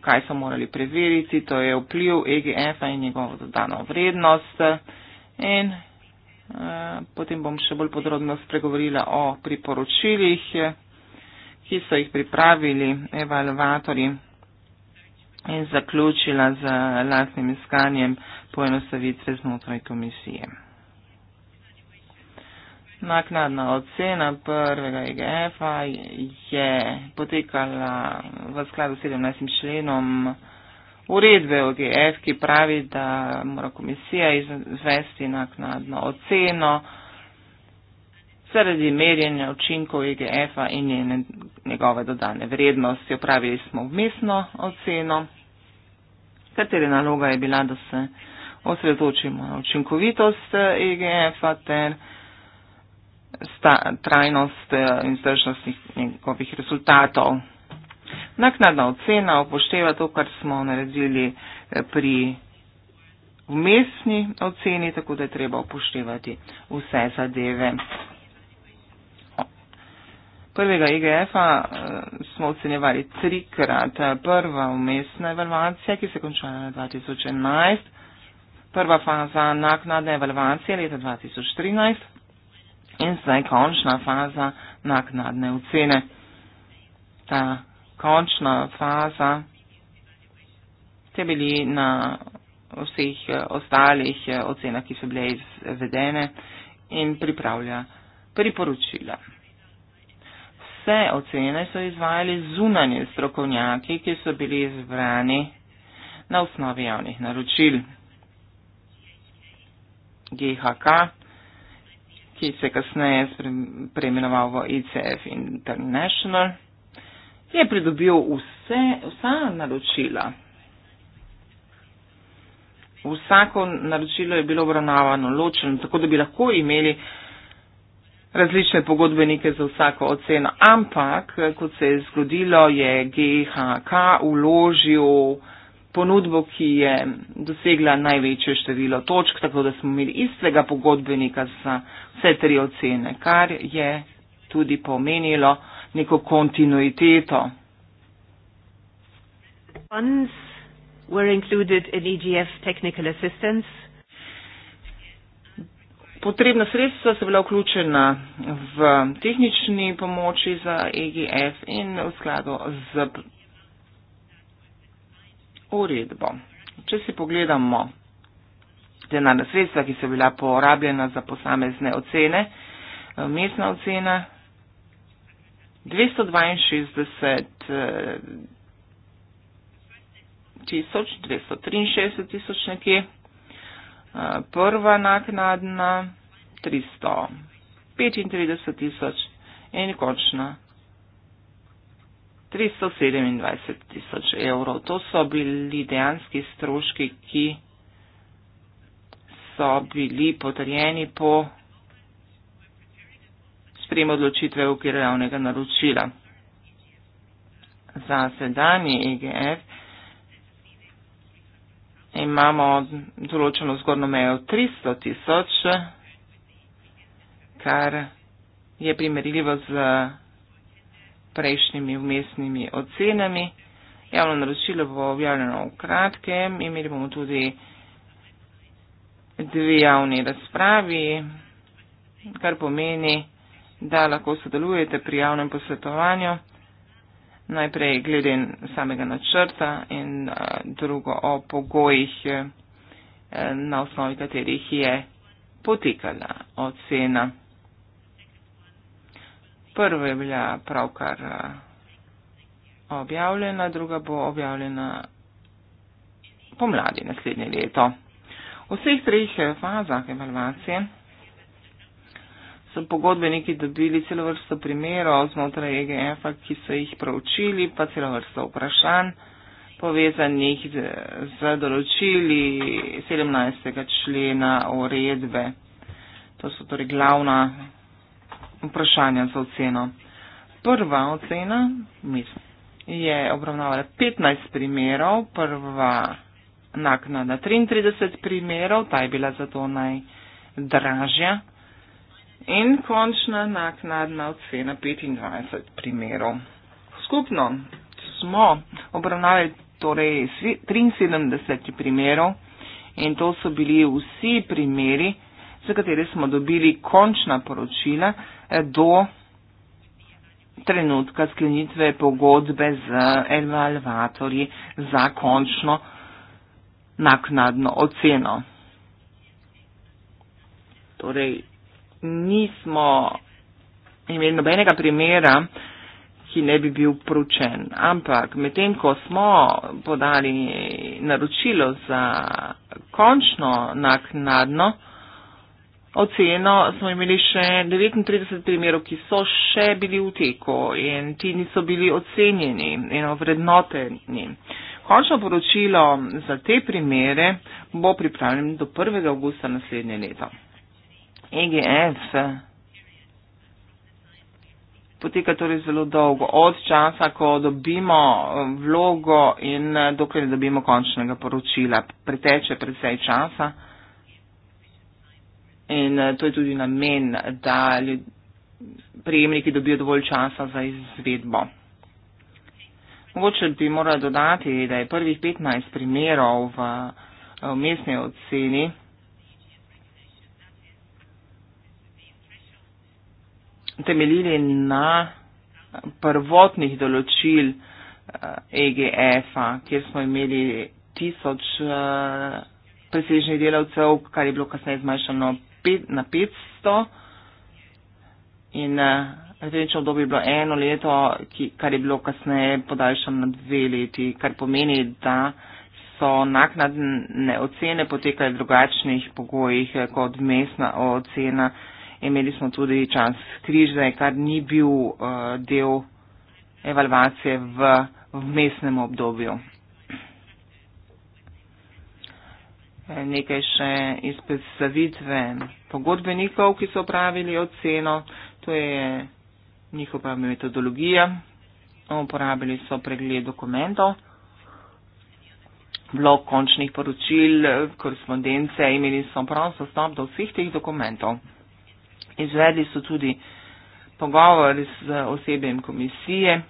kaj so morali preveriti, to je vpliv EGF-a in njegovo dodano vrednost. In eh, potem bom še bolj podrobno spregovorila o priporočilih, ki so jih pripravili evalvatori in zaključila z lastnim iskanjem poenostavitve znotraj komisije. Naknadna ocena prvega IGF-a e je potekala v skladu s 17. členom uredbe o IGF, e ki pravi, da mora komisija izvesti naknadno oceno zaradi merjenja učinkov IGF-a e in njene, njegove dodane vrednosti. Opravili smo vmesno oceno, katere naloga je bila, da se osredotočimo na učinkovitost IGF-a ter sta, trajnost eh, in zdržnost njegovih rezultatov. Naknadna ocena upošteva to, kar smo naredili eh, pri vmesni oceni, tako da je treba upoštevati vse zadeve. Prvega IGF-a e eh, smo ocenjevali trikrat. Prva umestna evalvacija, ki se je končala na 2011, prva faza naknadne evalvacije leta 2013, in zdaj končna faza naknadne ocene. Ta končna faza ste bili na vseh eh, ostalih eh, ocenah, ki so bile izvedene in pripravlja priporočila. Vse ocene so izvajali zunanje strokovnjaki, ki so bili izbrani na osnovi javnih naročil. GHK ki se je kasneje preimenoval v ICF International, je pridobil vse, vsa naročila. Vsako naročilo je bilo obravnavano ločeno, tako da bi lahko imeli različne pogodbenike za vsako oceno, ampak kot se je zgodilo, je GHK vložil ponudbo, ki je dosegla največje število točk, tako da smo imeli istega pogodbenika za vse tri ocene, kar je tudi pomenilo neko kontinuiteto. E Potrebna sredstva so bila vključena v tehnični pomoči za EGF in v skladu z uredbo. Če si pogledamo denarna sredstva, ki so bila porabljena za posamezne ocene, eh, mestna ocena 262 eh, tisoč, 263 tisoč nekje, eh, prva naknadna 335 tisoč in končna 327 tisoč evrov. To so bili dejanski stroški, ki so bili potrjeni po sprejem odločitve v okviru javnega naročila. Za sedanji EGF imamo določeno zgornjo mejo 300 tisoč, kar je primerljivo z prejšnjimi umestnimi ocenami. Javno naročilo bo objavljeno v kratkem, imeli bomo tudi dve javni razpravi, kar pomeni, da lahko sodelujete pri javnem posvetovanju, najprej glede samega načrta in eh, drugo o pogojih, eh, na osnovi katerih je potekala ocena. Prva je bila pravkar eh, objavljena, druga bo objavljena pomladi naslednje leto. V vseh treh eh, fazah evalvacije so pogodbeniki dobili celo vrsto primerov znotraj EGF-a, ki so jih proučili, pa celo vrsto vprašanj povezanih z, z določili 17. člena uredbe. To so torej glavna vprašanja za oceno. Prva ocena mir, je obravnavala 15 primerov, prva naknada 33 primerov, ta je bila zato najdražja. In končna naknadna ocena 25 primerov. Skupno smo obravnavali torej 73 primerov in to so bili vsi primeri, za katere smo dobili končna poročila eh, do trenutka sklenitve pogodbe z evalvatorji za končno naknadno oceno. Torej, nismo imeli nobenega primera, ki ne bi bil poročen, ampak medtem, ko smo podali naročilo za končno naknadno oceno, Oceno smo imeli še 39 primerov, ki so še bili v teku in ti niso bili ocenjeni in ovrednoteni. Končno poročilo za te primere bo pripravljeno do 1. augusta naslednje leto. EGF poteka torej zelo dolgo od časa, ko dobimo eh, vlogo in dokler ne dobimo končnega poročila. Preteče predvsej časa. In uh, to je tudi namen, da prejemniki dobijo dovolj časa za izvedbo. Mogoče bi morala dodati, da je prvih 15 primerov v, eh, v mestni oceni. temeljili na prvotnih določil EGF-a, eh, e kjer smo imeli tisoč presežnih delavcev, kar je bilo kasneje zmanjšano pet, na 500 in uh, eh, referenčno obdobje je bilo eno leto, ki, kar je bilo kasneje podaljšano na dve leti, kar pomeni, da so naknadne ocene potekale v drugačnih pogojih eh, kot mestna ocena. Imeli smo tudi čas križne, kar ni bil uh, del evalvacije v, v mestnem obdobju. nekaj še iz predstavitve pogodbenikov, ki so pravili oceno, to je njihova metodologija, uporabili so pregled dokumentov, blok končnih poročil, korespondence, imeli so prost dostop do vseh teh dokumentov. Izvedli so tudi pogovor z osebjem komisije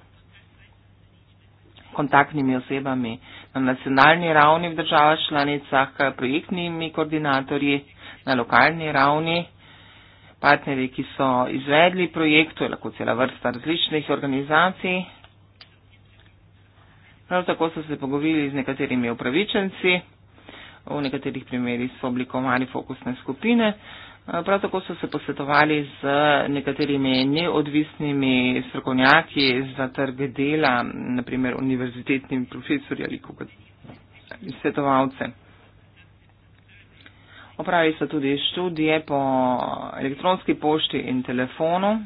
kontaktnimi osebami na nacionalni ravni v državah članicah, projektnimi koordinatorji na lokalni ravni, partnerji, ki so izvedli projekt, to je lahko cela vrsta različnih organizacij. Prav tako so se pogovili z nekaterimi upravičenci, v nekaterih primerjih so oblikovali fokusne skupine. Eh, prav tako so se posvetovali z nekaterimi neodvisnimi strokovnjaki za trg dela, naprimer univerzitetnimi profesorji ali kako svetovalce. Opravili so tudi študije po elektronski pošti in telefonu,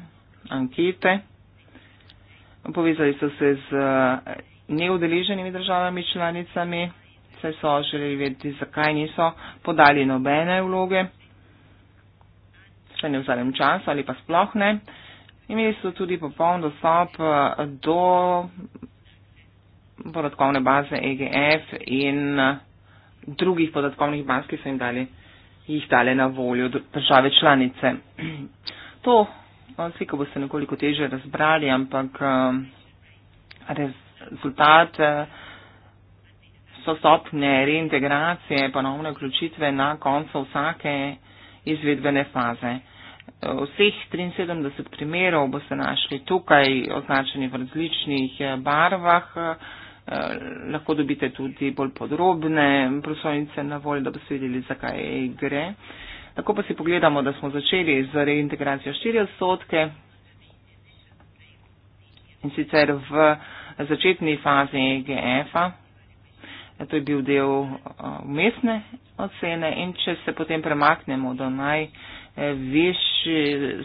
ankete. Povezali so se z eh, neudeleženimi državami članicami, saj so želeli vedeti, zakaj niso podali nobene vloge vsaj ne v zadnjem času ali pa sploh ne. Imeli so tudi popoln dostop eh, do podatkovne baze EGF in eh, drugih podatkovnih baz, ki so jim dali, jih dali na voljo države članice. To eh, sliko boste nekoliko teže razbrali, ampak rezultat so stopne reintegracije, ponovne vključitve na koncu vsake izvedbene faze. Vseh 73 primerov boste našli tukaj, označeni v različnih eh, barvah. Eh, lahko dobite tudi bolj podrobne prosojnice na voljo, da boste vedeli, zakaj gre. Tako pa si pogledamo, da smo začeli z reintegracijo 4 odstotke. In sicer v začetni fazi e GF-a to je bil del eh, umestne ocene in če se potem premaknemo do najvišje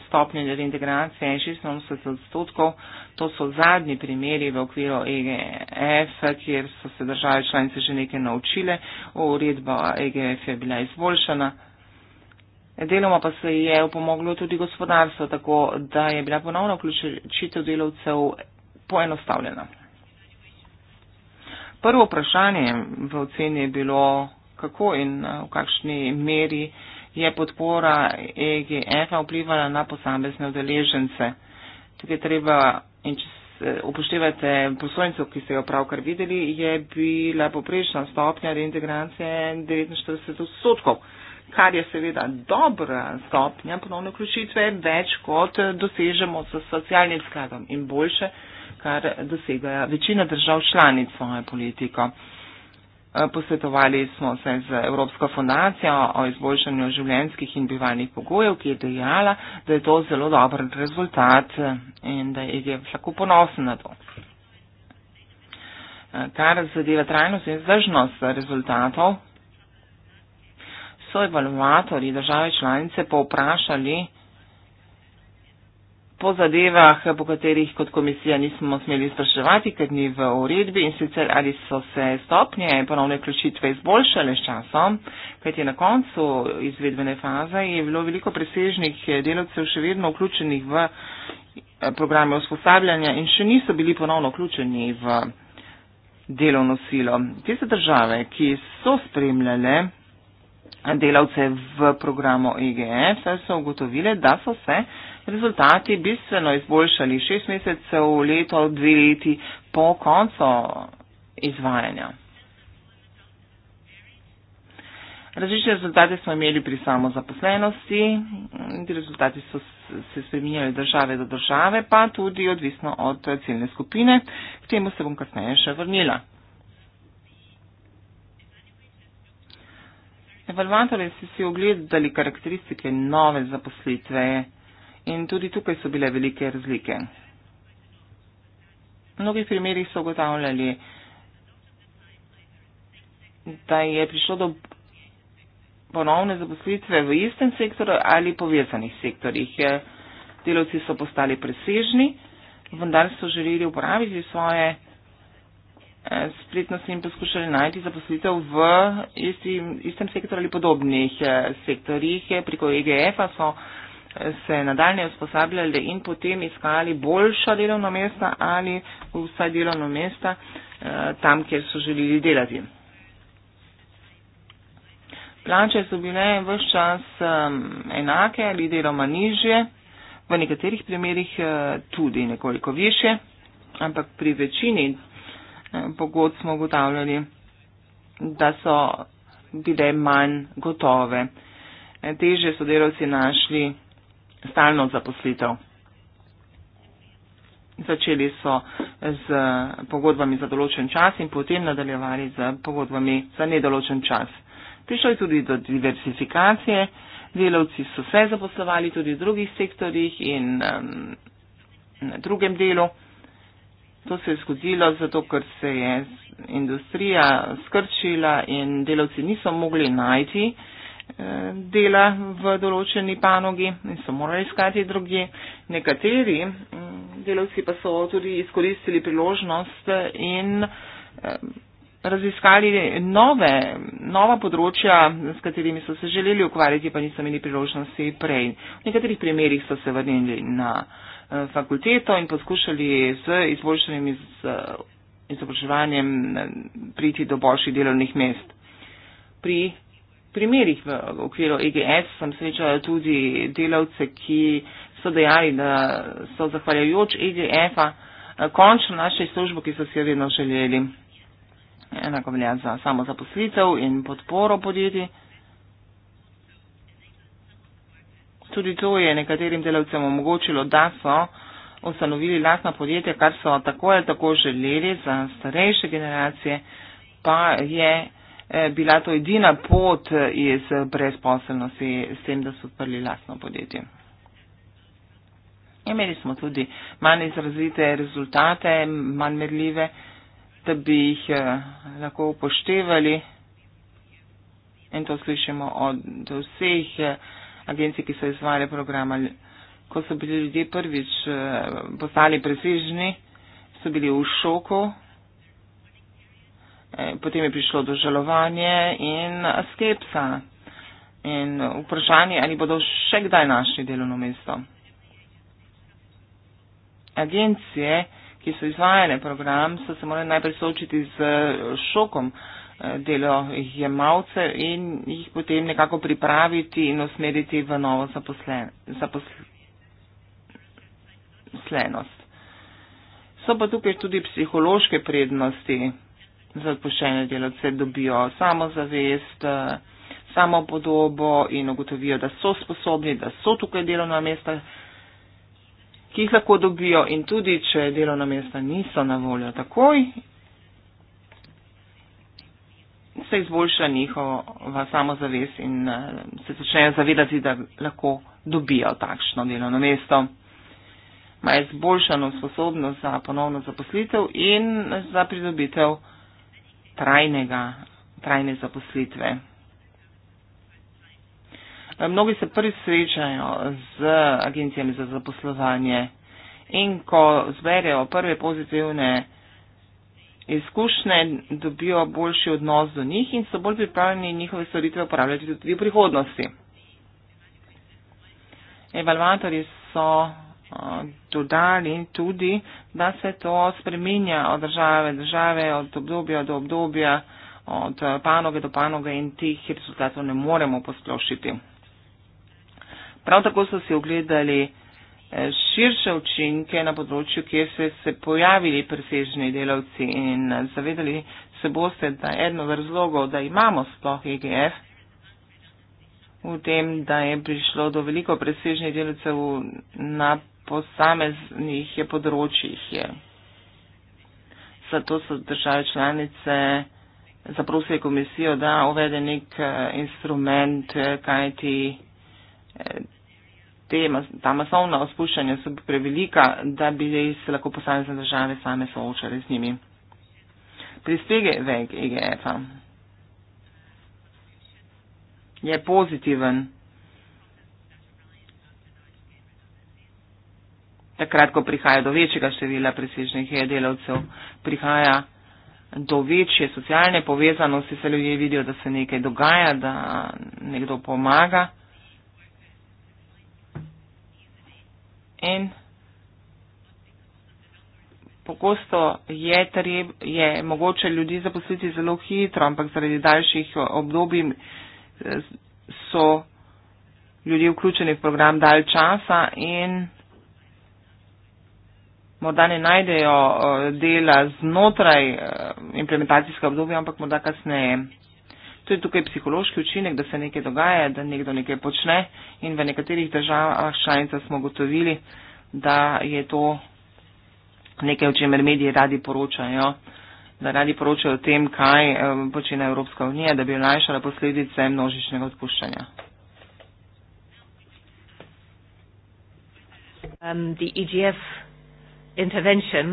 stopnje reintegracije 86 odstotkov, to so zadnji primeri v okviru EGF, kjer so se države članice že nekaj naučile, uredba EGF je bila izboljšana. Deloma pa se je upomoglo tudi gospodarstvo, tako da je bila ponovna vključitev delovcev poenostavljena prvo vprašanje v oceni je bilo, kako in eh, v kakšni meri je podpora EGF-a vplivala na posamezne udeležence. Tukaj treba, in če se upoštevate poslovnico, ki ste jo pravkar videli, je bila poprečna stopnja reintegracije 49 odstotkov kar je seveda dobra stopnja ponovne vključitve, več kot dosežemo s socialnim skladom in boljše, kar dosegajo večina držav članic svojo politiko. Eh, posvetovali smo se z Evropsko fundacijo o izboljšanju življenjskih in bivalnih pogojev, ki je dejala, da je to zelo dober rezultat eh, in da je vsako ponosen na to. Eh, kar zadeva trajnost in zdržnost rezultatov, so evaluatorji države članice povprašali po zadevah, po katerih kot komisija nismo smeli spraševati, ker ni v uredbi in sicer ali so se stopnje ponovne vključitve izboljšale s časom, kajti na koncu izvedbene faze je bilo veliko presežnih delovcev še vedno vključenih v eh, programe usposabljanja in še niso bili ponovno vključeni v delovno silo. Tiste države, ki so spremljale delavce v programu IGF, e saj so ugotovile, da so se rezultati bistveno izboljšali šest mesecev, leto, dve leti po koncu izvajanja. Različne rezultate smo imeli pri samozaposlenosti, ti rezultati so se spreminjali države do države, pa tudi odvisno od ciljne skupine, k temu se bom kasneje še vrnila. Evalvatorje si si ogledali karakteristike nove zaposlitve in tudi tukaj so bile velike razlike. V mnogih primerjih so ugotavljali, da je prišlo do ponovne zaposlitve v istem sektorju ali povezanih sektorjih. Delovci so postali presežni, vendar so želeli uporabiti svoje Eh, spletno sem poskušali najti zaposlitev v isti, istem sektorju ali podobnih eh, sektorjih. Eh, preko EGF-a so se nadaljne usposabljali in potem iskali boljša delovna mesta ali vsaj delovna mesta tam, kjer so želeli delati. Plače so bile vse čas ehm, enake ali deloma nižje, v nekaterih primerjih tudi nekoliko više, ampak pri večini pogod smo ugotavljali, da so bile manj gotove. Teže so delavci našli stalno zaposlitev. Začeli so z pogodbami za določen čas in potem nadaljevali z pogodbami za nedoločen čas. Prišlo je tudi do diversifikacije. Delavci so se zaposlovali tudi v drugih sektorjih in um, na drugem delu. To se je zgodilo zato, ker se je industrija skrčila in delavci niso mogli najti eh, dela v določeni panogi in so morali iskati drugi. Nekateri mm, delavci pa so tudi izkoristili priložnost in eh, raziskali nove, nova področja, s katerimi so se želeli ukvarjati, pa niso imeli priložnosti prej. V nekaterih primerjih so se vrnili na fakulteto in poskušali z izboljšanjem iz, izobraževanjem eh, priti do boljših delovnih mest. Pri primerih v okviru EGS sem srečala tudi delavce, ki so dejali, da so zahvaljajoč EGF-a eh, končno našli službo, ki so si jo vedno želeli. Enako velja za samo zaposlitev in podporo podjetij. Tudi to je nekaterim delavcem omogočilo, da so ustanovili lastna podjetja, kar so tako ali tako želeli za starejše generacije, pa je eh, bila to edina pot eh, iz brezposelnosti s tem, da so odprli lastno podjetje. Imeli smo tudi manj izrazite rezultate, manj merljive, da bi jih eh, lahko upoštevali. In to slišimo od vseh agencij, ki so izvajali program. Ko so bili ljudje prvič eh, postali presežni, so bili v šoku, eh, potem je prišlo do žalovanja in skepsa in vprašanje, ali bodo še kdaj našli delovno mesto. Agencije, ki so izvajale program, so se morali najprej soočiti z šokom, delo jemalce in jih potem nekako pripraviti in usmeriti v novo zaposlenost. So pa tukaj tudi psihološke prednosti za odpuščene delavce, dobijo samozavest, samopodobo in ugotovijo, da so sposobni, da so tukaj delovna mesta, ki jih lahko dobijo in tudi, če delovna mesta niso na voljo takoj, se izboljša njihova samozavest in eh, se začnejo zavedati, da lahko dobijo takšno delovno mesto. Majo izboljšano sposobnost za ponovno zaposlitev in za pridobitev trajnega, trajne zaposlitve. Eh, mnogi se prvi srečajo z agencijami za zaposlovanje in ko zberejo prve pozitivne izkušnje, dobijo boljši odnos do njih in so bolj pripravljeni njihove storitve uporabljati tudi v prihodnosti. Evalvatorji so dodali tudi, da se to spreminja od države do države, od obdobja do obdobja, od panoge do panoge in tih rezultatov ne moremo posplošiti. Prav tako so si ogledali širše učinke na področju, kjer se je pojavili presežni delavci in zavedali se boste, da eno razlogov, da imamo sploh IGF, e v tem, da je prišlo do veliko presežnih delavcev na posameznih področjih. Je. Zato so države članice zaprosili komisijo, da uvede nek eh, instrument, eh, kajti eh, te, ta masovna ospuščanja so prevelika, da bi se lahko posamezne države same soočale z njimi. Prispege veg EGF-a je pozitiven. Takrat, ko prihaja do večjega števila presežnih delavcev, prihaja do večje socialne povezanosti, se ljudje vidijo, da se nekaj dogaja, da nekdo pomaga. in pogosto je, treb, je mogoče ljudi zaposliti zelo hitro, ampak zaradi daljših obdobij eh, so ljudi vključeni v program dalj časa in morda ne najdejo eh, dela znotraj eh, implementacijskega obdobja, ampak morda kasneje to je tukaj psihološki učinek, da se nekaj dogaja, da nekdo nekaj počne in v nekaterih državah članicah smo gotovili, da je to nekaj, o čemer mediji radi poročajo, da radi poročajo o tem, kaj eh, počne Evropska unija, da bi olajšala posledice množičnega odpuščanja. Um, the EGF intervention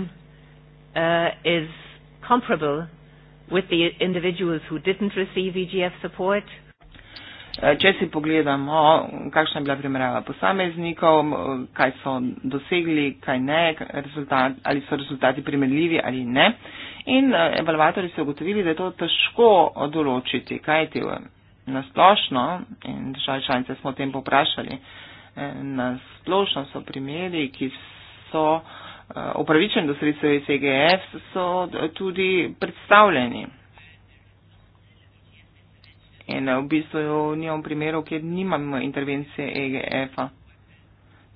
uh, is comparable with the individuals who didn't receive EGF support. Eh, če si pogledamo, kakšna je bila primerjava posameznikov, kaj so dosegli, kaj ne, rezultat, ali so rezultati primerljivi ali ne. In eh, evalvatori so ugotovili, da je to težko določiti, kaj ti eh, na splošno, in države članice smo o tem poprašali, na splošno so primeri, ki so. Uh, Eh, upravičen do sredstev iz EGF, so tudi predstavljeni. In eh, v bistvu nimamo primerov, kjer nimamo intervencije EGF-a.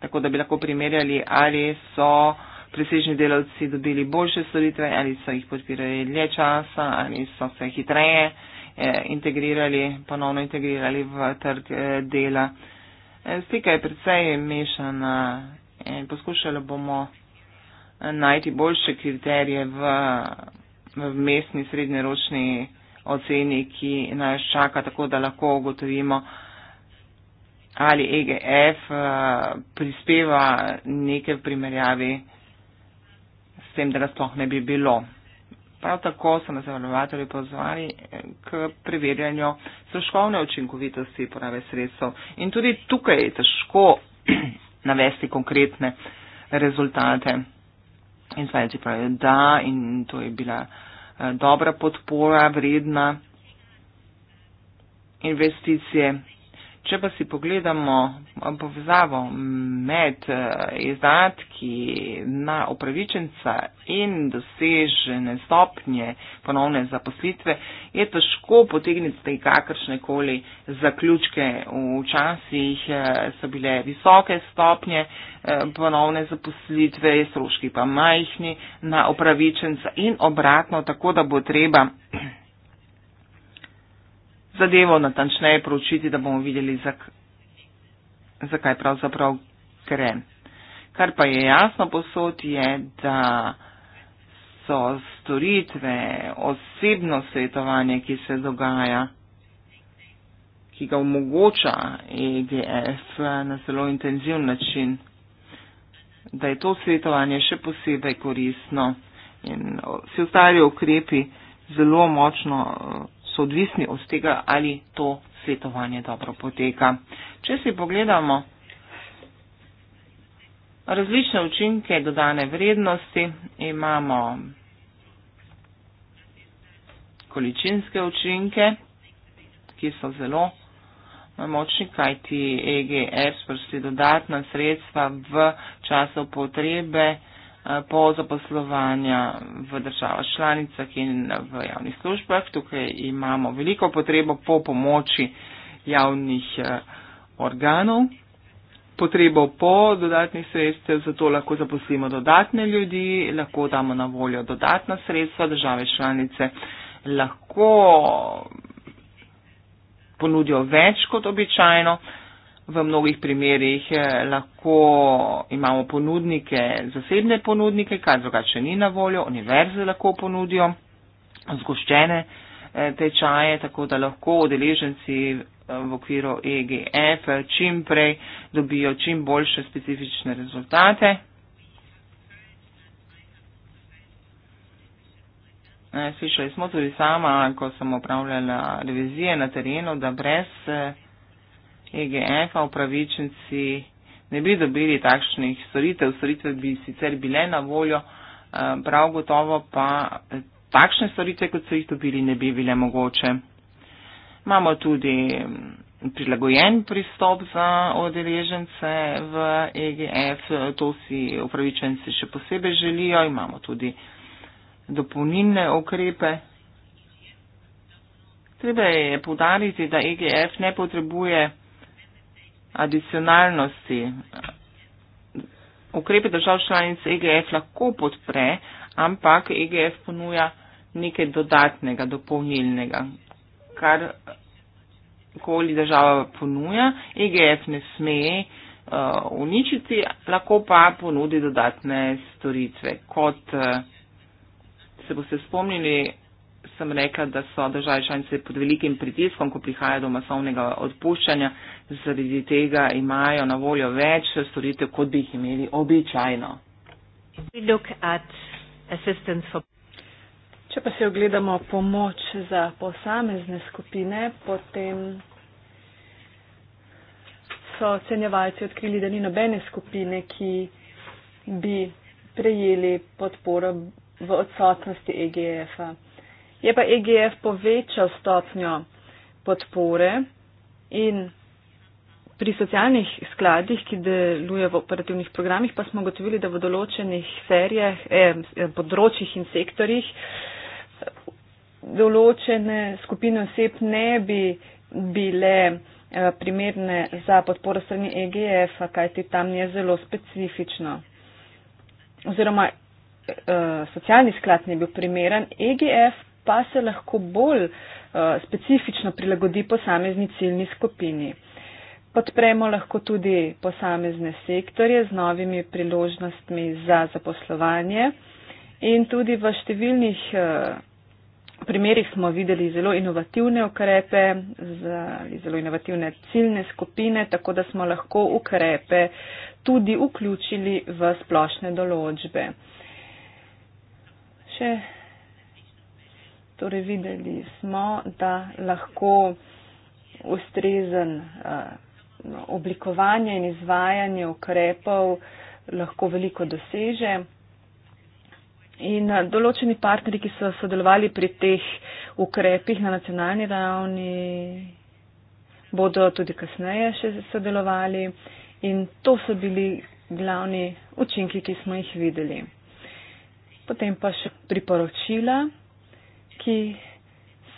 Tako da bi lahko primerjali, ali so presežni delavci dobili boljše storitve, ali so jih podpirali dlje časa, ali so se hitreje eh, integrirali, ponovno integrirali v trg dela. Slika je predvsej mešana in poskušali bomo najti boljše kriterije v, v mestni srednjeročni oceni, ki nas čaka, tako da lahko ugotovimo, ali EGF uh, eh, prispeva nekaj v primerjavi s tem, da nas sploh ne bi bilo. Prav tako so nas evaluatorji pozvali eh, k preverjanju stroškovne učinkovitosti porabe sredstev. In tudi tukaj je težko navesti konkretne rezultate. In svetci pravijo, da in to je bila eh, dobra podpora, vredna investicije. Če pa si pogledamo povezavo med eh, izdatki na upravičenca in dosežene stopnje ponovne zaposlitve, je težko potegniti kakršne koli zaključke. Včasih eh, so bile visoke stopnje eh, ponovne zaposlitve, stroški pa majhni na upravičenca in obratno, tako da bo treba zadevo natančneje proučiti, da bomo videli, zakaj pravzaprav gre. Kar pa je jasno posod je, da so storitve, osebno svetovanje, ki se dogaja, ki ga omogoča EGF na zelo intenzivn način, da je to svetovanje še posebej koristno in vsi ostali ukrepi zelo močno so odvisni od tega, ali to svetovanje dobro poteka. Če si pogledamo različne učinke dodane vrednosti, imamo količinske učinke, ki so zelo močni, kajti EGF e sprosti dodatna sredstva v času potrebe. Eh, po zaposlovanja v državah članicah in v javnih službah. Tukaj imamo veliko potrebo po pomoči javnih eh, organov, potrebo po dodatnih sredstev, zato lahko zaposlimo dodatne ljudi, lahko damo na voljo dodatna sredstva, države članice lahko ponudijo več kot običajno, v mnogih primerjih eh, lahko imamo ponudnike, zasebne ponudnike, kar drugače ni na voljo, univerze lahko ponudijo zgoščene eh, tečaje, tako da lahko odeleženci eh, v okviru EGF čim prej dobijo čim boljše specifične rezultate. Slišali smo tudi sama, ko sem opravljala revizije na terenu, da brez EGF-a upravičenci ne bi dobili takšnih storitev, storitve bi sicer bile na voljo, eh, prav gotovo pa takšne storitve, kot so jih dobili, ne bi bile mogoče. Imamo tudi mm, prilagojen pristop za odeležence v EGF, to si upravičenci še posebej želijo, imamo tudi dopolnilne okrepe. Treba je povdariti, da EGF ne potrebuje adicionalnosti. Ukrepe držav članic EGF lahko podpre, ampak EGF ponuja nekaj dodatnega, dopolnilnega, kar koli država ponuja. EGF ne sme uh, uničiti, lahko pa ponudi dodatne storitve. Kot uh, se boste spomnili, sem rekla, da so države članice pod velikim pritiskom, ko prihaja do masovnega odpuščanja, zaradi tega imajo na voljo več storitev, kot bi jih imeli običajno. Če pa se ogledamo pomoč za posamezne skupine, potem so ocenjevalci odkrili, da ni nobene skupine, ki bi prejeli podporo v odsotnosti EGF-a. Je pa EGF povečal stopnjo podpore in pri socialnih skladih, ki delujejo v operativnih programih, pa smo gotovili, da v določenih serijah, eh, eh, področjih in sektorjih določene skupine oseb ne bi bile eh, primerne za podporo strani EGF, kaj ti tam je zelo specifično. Oziroma, eh, eh, socialni sklad ne bi bil primeren, EGF pa se lahko bolj uh, specifično prilagodi posamezni ciljni skupini. Podpremo lahko tudi posamezne sektorje z novimi priložnostmi za zaposlovanje in tudi v številnih uh, eh, primerjih smo videli zelo inovativne ukrepe, za, zelo inovativne ciljne skupine, tako da smo lahko ukrepe tudi vključili v splošne določbe. Še Torej videli smo, da lahko ustrezen eh, oblikovanje in izvajanje ukrepov lahko veliko doseže. In eh, določeni partneri, ki so sodelovali pri teh ukrepih na nacionalni ravni, bodo tudi kasneje še sodelovali. In to so bili glavni učinki, ki smo jih videli. Potem pa še priporočila ki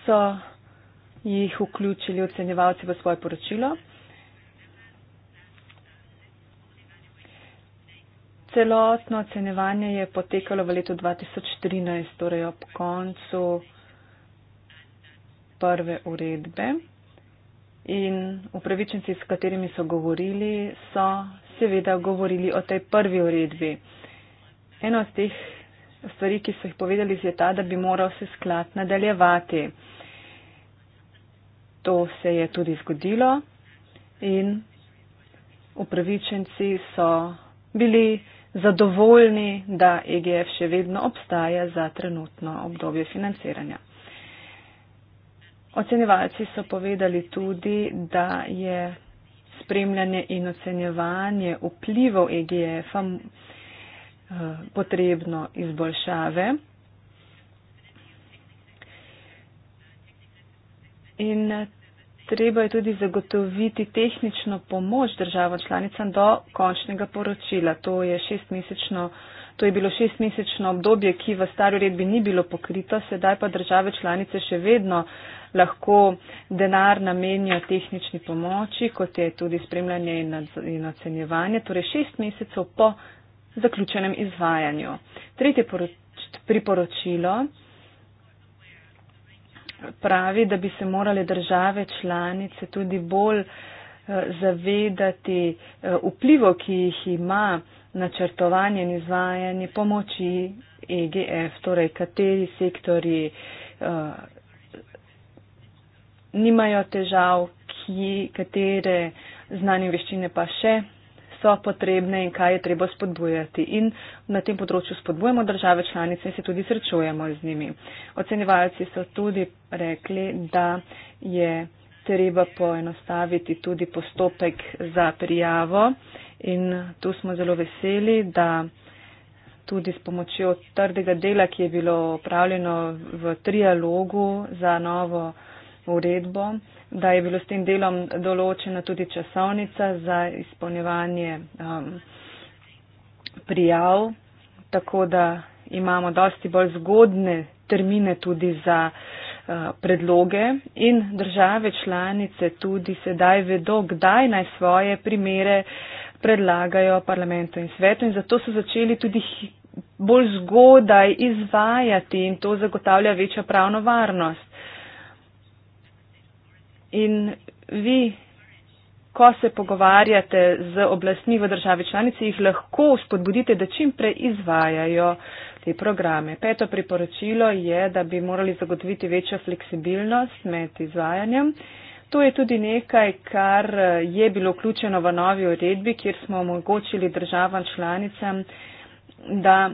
so jih vključili ocenjevalci v svoje poročilo. Celotno ocenjevanje je potekalo v letu 2013, torej ob koncu prve uredbe. In upravičenci, s katerimi so govorili, so seveda govorili o tej prvi uredbi. Eno od teh stvari, ki so jih povedali, je ta, da bi moral se sklad nadaljevati. To se je tudi zgodilo in upravičenci so bili zadovoljni, da EGF še vedno obstaja za trenutno obdobje financiranja. Ocenjevalci so povedali tudi, da je spremljanje in ocenjevanje vplivov EGF-a potrebno izboljšave. In treba je tudi zagotoviti tehnično pomoč državam članicam do končnega poročila. To je, to je bilo šestmesečno obdobje, ki v stari uredbi ni bilo pokrito, sedaj pa države članice še vedno lahko denar namenijo tehnični pomoči, kot je tudi spremljanje in, in ocenjevanje, torej šest mesecev po zaključenem izvajanju. Tretje priporočilo pravi, da bi se morale države članice tudi bolj eh, zavedati eh, vplivo, ki jih ima načrtovanje in izvajanje pomoči EGF, torej kateri sektori eh, nimajo težav, ki, katere znanje veščine pa še so potrebne in kaj je treba spodbujati. In na tem področju spodbujamo države članice in se tudi srečujemo z njimi. Ocenjevalci so tudi rekli, da je treba poenostaviti tudi postopek za prijavo in tu smo zelo veseli, da tudi s pomočjo trdega dela, ki je bilo upravljeno v trialogu za novo uredbo, da je bilo s tem delom določena tudi časovnica za izpolnjevanje um, prijav, tako da imamo dosti bolj zgodne termine tudi za uh, predloge in države članice tudi sedaj vedo, kdaj naj svoje primere predlagajo parlamentu in svetu in zato so začeli tudi bolj zgodaj izvajati in to zagotavlja večjo pravno varnost. Uh, In vi, ko se pogovarjate z oblastmi v državi članici, jih lahko spodbudite, da čim prej izvajajo te programe. Peto priporočilo je, da bi morali zagotoviti večjo fleksibilnost med izvajanjem. To je tudi nekaj, kar je bilo vključeno v novi uredbi, kjer smo omogočili državam članicam, da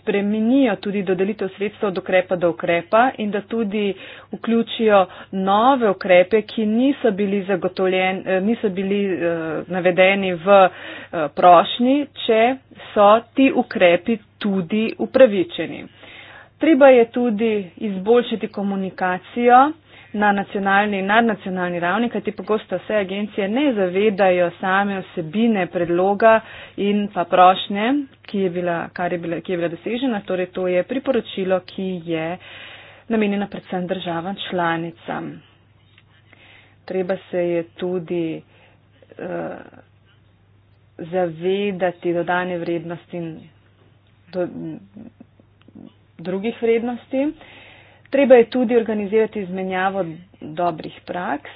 spremenijo tudi dodelitev sredstva od ukrepa do ukrepa in da tudi vključijo nove ukrepe, ki niso bili, eh, niso bili eh, navedeni v eh, prošnji, če so ti ukrepi tudi upravičeni. Treba je tudi izboljšati komunikacijo na nacionalni in nadnacionalni ravni, kajti pogosto vse agencije ne zavedajo same osebine predloga in pa prošnje, ki je bila, je bila, ki je bila dosežena. Torej, to je priporočilo, ki je namenjeno predvsem državam članicam. Treba se je tudi uh, zavedati dodane vrednosti in do, drugih vrednosti. Uh, Treba je tudi organizirati izmenjavo dobrih praks.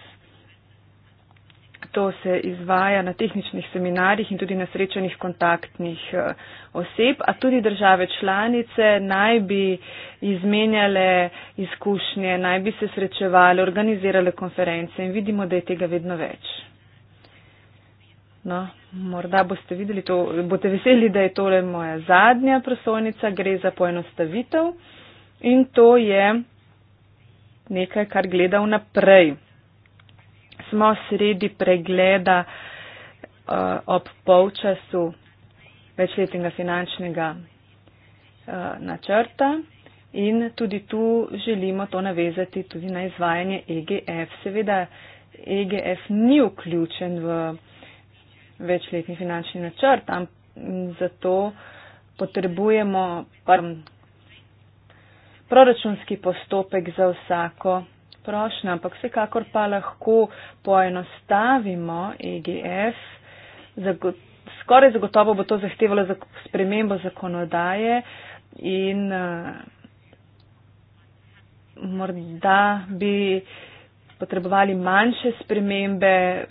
To se izvaja na tehničnih seminarjih in tudi na srečanjih kontaktnih eh, oseb, a tudi države članice naj bi izmenjale izkušnje, naj bi se srečevali, organizirale konference in vidimo, da je tega vedno več. No, morda boste videli to, boste veseli, da je tole moja zadnja prosojnica, gre za poenostavitev in to je nekaj, kar gleda vnaprej. Smo sredi pregleda uh, ob polčasu večletnega finančnega uh, načrta in tudi tu želimo to navezati tudi na izvajanje EGF. Seveda EGF ni vključen v večletni finančni načrt, ampak zato potrebujemo proračunski postopek za vsako prošnjo, ampak vsekakor pa lahko poenostavimo EGF. Skoraj zagotovo bo to zahtevalo spremembo zakonodaje in uh, morda bi potrebovali manjše spremembe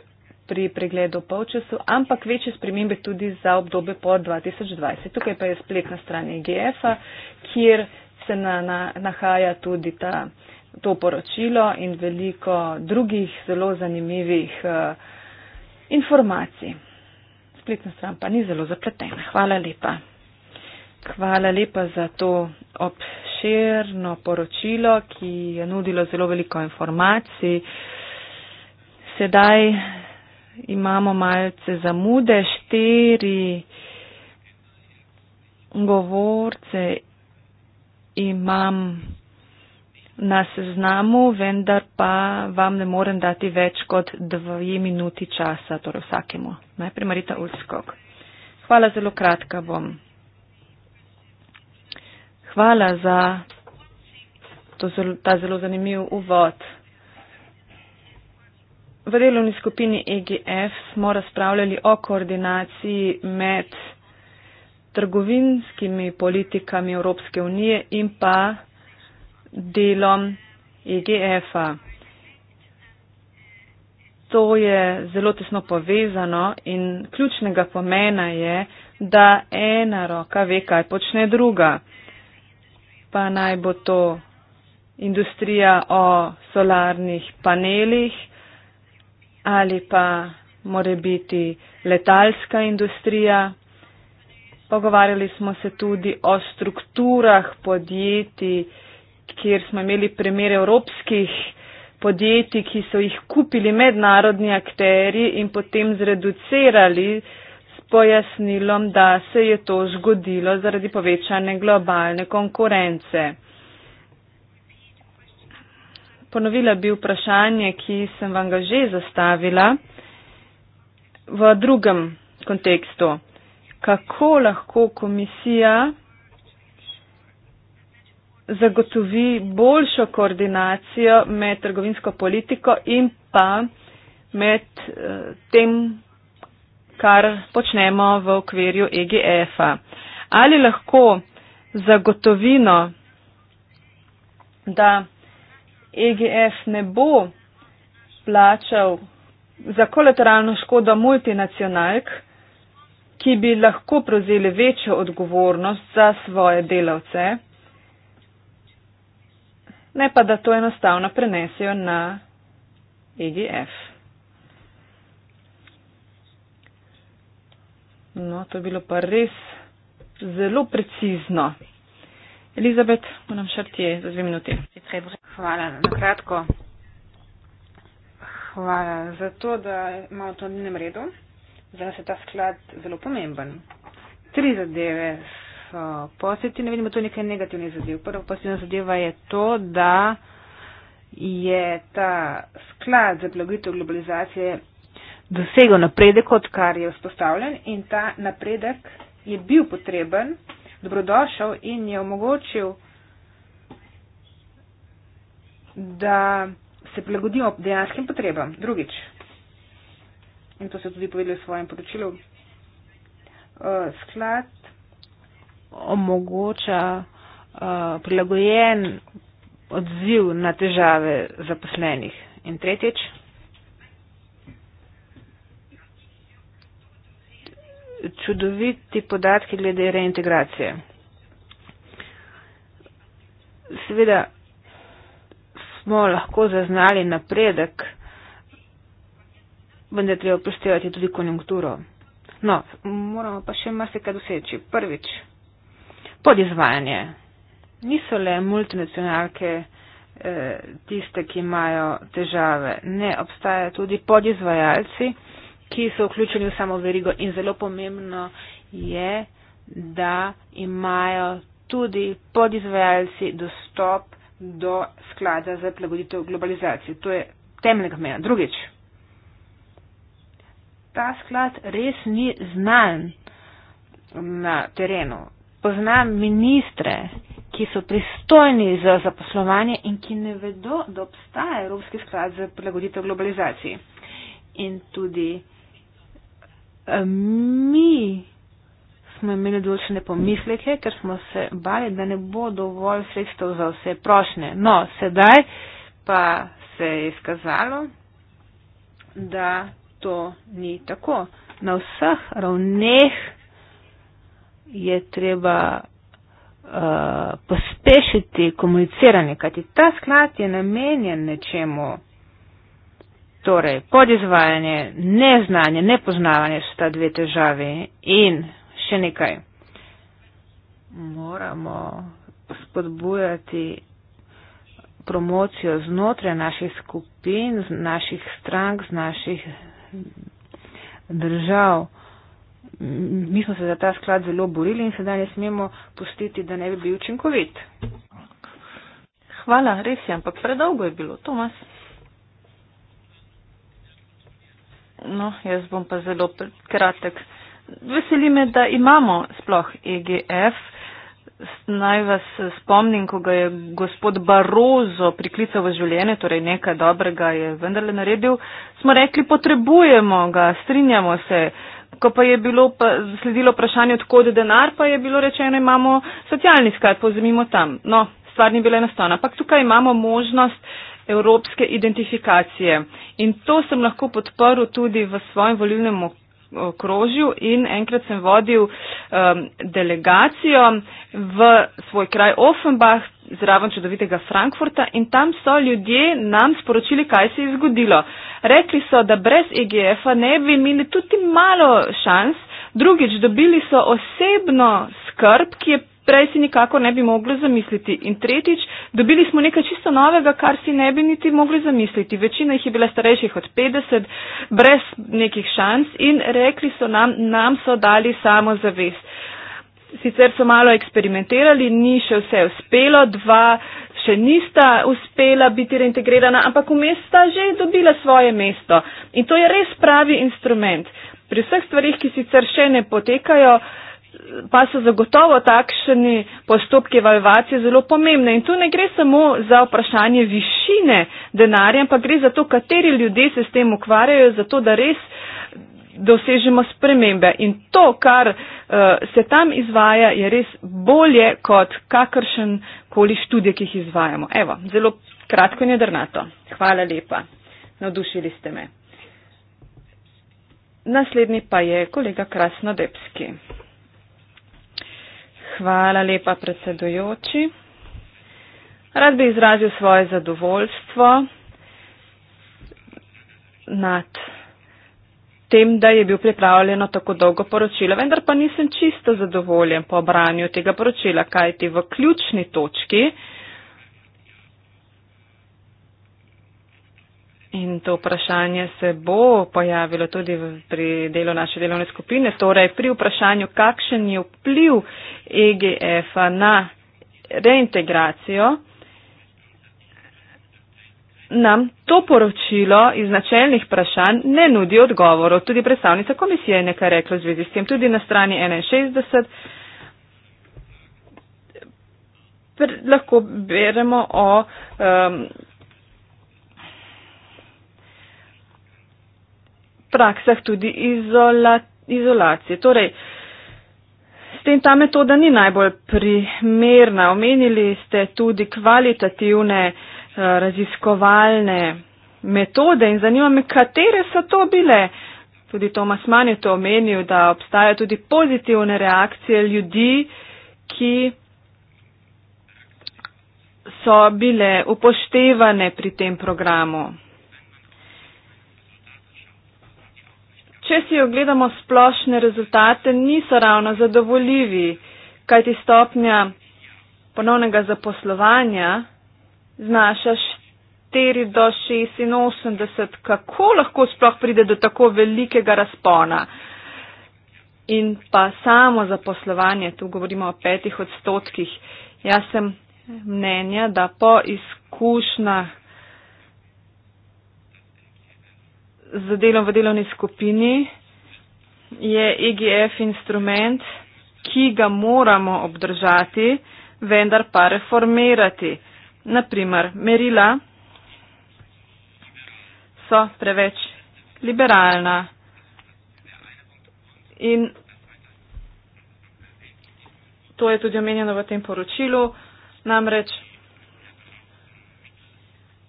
pri pregledu polčasu, ampak večje spremembe tudi za obdobje po 2020. Tukaj pa je spletna stran EGF-a, kjer se na, na, nahaja tudi ta, to poročilo in veliko drugih zelo zanimivih uh, informacij. Spletna stran pa ni zelo zapletena. Hvala lepa. Hvala lepa za to obširno poročilo, ki je nudilo zelo veliko informacij. Sedaj imamo malce zamude, štiri govorce imam na seznamu, vendar pa vam ne morem dati več kot dve minuti časa, torej vsakemu. Najprej Marita Ulskog. Hvala, zelo kratka bom. Hvala za zelo, ta zelo zanimiv uvod. V delovni skupini EGF smo razpravljali o koordinaciji med trgovinskimi politikami Evropske unije in pa delom IGF-a. E to je zelo tesno povezano in ključnega pomena je, da ena roka ve, kaj počne druga. Pa naj bo to industrija o solarnih panelih ali pa more biti letalska industrija, Pogovarjali smo se tudi o strukturah podjetij, kjer smo imeli primere evropskih podjetij, ki so jih kupili mednarodni akteri in potem zreducirali s pojasnilom, da se je to zgodilo zaradi povečane globalne konkurence. Ponovila bi vprašanje, ki sem vam ga že zastavila v drugem kontekstu kako lahko komisija zagotovi boljšo koordinacijo med trgovinsko politiko in pa med eh, tem, kar počnemo v okvirju EGF-a. Ali lahko zagotovino, da EGF ne bo plačal za kolateralno škodo multinacionalk, ki bi lahko prevzeli večjo odgovornost za svoje delavce, ne pa da to enostavno prenesijo na EGF. No, to je bilo pa res zelo precizno. Elizabet, moram šrti za dve minuti. Hvala na kratko. Hvala za to, da imamo to na dnevnem redu za nas je ta sklad zelo pomemben. Tri zadeve so pozitivne, vidimo tu nekaj negativnih zadev. Prva pozitivna zadeva je to, da je ta sklad za blagitev globalizacije dosegel napredek, odkar je vzpostavljen in ta napredek je bil potreben, dobrodošel in je omogočil, da se prilagodimo dejanskim potrebam. Drugič, in to so tudi povedali v svojem poročilu. Eh, sklad omogoča eh, prilagojen odziv na težave zaposlenih. In tretjič, čudoviti podatki glede reintegracije. Seveda smo lahko zaznali napredek vendar je treba upoštevati tudi konjunkturo. No, moramo pa še marsikaj doseči. Prvič, podizvajanje. Niso le multinacionalke eh, tiste, ki imajo težave. Ne, obstajajo tudi podizvajalci, ki so vključeni v samo verigo in zelo pomembno je, da imajo tudi podizvajalci dostop do sklada za prilagoditev globalizacije. To je temeljnega mena. Drugič, ta sklad res ni znan na terenu. Poznam ministre, ki so pristojni za zaposlovanje in ki ne vedo, da obstaja Evropski sklad za prilagoditev globalizaciji. In tudi eh, mi smo imeli določene pomisleke, ker smo se bali, da ne bo dovolj sredstev za vse prošnje. No, sedaj pa se je izkazalo, da to ni tako. Na vseh ravneh je treba uh, pospešiti komuniciranje, kajti ta sklad je namenjen nečemu. Torej, podizvajanje, neznanje, nepoznavanje so ta dve težavi in še nekaj. Moramo spodbujati promocijo znotraj naših skupin, z naših strank, z naših držav. Mi smo se za ta sklad zelo borili in sedaj ne smemo pustiti, da ne bi bil učinkovit. Hvala, res je, ampak predolgo je bilo, Tomas. No, jaz bom pa zelo kratek. Veseli me, da imamo sploh EGF. Naj vas spomnim, ko ga je gospod Barozo priklical v življenje, torej nekaj dobrega je vendarle naredil, smo rekli, potrebujemo ga, strinjamo se. Ko pa je bilo pa sledilo vprašanje, odkud je denar, pa je bilo rečeno, imamo socialni sklad, pozemimo tam. No, stvar ni bila enostavna. Ampak tukaj imamo možnost evropske identifikacije. In to sem lahko podporil tudi v svojem volilnem okolju okrožju in enkrat sem vodil um, delegacijo v svoj kraj Offenbach zraven čudovitega Frankfurta in tam so ljudje nam sporočili, kaj se je zgodilo. Rekli so, da brez EGF-a ne bi imeli tudi malo šans. Drugič, dobili so osebno skrb, ki je prej si nikako ne bi mogli zamisliti. In tretjič, dobili smo nekaj čisto novega, kar si ne bi niti mogli zamisliti. Večina jih je bila starejših od 50, brez nekih šans in rekli so nam, nam so dali samo zavest. Sicer so malo eksperimentirali, ni še vse uspelo, dva še nista uspela biti reintegrirana, ampak v mesta že je dobila svoje mesto. In to je res pravi instrument. Pri vseh stvarih, ki sicer še ne potekajo, pa so zagotovo takšni postopki evalvacije zelo pomembne. In tu ne gre samo za vprašanje višine denarja, ampak gre za to, kateri ljudje se s tem ukvarjajo, zato da res dosežemo spremembe. In to, kar uh, se tam izvaja, je res bolje kot kakršen koli študij, ki jih izvajamo. Evo, zelo kratko in jedrnato. Hvala lepa. Navdušili ste me. Naslednji pa je kolega Krasnodebski. Hvala lepa, predsedujoči. Rad bi izrazil svoje zadovoljstvo nad tem, da je bil pripravljeno tako dolgo poročilo, vendar pa nisem čisto zadovoljen po branju tega poročila, kajti v ključni točki In to vprašanje se bo pojavilo tudi pri delu naše delovne skupine, torej pri vprašanju, kakšen je vpliv EGF-a na reintegracijo. Nam to poročilo iz načelnih vprašanj ne nudi odgovorov. Tudi predstavnica komisije je nekaj rekla v zvezi s tem, tudi na strani 61. Lahko beremo o um, praksah tudi izola, izolacije. Torej, s tem ta metoda ni najbolj primerna. Omenili ste tudi kvalitativne eh, raziskovalne metode in zanima me, katere so to bile. Tudi Tomas Man je to omenil, da obstajajo tudi pozitivne reakcije ljudi, ki so bile upoštevane pri tem programu. Če si ogledamo splošne rezultate, niso ravno zadovoljivi, kajti stopnja ponovnega zaposlovanja znaša 4 do 86. Kako lahko sploh pride do tako velikega razpona? In pa samo zaposlovanje, tu govorimo o petih odstotkih. Jaz sem mnenja, da po izkušnjah z delom v delovni skupini, je EGF instrument, ki ga moramo obdržati, vendar pa reformirati. Naprimer, merila so preveč liberalna. In to je tudi omenjeno v tem poročilu, namreč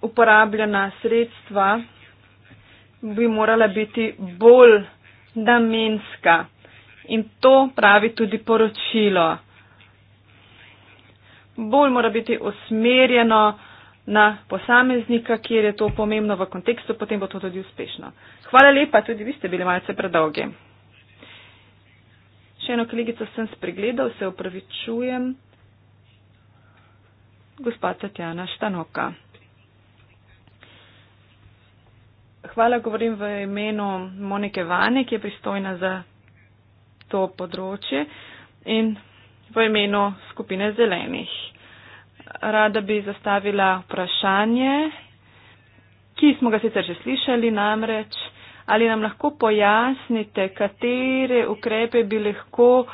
uporabljena sredstva bi morala biti bolj namenska. In to pravi tudi poročilo. Bolj mora biti usmerjeno na posameznika, kjer je to pomembno v kontekstu, potem bo to tudi uspešno. Hvala lepa, tudi vi ste bili malce predolgi. Še eno kolegico sem spregledal, se upravičujem. Gospa Tatjana Štanoka. Hvala, govorim v imenu Monike Vane, ki je pristojna za to področje in v imenu skupine zelenih. Rada bi zastavila vprašanje, ki smo ga sicer že slišali namreč, ali nam lahko pojasnite, katere ukrepe bi lahko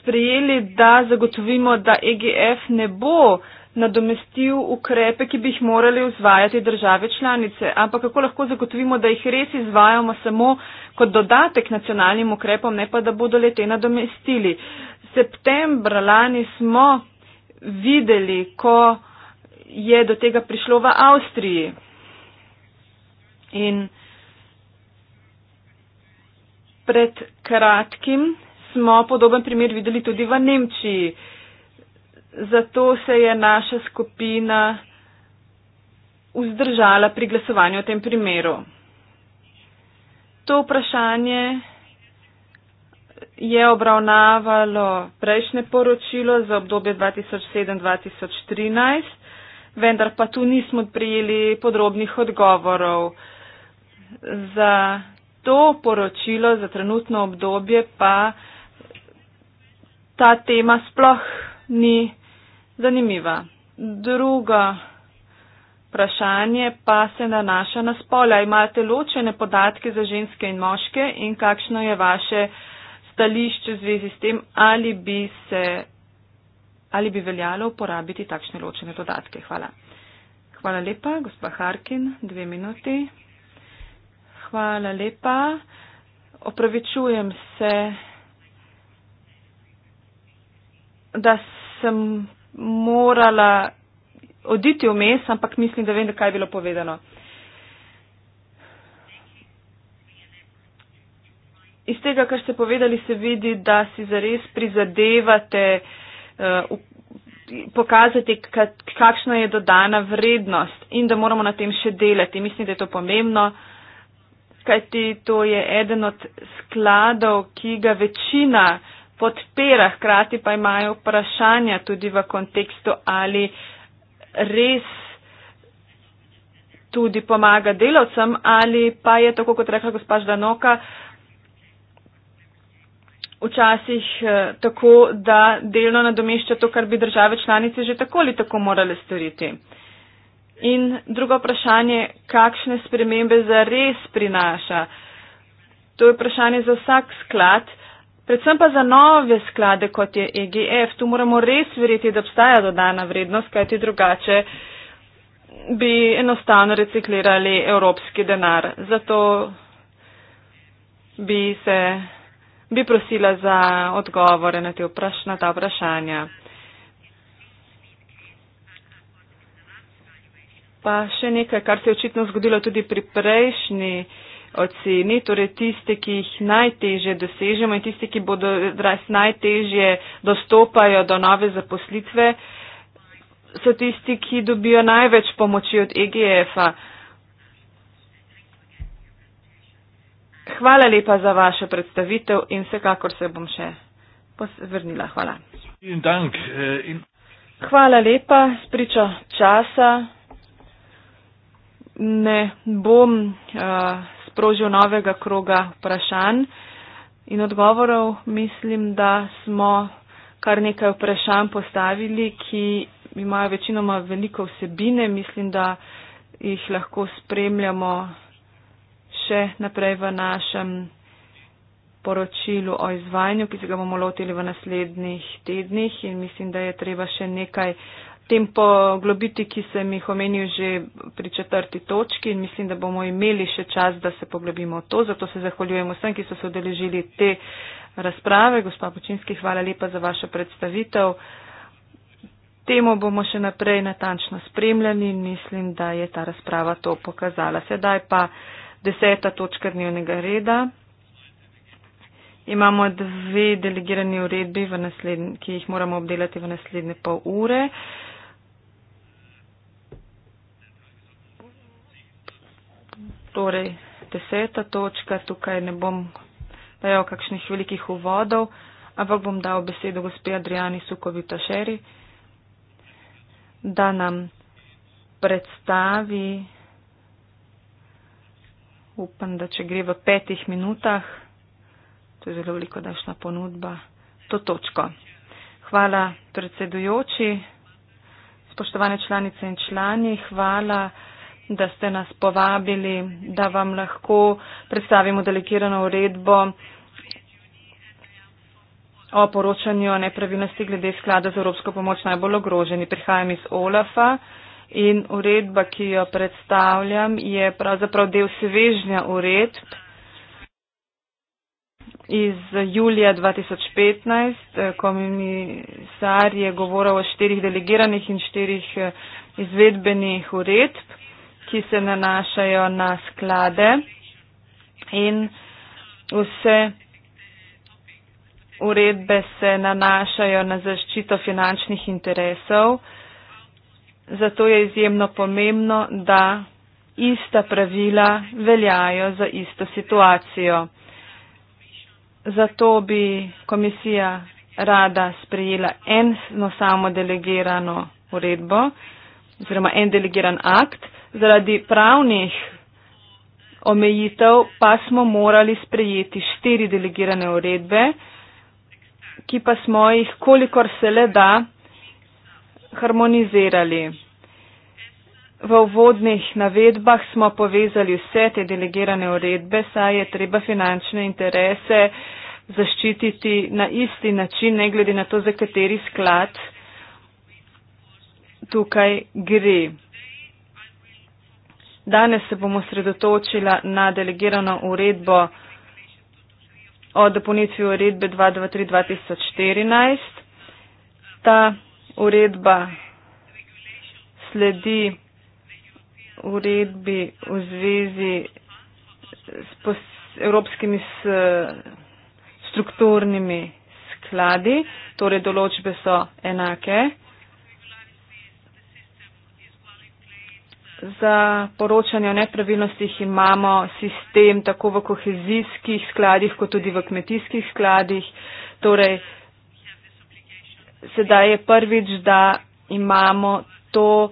sprejeli, da zagotovimo, da EGF ne bo nadomestil ukrepe, ki bi jih morali vzvajati države članice, ampak kako lahko zagotovimo, da jih res izvajamo samo kot dodatek nacionalnim ukrepom, ne pa da bodo lete nadomestili. Septembra lani smo videli, ko je do tega prišlo v Avstriji. In pred kratkim smo podoben primer videli tudi v Nemčiji zato se je naša skupina vzdržala pri glasovanju v tem primeru. To vprašanje je obravnavalo prejšnje poročilo za obdobje 2007-2013, vendar pa tu nismo prijeli podrobnih odgovorov. Za to poročilo, za trenutno obdobje pa ta tema sploh ni. Zanimiva. Drugo vprašanje pa se nanaša na spola. Imate ločene podatke za ženske in moške in kakšno je vaše stališče v zvezi s tem, ali bi, se, ali bi veljalo uporabiti takšne ločene podatke? Hvala. Hvala lepa, gospa Harkin, dve minuti. Hvala lepa. Opravičujem se, da sem morala oditi vmes, ampak mislim, da vem, kaj je bilo povedano. Iz tega, kar ste povedali, se vidi, da si zares prizadevate uh, pokazati, kakšna je dodana vrednost in da moramo na tem še delati. Mislim, da je to pomembno, kajti to je eden od skladov, ki ga večina uh, podpira, hkrati pa imajo vprašanja tudi v kontekstu, ali res tudi pomaga delavcem, ali pa je tako, kot rekla gospa Žlanoka, včasih eh, tako, da delno nadomešča to, kar bi države članice že tako ali tako morale storiti. In drugo vprašanje, kakšne spremembe zares prinaša. To je vprašanje za vsak sklad. Predvsem pa za nove sklade, kot je EGF, tu moramo res verjeti, da obstaja dodana vrednost, kajti drugače bi enostavno reciklirali evropski denar. Zato bi, se, bi prosila za odgovore na, te vpraš, na ta vprašanja. Pa še nekaj, kar se je očitno zgodilo tudi pri prejšnji oceni, torej tiste, ki jih najteže dosežemo in tiste, ki bodo raz najteže dostopajo do nove zaposlitve, so tisti, ki dobijo največ pomoči od EGF-a. Hvala lepa za vašo predstavitev in vsekakor se bom še vrnila. Hvala. Eh, Hvala lepa, spričo časa. Ne bom uh, sprožil novega kroga vprašanj in odgovorov. Mislim, da smo kar nekaj vprašanj postavili, ki imajo večinoma veliko vsebine. Mislim, da jih lahko spremljamo še naprej v našem poročilu o izvajanju, ki se ga bomo lotili v naslednjih tednih in mislim, da je treba še nekaj uh, tem poglobiti, ki sem jih omenil že pri četrti točki in mislim, da bomo imeli še čas, da se poglobimo v to. Zato se zahvaljujem vsem, ki so se odeležili te razprave. Gospa Počinski, hvala lepa za vašo predstavitev. Temo bomo še naprej natančno spremljali in mislim, da je ta razprava to pokazala. Sedaj pa deseta točka dnevnega reda. Imamo dve delegirani uredbi, naslednj, ki jih moramo obdelati v naslednje pol ure. Uh, Torej, deseta točka, tukaj ne bom dajal kakšnih velikih uvodov, ampak bom dal besedo gospe Adriani Sukovitašeri, da nam predstavi, upam, da če gre v petih minutah, to je zelo veliko dašna ponudba, to točko. Hvala predsedujoči, spoštovane članice in člani, hvala da ste nas povabili, da vam lahko predstavimo delegirano uredbo o poročanju o nepravilnosti glede sklada za evropsko pomoč najbolj ogroženi. Prihajam iz OLAFA in uredba, ki jo predstavljam, je pravzaprav del svežnja uredb iz julija 2015. Komisar je govoril o štirih delegiranih in štirih izvedbenih uredb ki se nanašajo na sklade in vse uredbe se nanašajo na zaščito finančnih interesov. Zato je izjemno pomembno, da ista pravila veljajo za isto situacijo. Zato bi komisija rada sprejela eno samo delegirano uredbo oziroma en delegiran akt, Zaradi pravnih omejitev pa smo morali sprejeti štiri delegirane uredbe, ki pa smo jih, kolikor se le da, harmonizirali. V uvodnih navedbah smo povezali vse te delegirane uredbe, saj je treba finančne interese zaščititi na isti način, ne glede na to, za kateri sklad tukaj gre. Danes se bomo sredotočila na delegirano uredbo o dopolnitvi uredbe 223-2014. Ta uredba sledi uredbi v zvezi s evropskimi strukturnimi skladi, torej določbe so enake. za poročanje o nepravilnostih imamo sistem tako v kohezijskih skladih, kot tudi v kmetijskih skladih. Torej, sedaj je prvič, da imamo to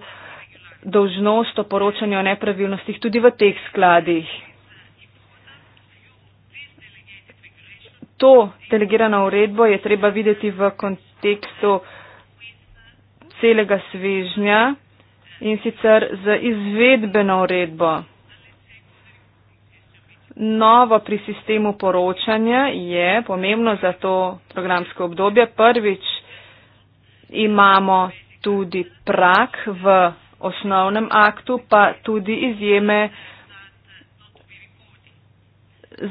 dožnost o poročanju o nepravilnostih tudi v teh skladih. To delegirano uredbo je treba videti v kontekstu celega svežnja in sicer z izvedbeno uredbo. Novo pri sistemu poročanja je pomembno za to programsko obdobje. Prvič imamo tudi prak v osnovnem aktu, pa tudi izjeme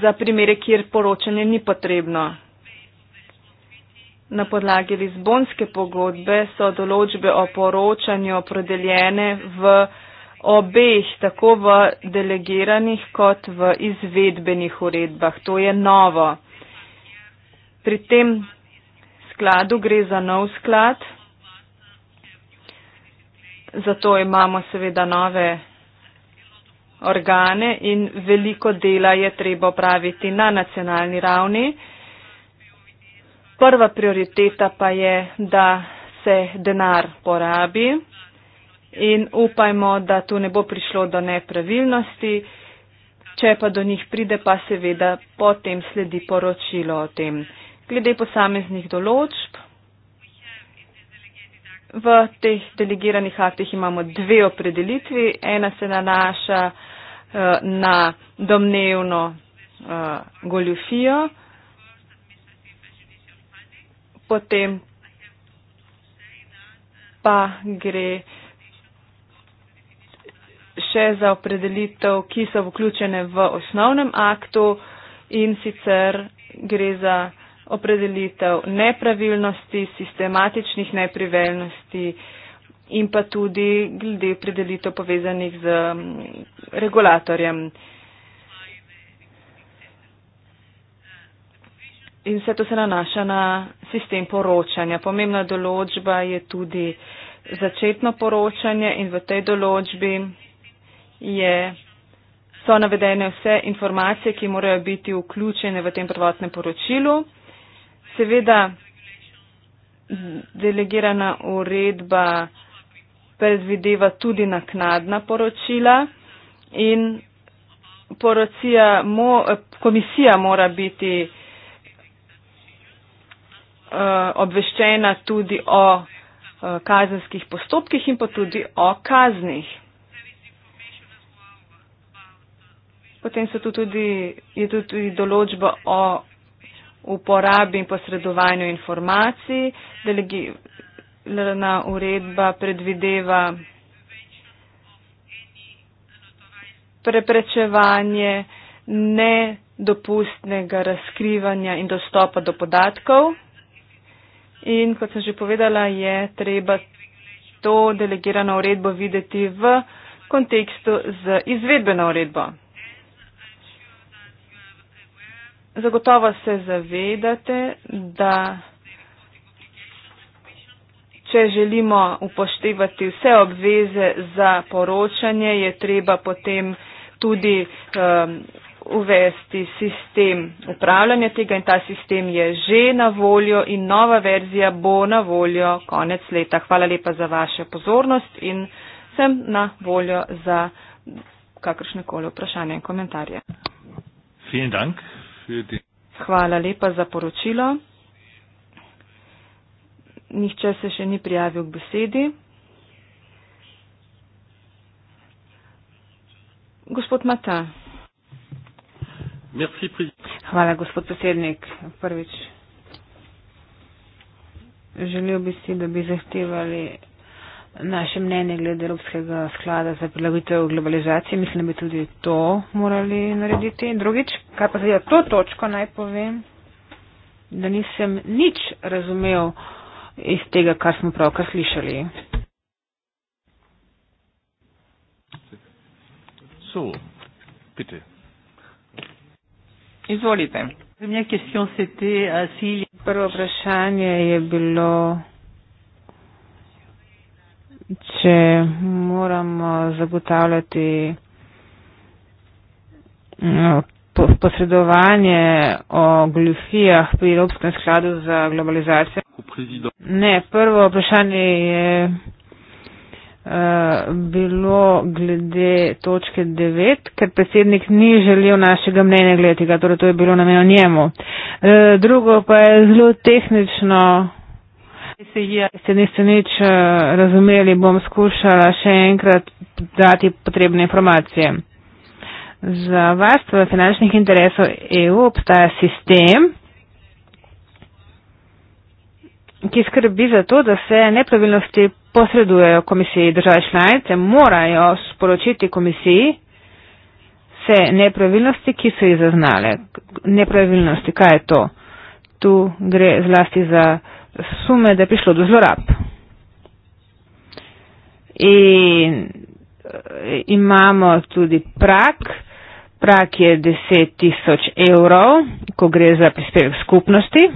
za primere, kjer poročanje ni potrebno. Na podlagi Lizbonske pogodbe so določbe o poročanju opredeljene v obeh, tako v delegiranih kot v izvedbenih uredbah. To je novo. Pri tem skladu gre za nov sklad, zato imamo seveda nove organe in veliko dela je treba praviti na nacionalni ravni. Prva prioriteta pa je, da se denar porabi in upajmo, da tu ne bo prišlo do nepravilnosti. Če pa do njih pride, pa seveda potem sledi poročilo o tem. Glede posameznih določb, v teh delegiranih aktih imamo dve opredelitvi. Ena se nanaša uh, na domnevno uh, goljufijo, uh, potem pa gre še za opredelitev, ki so vključene v osnovnem aktu in sicer gre za opredelitev nepravilnosti, sistematičnih nepravilnosti in pa tudi glede opredelitev povezanih z mm, regulatorjem. In vse to se nanaša na sistem poročanja. Pomembna določba je tudi začetno poročanje in v tej določbi je, so navedene vse informacije, ki morajo biti vključene v tem prvotnem poročilu. Seveda delegirana uredba predvideva tudi naknadna poročila in mo, komisija mora biti. Eh, obveščena tudi o eh, kazenskih postopkih in pa tudi o kaznih. Potem so tu tudi, je tu tudi določba o uporabi in posredovanju informacij. Delegirana uredba predvideva preprečevanje nedopustnega razkrivanja in dostopa do podatkov. In kot sem že povedala, je treba to delegirano uredbo videti v kontekstu z izvedbeno uredbo. Zagotovo se zavedate, da če želimo upoštevati vse obveze za poročanje, je treba potem tudi um, uvesti sistem upravljanja tega in ta sistem je že na voljo in nova verzija bo na voljo konec leta. Hvala lepa za vašo pozornost in sem na voljo za kakršne koli vprašanja in komentarje. Hvala lepa za poročilo. Nihče se še ni prijavil k besedi. Gospod Mata. Hvala, gospod predsednik. Prvič, želel bi si, da bi zahtevali naše mnenje glede Evropskega sklada za prilagoditev globalizacije. Mislim, da bi tudi to morali narediti. Drugič, kar pa zdaj to točko naj povem, da nisem nič razumel iz tega, kar smo pravkar slišali. So, pite. Izvolite. Euh, prvo vprašanje je bilo, če moramo zagotavljati no, posredovanje o glufijah pri Evropskem skladu za globalizacijo. Ne, prvo vprašanje je bilo glede točke 9, ker predsednik ni želel našega mnenja glede tega, torej to je bilo namenjeno njemu. E, drugo pa je zelo tehnično. Se je, se niste nič e, razumeli, bom skušala še enkrat dati potrebne informacije. Za varstvo finančnih interesov EU obstaja sistem, ki skrbi za to, da se nepravilnosti posredujejo komisiji države članice, morajo sporočiti komisiji vse nepravilnosti, ki so jih zaznale. Nepravilnosti, kaj je to? Tu gre zlasti za sume, da je prišlo do zlorab. In eh, imamo tudi prak. Prak je 10 tisoč evrov, ko gre za prispevek skupnosti.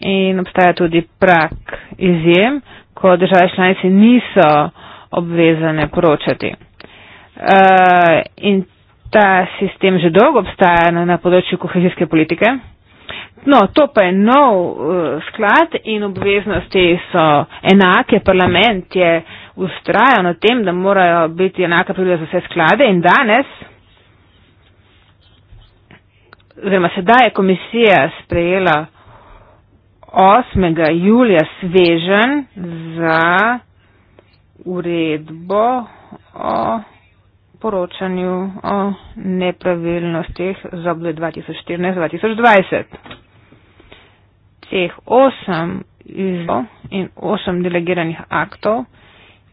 In obstaja tudi prak izjem, ko države članice niso obvezane poročati. Eh, in ta sistem že dolgo obstaja na, na področju kohezijske politike. No, to pa je nov eh, sklad in obveznosti so enake. Parlament je ustrajal na tem, da morajo biti enaka pravila za vse sklade in danes. Oziroma, sedaj je komisija sprejela 8. julija svežen za uredbo o poročanju o nepravilnostih za obdobje 2014-2020. Teh 8 izvodov in 8 delegiranih aktov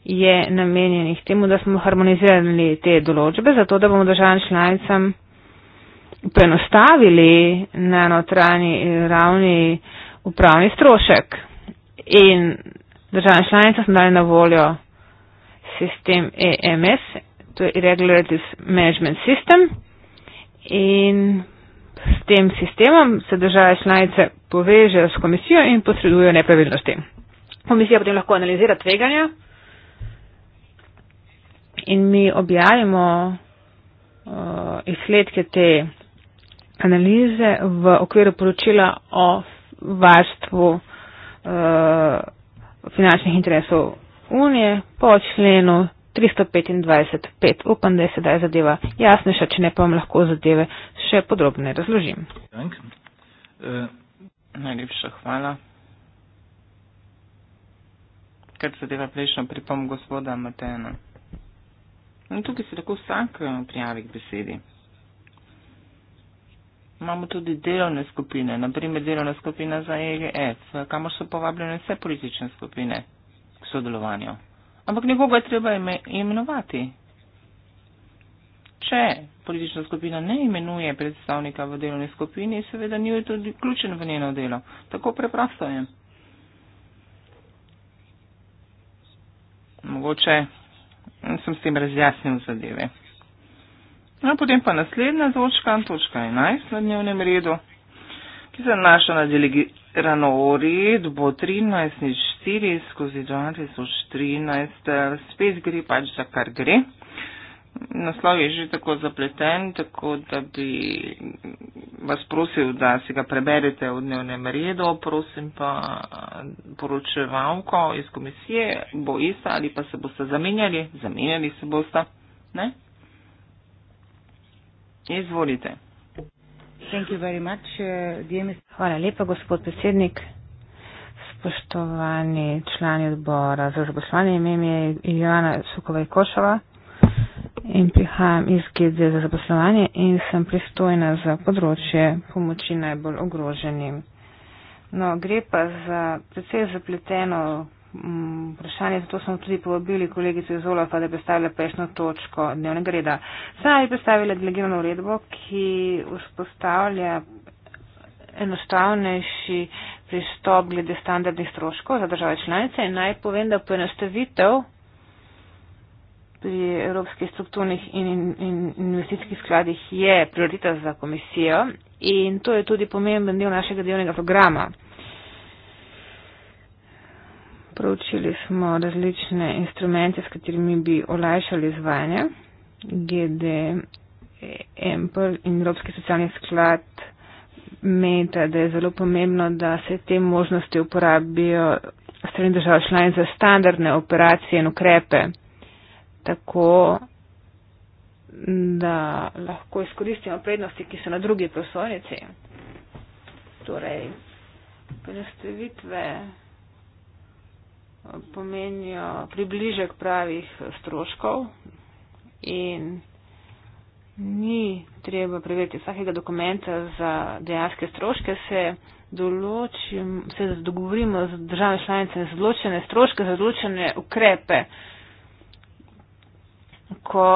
je namenjenih temu, da smo harmonizirali te določbe, zato da bomo državam članicam poenostavili na notranji ravni uh, upravni strošek. In državne članice smo dali na voljo sistem EMS, to je Regulative Management System. In s tem sistemom se države članice povežejo s komisijo in posredujejo nepravilnosti. Komisija potem lahko analizira tveganja in mi objavimo uh, izsledke te analize v okviru poročila o varstvu uh, finančnih interesov unije po členu 325.5. Upam, da je sedaj zadeva jasnejša, če ne pa vam lahko zadeve še podrobne razložim. Uh, najlepša hvala. Kar zadeva prejšnjo pripom gospoda Matena. In no, tukaj se tako vsak eh, prijavi k besedi imamo tudi delovne skupine, naprimer delovna skupina za EGF, kamor so povabljene vse politične skupine k sodelovanju. Ampak nekoga je treba ime, imenovati. Če politična skupina ne imenuje predstavnika v delovni skupini, seveda ni tudi vključen v njeno delo. Tako preprosto je. Mogoče sem s tem razjasnil zadeve. No, potem pa naslednja točka, točka 11 na dnevnem redu, ki se naša na delegirano ured bo 13.4 skozi 2013, spet gre pač za kar gre. Naslov je že tako zapleten, tako da bi vas prosil, da si ga preberete v dnevnem redu, prosim pa poročevalko iz komisije, bo ista ali pa se boste zamenjali, zamenjali se boste, ne? Izvolite. Uh, Hvala lepa, gospod predsednik. Spoštovani člani odbora za zaposlovanje, ime mi je Ivana Sukova-Košova in prihajam iz GD za zaposlovanje in sem pristojna za področje pomoči najbolj ogroženim. No, gre pa za precej zapleteno Mm, vprašanje, zato smo tudi povabili kolegico iz Olafa, da bi postavila prejšnjo točko dnevnega reda. Sama bi postavila delegirano uredbo, ki vzpostavlja enostavnejši pristop glede standardnih stroškov za države članice in naj povem, da poenostavitev pri evropskih strukturnih in, in, in investicijskih skladih je prioriteta za komisijo in to je tudi pomemben del našega delovnega programa. Proučili smo različne instrumente, s katerimi bi olajšali izvajanje. GD, EMPL in Evropski socialni sklad menita, da je zelo pomembno, da se te možnosti uporabijo strani držav članic za standardne operacije in ukrepe, tako da lahko izkoristimo prednosti, ki so na drugi prosojnici. Torej, ponestavitve pomenijo približek pravih stroškov in ni treba preveriti vsakega dokumenta za dejanske stroške, se, določim, se dogovorimo z državami članice za zločene stroške, za zločene ukrepe, ko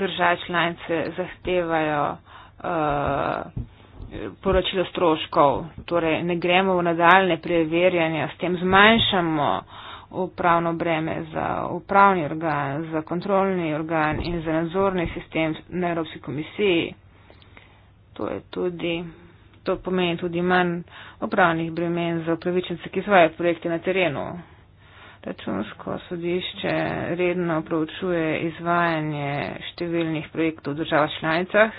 države članice zahtevajo uh, poročilo stroškov. Torej, ne gremo v nadaljne preverjanja, s tem zmanjšamo upravno breme za upravni organ, za kontrolni organ in za nadzorni sistem na Evropski komisiji. To, tudi, to pomeni tudi manj upravnih bremen za upravičence, ki svoje projekte na terenu. Računsko sodišče redno proučuje izvajanje številnih projektov v državah članicah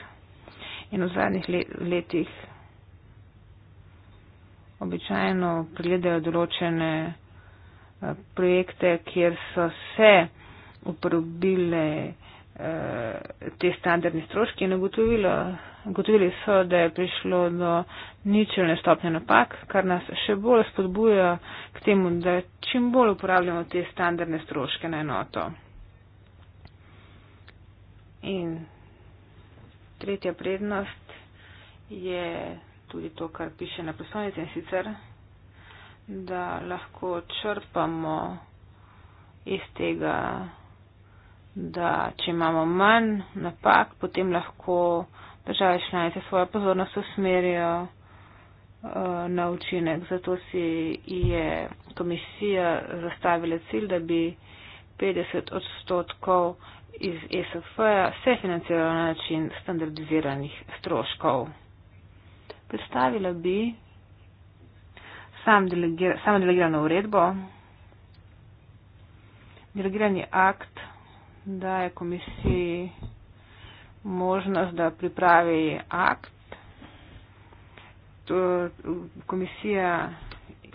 in v zadnjih letih običajno pregledajo določene eh, projekte, kjer so se uporobile eh, te standardne stroške in ugotovili so, da je prišlo do ničelne stopnje napak, kar nas še bolj spodbuja k temu, da čim bolj uporabljamo te standardne stroške na enoto. In Tretja prednost je tudi to, kar piše na poslovnici in sicer, da lahko črpamo iz tega, da če imamo manj napak, potem lahko države članice svojo pozornost usmerijo eh, na učinek. Zato si je komisija zastavila cilj, da bi 50 odstotkov iz ESF-ja se financirajo na način standardiziranih stroškov. Predstavila bi sam deleger, samo delegirano uredbo. Delegirani akt daje komisiji možnost, da pripravi akt. Komisija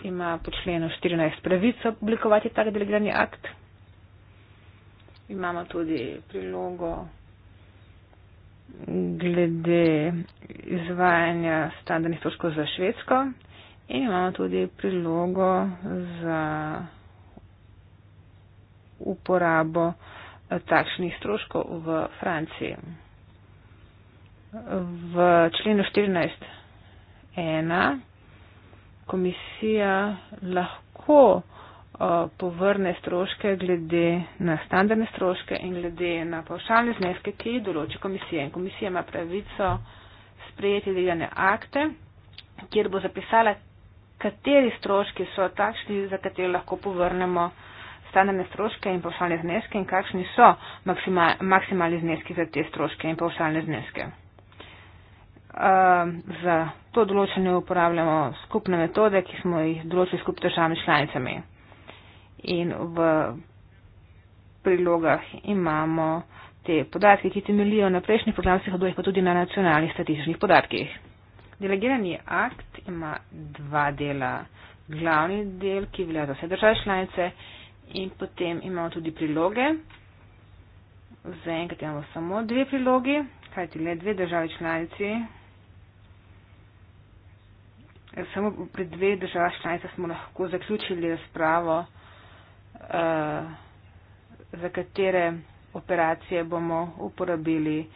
ima po členu 14 pravico oblikovati tak delegirani akt imamo tudi prilogo glede izvajanja standardnih točkov za švedsko in imamo tudi prilogo za uporabo eh, takšnih stroškov v Franciji. V členu 14.1 komisija lahko povrne stroške glede na standardne stroške in glede na povšalne zneske, ki jih določi komisija. In komisija ima pravico sprejeti delene akte, kjer bo zapisala, kateri stroški so takšni, za kateri lahko povrnemo standardne stroške in povšalne zneske in kakšni so maksima, maksimalni zneski za te stroške in povšalne zneske. Uh, za to določanje uporabljamo skupne metode, ki smo jih določili skupaj s državami članicami in v prilogah imamo te podatke, ki temeljijo na prejšnjih programskih odvojih, pa tudi na nacionalnih statističnih podatkih. Delegirani akt ima dva dela. Glavni del, ki velja za vse države članice in potem imamo tudi priloge. Zaenkrat imamo samo dve prilogi, kajti le dve države članici. Samo pri dveh državah članicah smo lahko zaključili razpravo Eh, za katere operacije bomo uporabili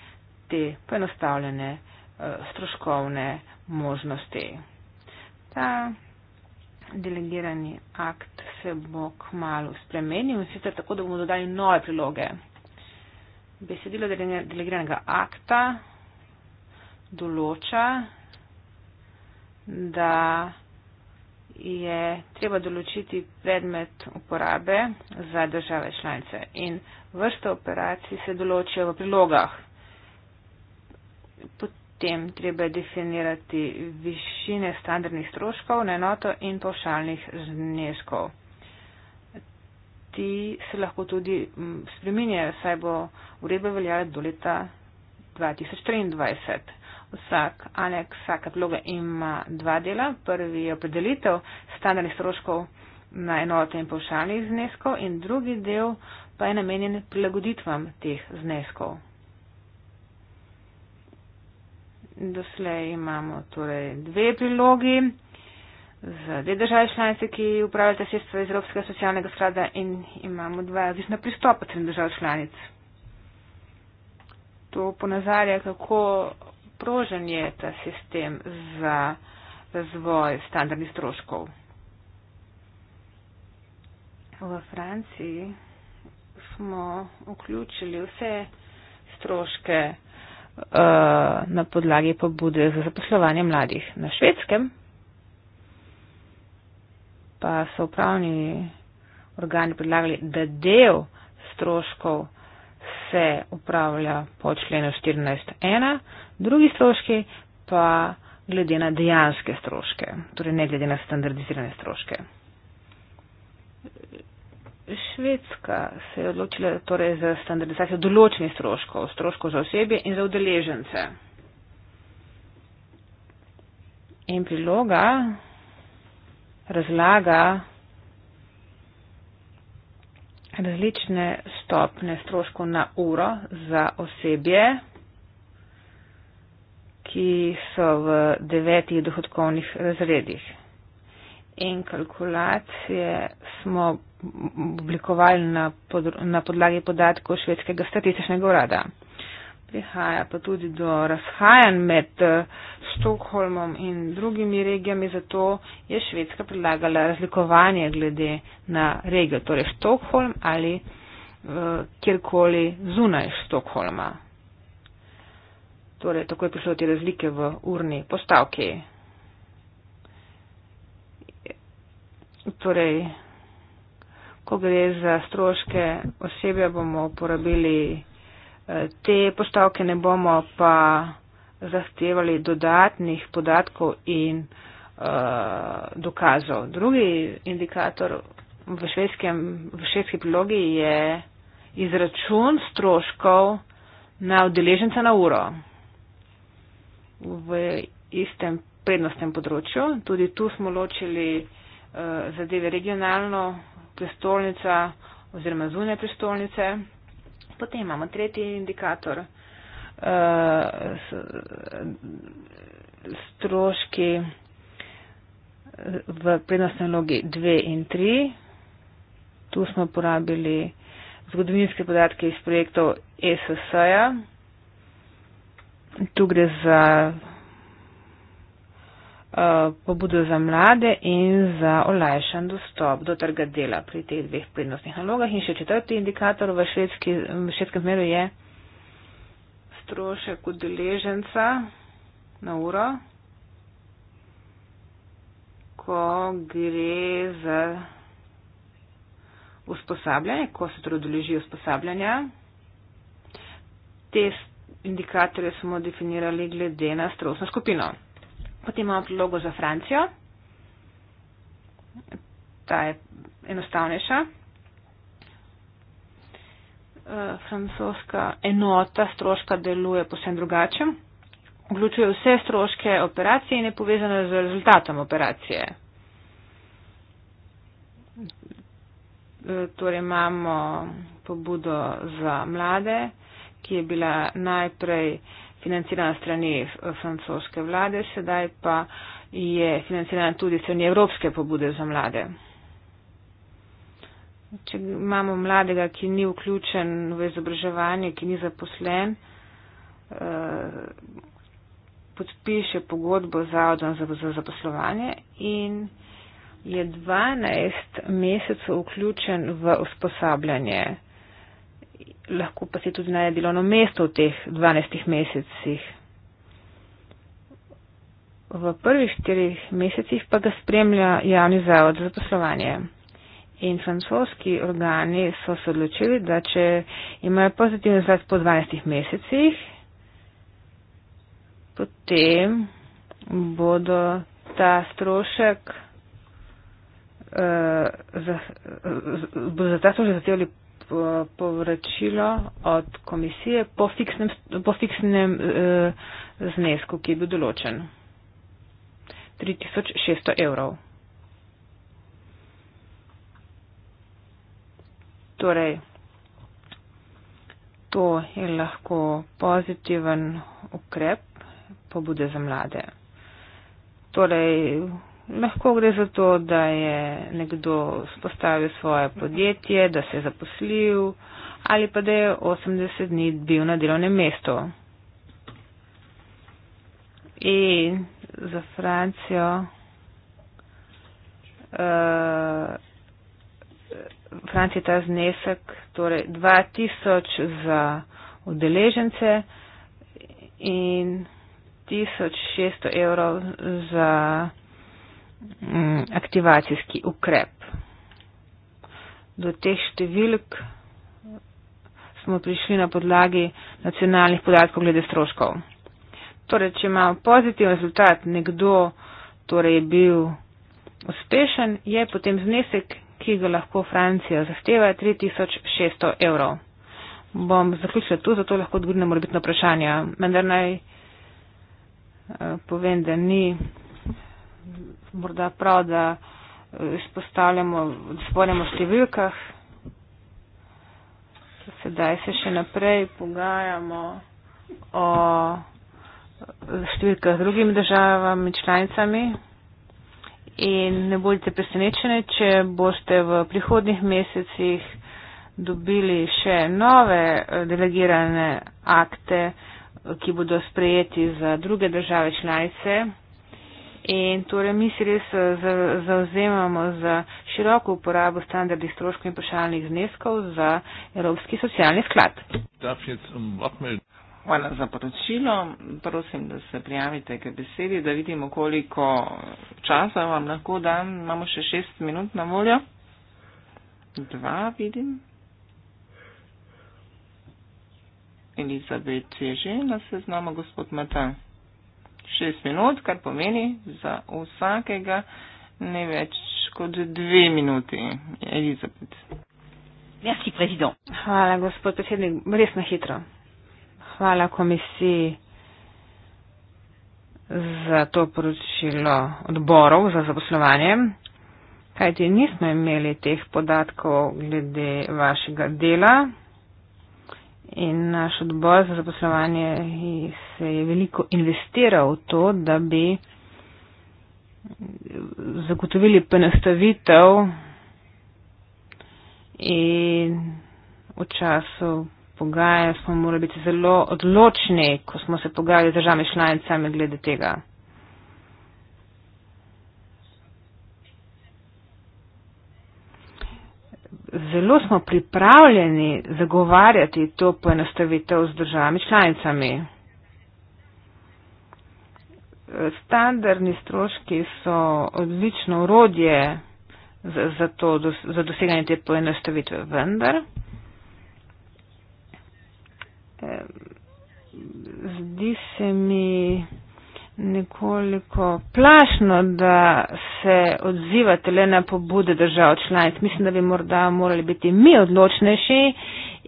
te poenostavljene eh, stroškovne možnosti. Ta delegirani akt se bo k malu spremenil in sicer tako, da bomo dodali nove priloge. Besedilo delegiranega akta določa, da je treba določiti predmet uporabe za države članice in vrsta operacij se določijo v prilogah. Potem treba definirati višine standardnih stroškov na enoto in povšalnih zneskov. Ti se lahko tudi mm, spreminjajo, saj bo uredba veljala do leta 2023. Vsak aneks, vsaka vloga ima dva dela. Prvi je opredelitev standardnih stroškov na enote in povšalnih zneskov in drugi del pa je namenjen prilagoditvam teh zneskov. Doslej imamo torej dve prilogi za dve države članice, ki upravljate sredstva iz Evropskega socialnega sklada in imamo dva različna pristopa trem držav članic. To ponazarja, kako sprožen je ta sistem za razvoj standardnih stroškov. V Franciji smo vključili vse stroške uh, na podlagi pobude za zaposlovanje mladih. Na švedskem pa so upravni organi predlagali, da del stroškov se upravlja po členu 14.1, drugi stroški pa glede na dejanske stroške, torej ne glede na standardizirane stroške. Švedska se je odločila torej za standardizacijo določenih stroškov, stroškov za osebje in za udeležence. In priloga razlaga različne stopne stroškov na uro za osebje ki so v devetih dohodkovnih razredih. In kalkulacije smo oblikovali na, pod, na podlagi podatkov švedskega statističnega urada. Prihaja pa tudi do razhajanj med uh, eh, Stokholmom in drugimi regijami, zato je Švedska predlagala razlikovanje glede na regijo, torej Stokholm ali uh, kjerkoli zunaj Stokholma. Torej, tako je prišlo te razlike v urni postavki. Torej, ko gre za stroške osebja, bomo uporabili eh, te postavke, ne bomo pa zahtevali dodatnih podatkov in uh, dokazov. Drugi indikator v, švedskem, v švedski prilogi je izračun stroškov na udeleženca na uro v istem prednostnem področju. Tudi tu smo ločili uh, zadeve regionalno, prestolnica oziroma zune prestolnice. Potem imamo tretji indikator, uh, stroški eh, v prednostne logi 2 in 3. Tu smo porabili zgodovinske podatke iz projektov ESS-a. -ja tu gre za uh, pobudo za mlade in za olajšan dostop do trga dela pri teh dveh prednostnih nalogah. In še četrti indikator v švedskem meru je strošek udeleženca na uro, ko gre za usposabljanje, ko se torej odeleži usposabljanja. Test indikatorje smo definirali glede na strosno skupino. Potem imamo prilogo za Francijo. Ta je enostavnejša. Eh, francoska enota stroška deluje posebno drugače. Vključuje vse stroške operacije in je povezana z rezultatom operacije. Eh, torej imamo pobudo za mlade ki je bila najprej financirana strani eh, francoske vlade, sedaj pa je financirana tudi strani Evropske pobude za mlade. Če imamo mladega, ki ni vključen v izobraževanje, ki ni zaposlen, eh, podpiše pogodbo za odnos za zaposlovanje in je 12 mesecev vključen v usposabljanje lahko pa se tudi naje delovno mesto v teh 12 mesecih. V prvih štirih mesecih pa ga spremlja javni zavod za poslovanje. In francoski organi so se odločili, da če imajo pozitivni rezultat po 12 mesecih, potem bodo ta strošek, uh, za, uh, bodo za ta strošek zahtevali povračilo od komisije po fiksnem, po fiksnem eh, znesku, ki je bil določen. 3600 evrov. Torej, to je lahko pozitiven ukrep pobude za mlade. Torej, lahko gre za to, da je nekdo spostavil svoje podjetje, da se je zaposlil ali pa da je 80 dni bil na delovnem mestu. In za Francijo. V uh, eh, Franciji je ta znesek, torej 2000 za udeležence in 1600 evrov za Mm, aktivacijski ukrep. Do teh številk smo prišli na podlagi nacionalnih podatkov glede stroškov. Torej, če ima pozitiven rezultat nekdo, torej je bil uspešen, je potem znesek, ki ga lahko Francija zahteva, 3600 evrov. Bom zaključila tu, zato lahko odgovorim na morbitno vprašanje. Vendar naj eh, povem, da ni morda prav, da eh, izpostavljamo, da spomnimo številkah. Sedaj se še naprej pogajamo o eh, številkah z drugimi državami, članicami. In ne bodite presenečeni, če boste v prihodnih mesecih dobili še nove eh, delegirane akte, ki bodo sprejeti za druge države članice. In torej mi se res eh, zauzemamo za široko uporabo standardnih stroškov in vprašalnih zneskov za Evropski socialni sklad. Um Hvala za poročilo. Prosim, da se prijavite k besedi, da vidimo, koliko časa vam lahko dam. Imamo še šest minut na voljo. Dva vidim. Elizabet je že na seznamu, gospod Matan. 6 minut, kar pomeni za vsakega ne več kot 2 minuti. Elizabeth. Merci, president. Hvala, gospod predsednik. Res na hitro. Hvala komisiji za to poročilo odborov za zaposlovanje, kajti nismo imeli teh podatkov glede vašega dela. In naš odbor za zaposlovanje se je veliko investiral v to, da bi zagotovili penastavitev in v času pogajanj smo morali biti zelo odločni, ko smo se pogajali z državami članicami glede tega. zelo smo pripravljeni zagovarjati to poenostavitev z državami članicami. Standardni stroški so odlično urodje za, za, to, za doseganje te poenostavitve, vendar. Zdi se mi nekoliko plašno, da se odzivate le na pobude držav članic. Mislim, da bi morda morali biti mi odločnejši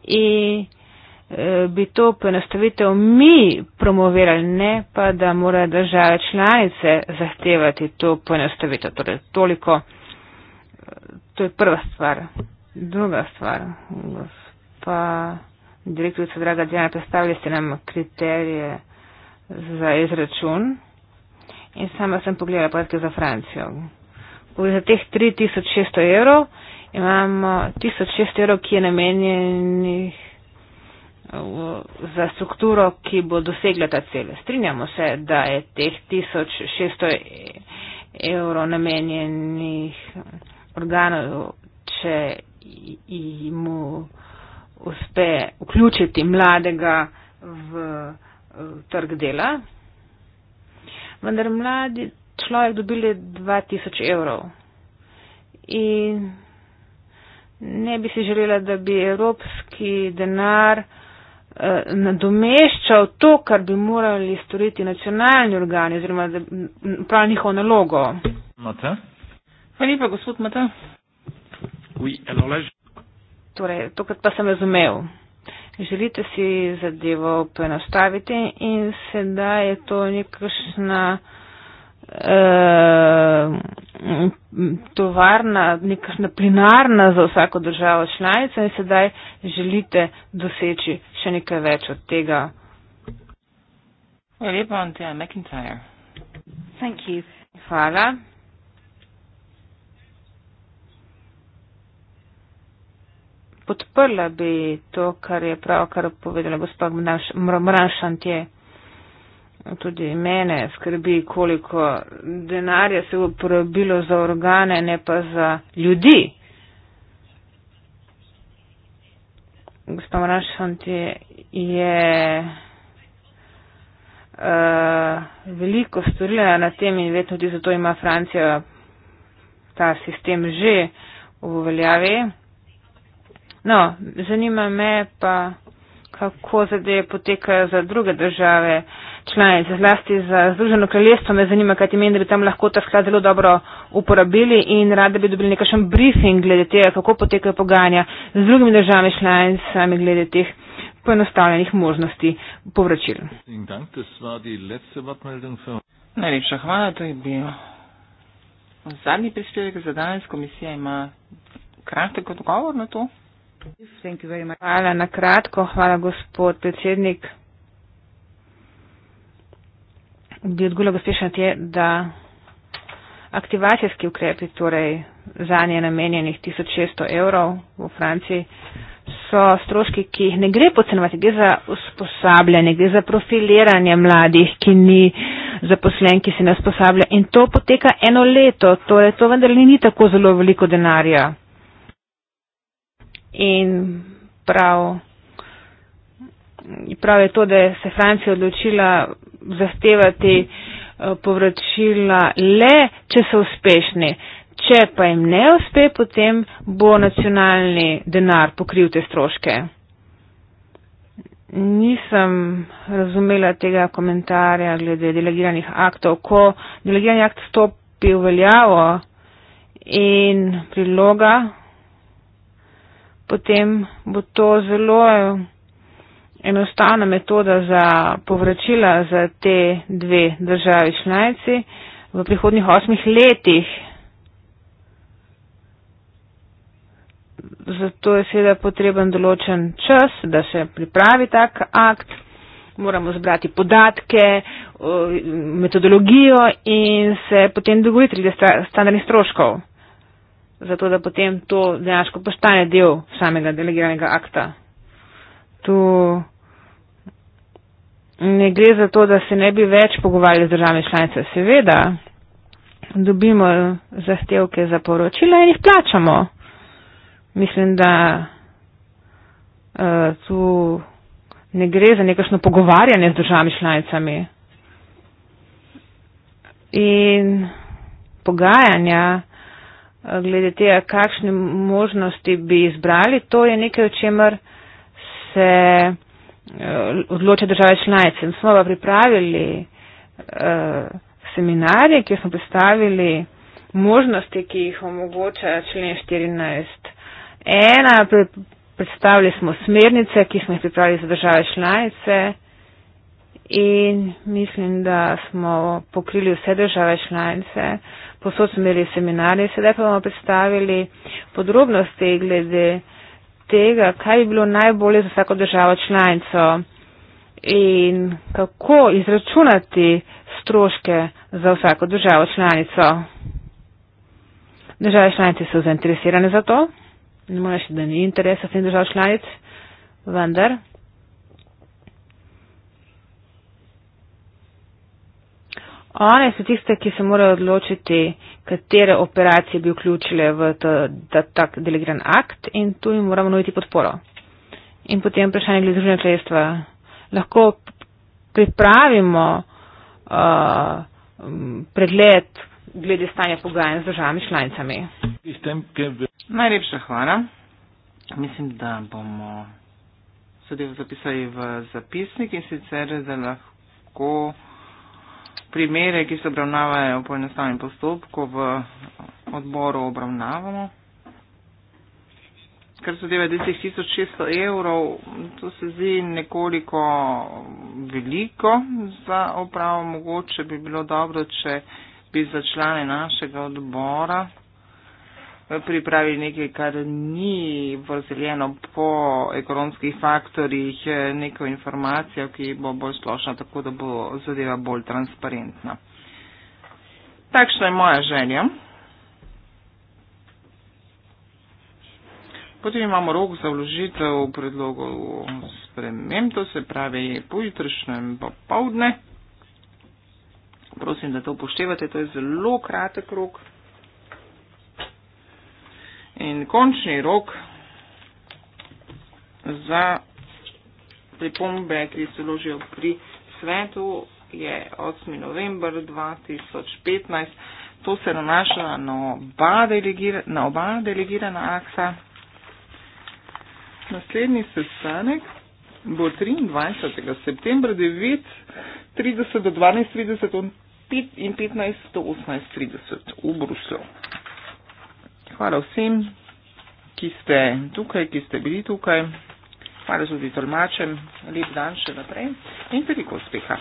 in eh, bi to poenostavitev mi promovirali, ne pa da morajo države članice zahtevati to poenostavitev. Torej, toliko, eh, to je prva stvar. Druga stvar, gospa direktorica, draga Diana, predstavili ste nam kriterije za izračun in sama sem pogledala podatke za Francijo. Ko je za teh 3600 evrov, imamo 1600 evrov, ki je namenjenih za strukturo, ki bo dosegla ta cel. Strinjamo se, da je teh 1600 evrov namenjenih organov, če jim uspe vključiti mladega v trg dela. Vendar mladi človek dobili 2000 evrov. In ne bi si želela, da bi evropski denar eh, nadomeščal to, kar bi morali storiti nacionalni organi oziroma prav njihovo nalogo. Mate? Hvala lepa, gospod Mate. Oui, alors là, je... Torej, tokrat pa sem razumel želite si zadevo poenostaviti in sedaj je to nekakšna eh, tovarna, nekakšna plinarna za vsako državo članico in sedaj želite doseči še nekaj več od tega. Hvala lepa, Antea McIntyre. Hvala. podprla bi to, kar je pravkar povedala gospa Mranšantje. Tudi mene skrbi, koliko denarja se bo porabilo za organe, ne pa za ljudi. Gospa Mranšantje je uh, veliko storila na tem in vedno tudi zato ima Francija ta sistem že v veljavi. No, zanima me pa, kako zadeve potekajo za druge države članice, zlasti za Združeno kraljestvo. Me zanima, kaj ti meni, da bi tam lahko ta sklad zelo dobro uporabili in rada bi dobili nekakšen briefing glede tega, kako potekajo pogajanja z drugimi državami članicami glede teh poenostavljenih možnosti povračil. Najlepša hvala, to je bil zadnji prispevek za danes. Komisija ima kratek odgovor na to. Hvala na kratko. Hvala, gospod predsednik. Bi odgovorila gospešna te, da aktivacijski ukrepi, torej za nje namenjenih 1600 evrov v Franciji, so stroški, ki jih ne gre pocenovati. Gre za usposabljanje, gre za profiliranje mladih, ki ni zaposlen, ki se ne usposablja. In to poteka eno leto, torej to vendar ni tako zelo veliko denarja. In prav, prav je to, da je se Francija odločila zahtevati eh, povračila le, če so uspešni. Če pa jim ne uspe, potem bo nacionalni denar pokril te stroške. Nisem razumela tega komentarja glede delegiranih aktov. Ko delegirani akt stopi v veljavo in priloga potem bo to zelo enostavna metoda za povračila za te dve državi članici v prihodnjih osmih letih. Zato je seveda potreben določen čas, da se pripravi tak akt. Moramo zbrati podatke, metodologijo in se potem dogovoriti glede standardnih stroškov zato da potem to dejansko postane del samega delegiranega akta. Tu ne gre za to, da se ne bi več pogovarjali z državami članice. Seveda dobimo zahtevke za poročila in jih plačamo. Mislim, da uh, tu ne gre za nekašno pogovarjanje z državami članicami. In pogajanja glede tega, kakšne možnosti bi izbrali, to je nekaj, o čemer se eh, odloča države članice. Smo pa pripravili eh, seminarje, kjer smo predstavili možnosti, ki jih omogoča člen 14. Ena, predstavili smo smernice, ki smo jih pripravili za države članice in mislim, da smo pokrili vse države članice posod smo imeli seminarje, sedaj pa bomo predstavili podrobnosti glede tega, kaj bi bilo najbolje za vsako državo članico in kako izračunati stroške za vsako državo članico. Države članice so zainteresirane za to, ne moreš, da ni interesa vseh držav članic, vendar One so tiste, ki se morajo odločiti, katere operacije bi vključile v ta, ta, ta delegiran akt in tu jim moramo nuditi podporo. In potem vprašanje glede združenja kraljestva. Lahko pripravimo uh, pregled glede stanja pogajanj z državami članicami. Najlepša hvala. Mislim, da bomo sedaj zapisali v zapisnik in sicer, da lahko primere, ki se obravnavajo po enostavnem postopku, v odboru obravnavamo. Kar se deve 10600 evrov, to se zdi nekoliko veliko za opravo. Mogoče bi bilo dobro, če bi za člane našega odbora pripravili nekaj, kar ni vrzeljeno po ekonomskih faktorjih, neko informacijo, ki bo bolj splošna, tako da bo zadeva bolj transparentna. Takšna je moja želja. Potem imamo rok za vložitev predlogov sprememb, to se pravi pojutrišnjem popovdne. Prosim, da to upoštevate, to je zelo kratek rok. In končni rok za pripombe, ki se ložijo pri svetu, je 8. november 2015. To se nanaša na oba, na oba delegirana aksa. Naslednji sestanek bo 23. septembra 9.30 do 12.30 in 15.18.30 v Bruslju hvala vsem, ki ste tukaj, ki ste bili tukaj. Hvala tudi tolmačem. Lep dan še naprej in veliko uspeha.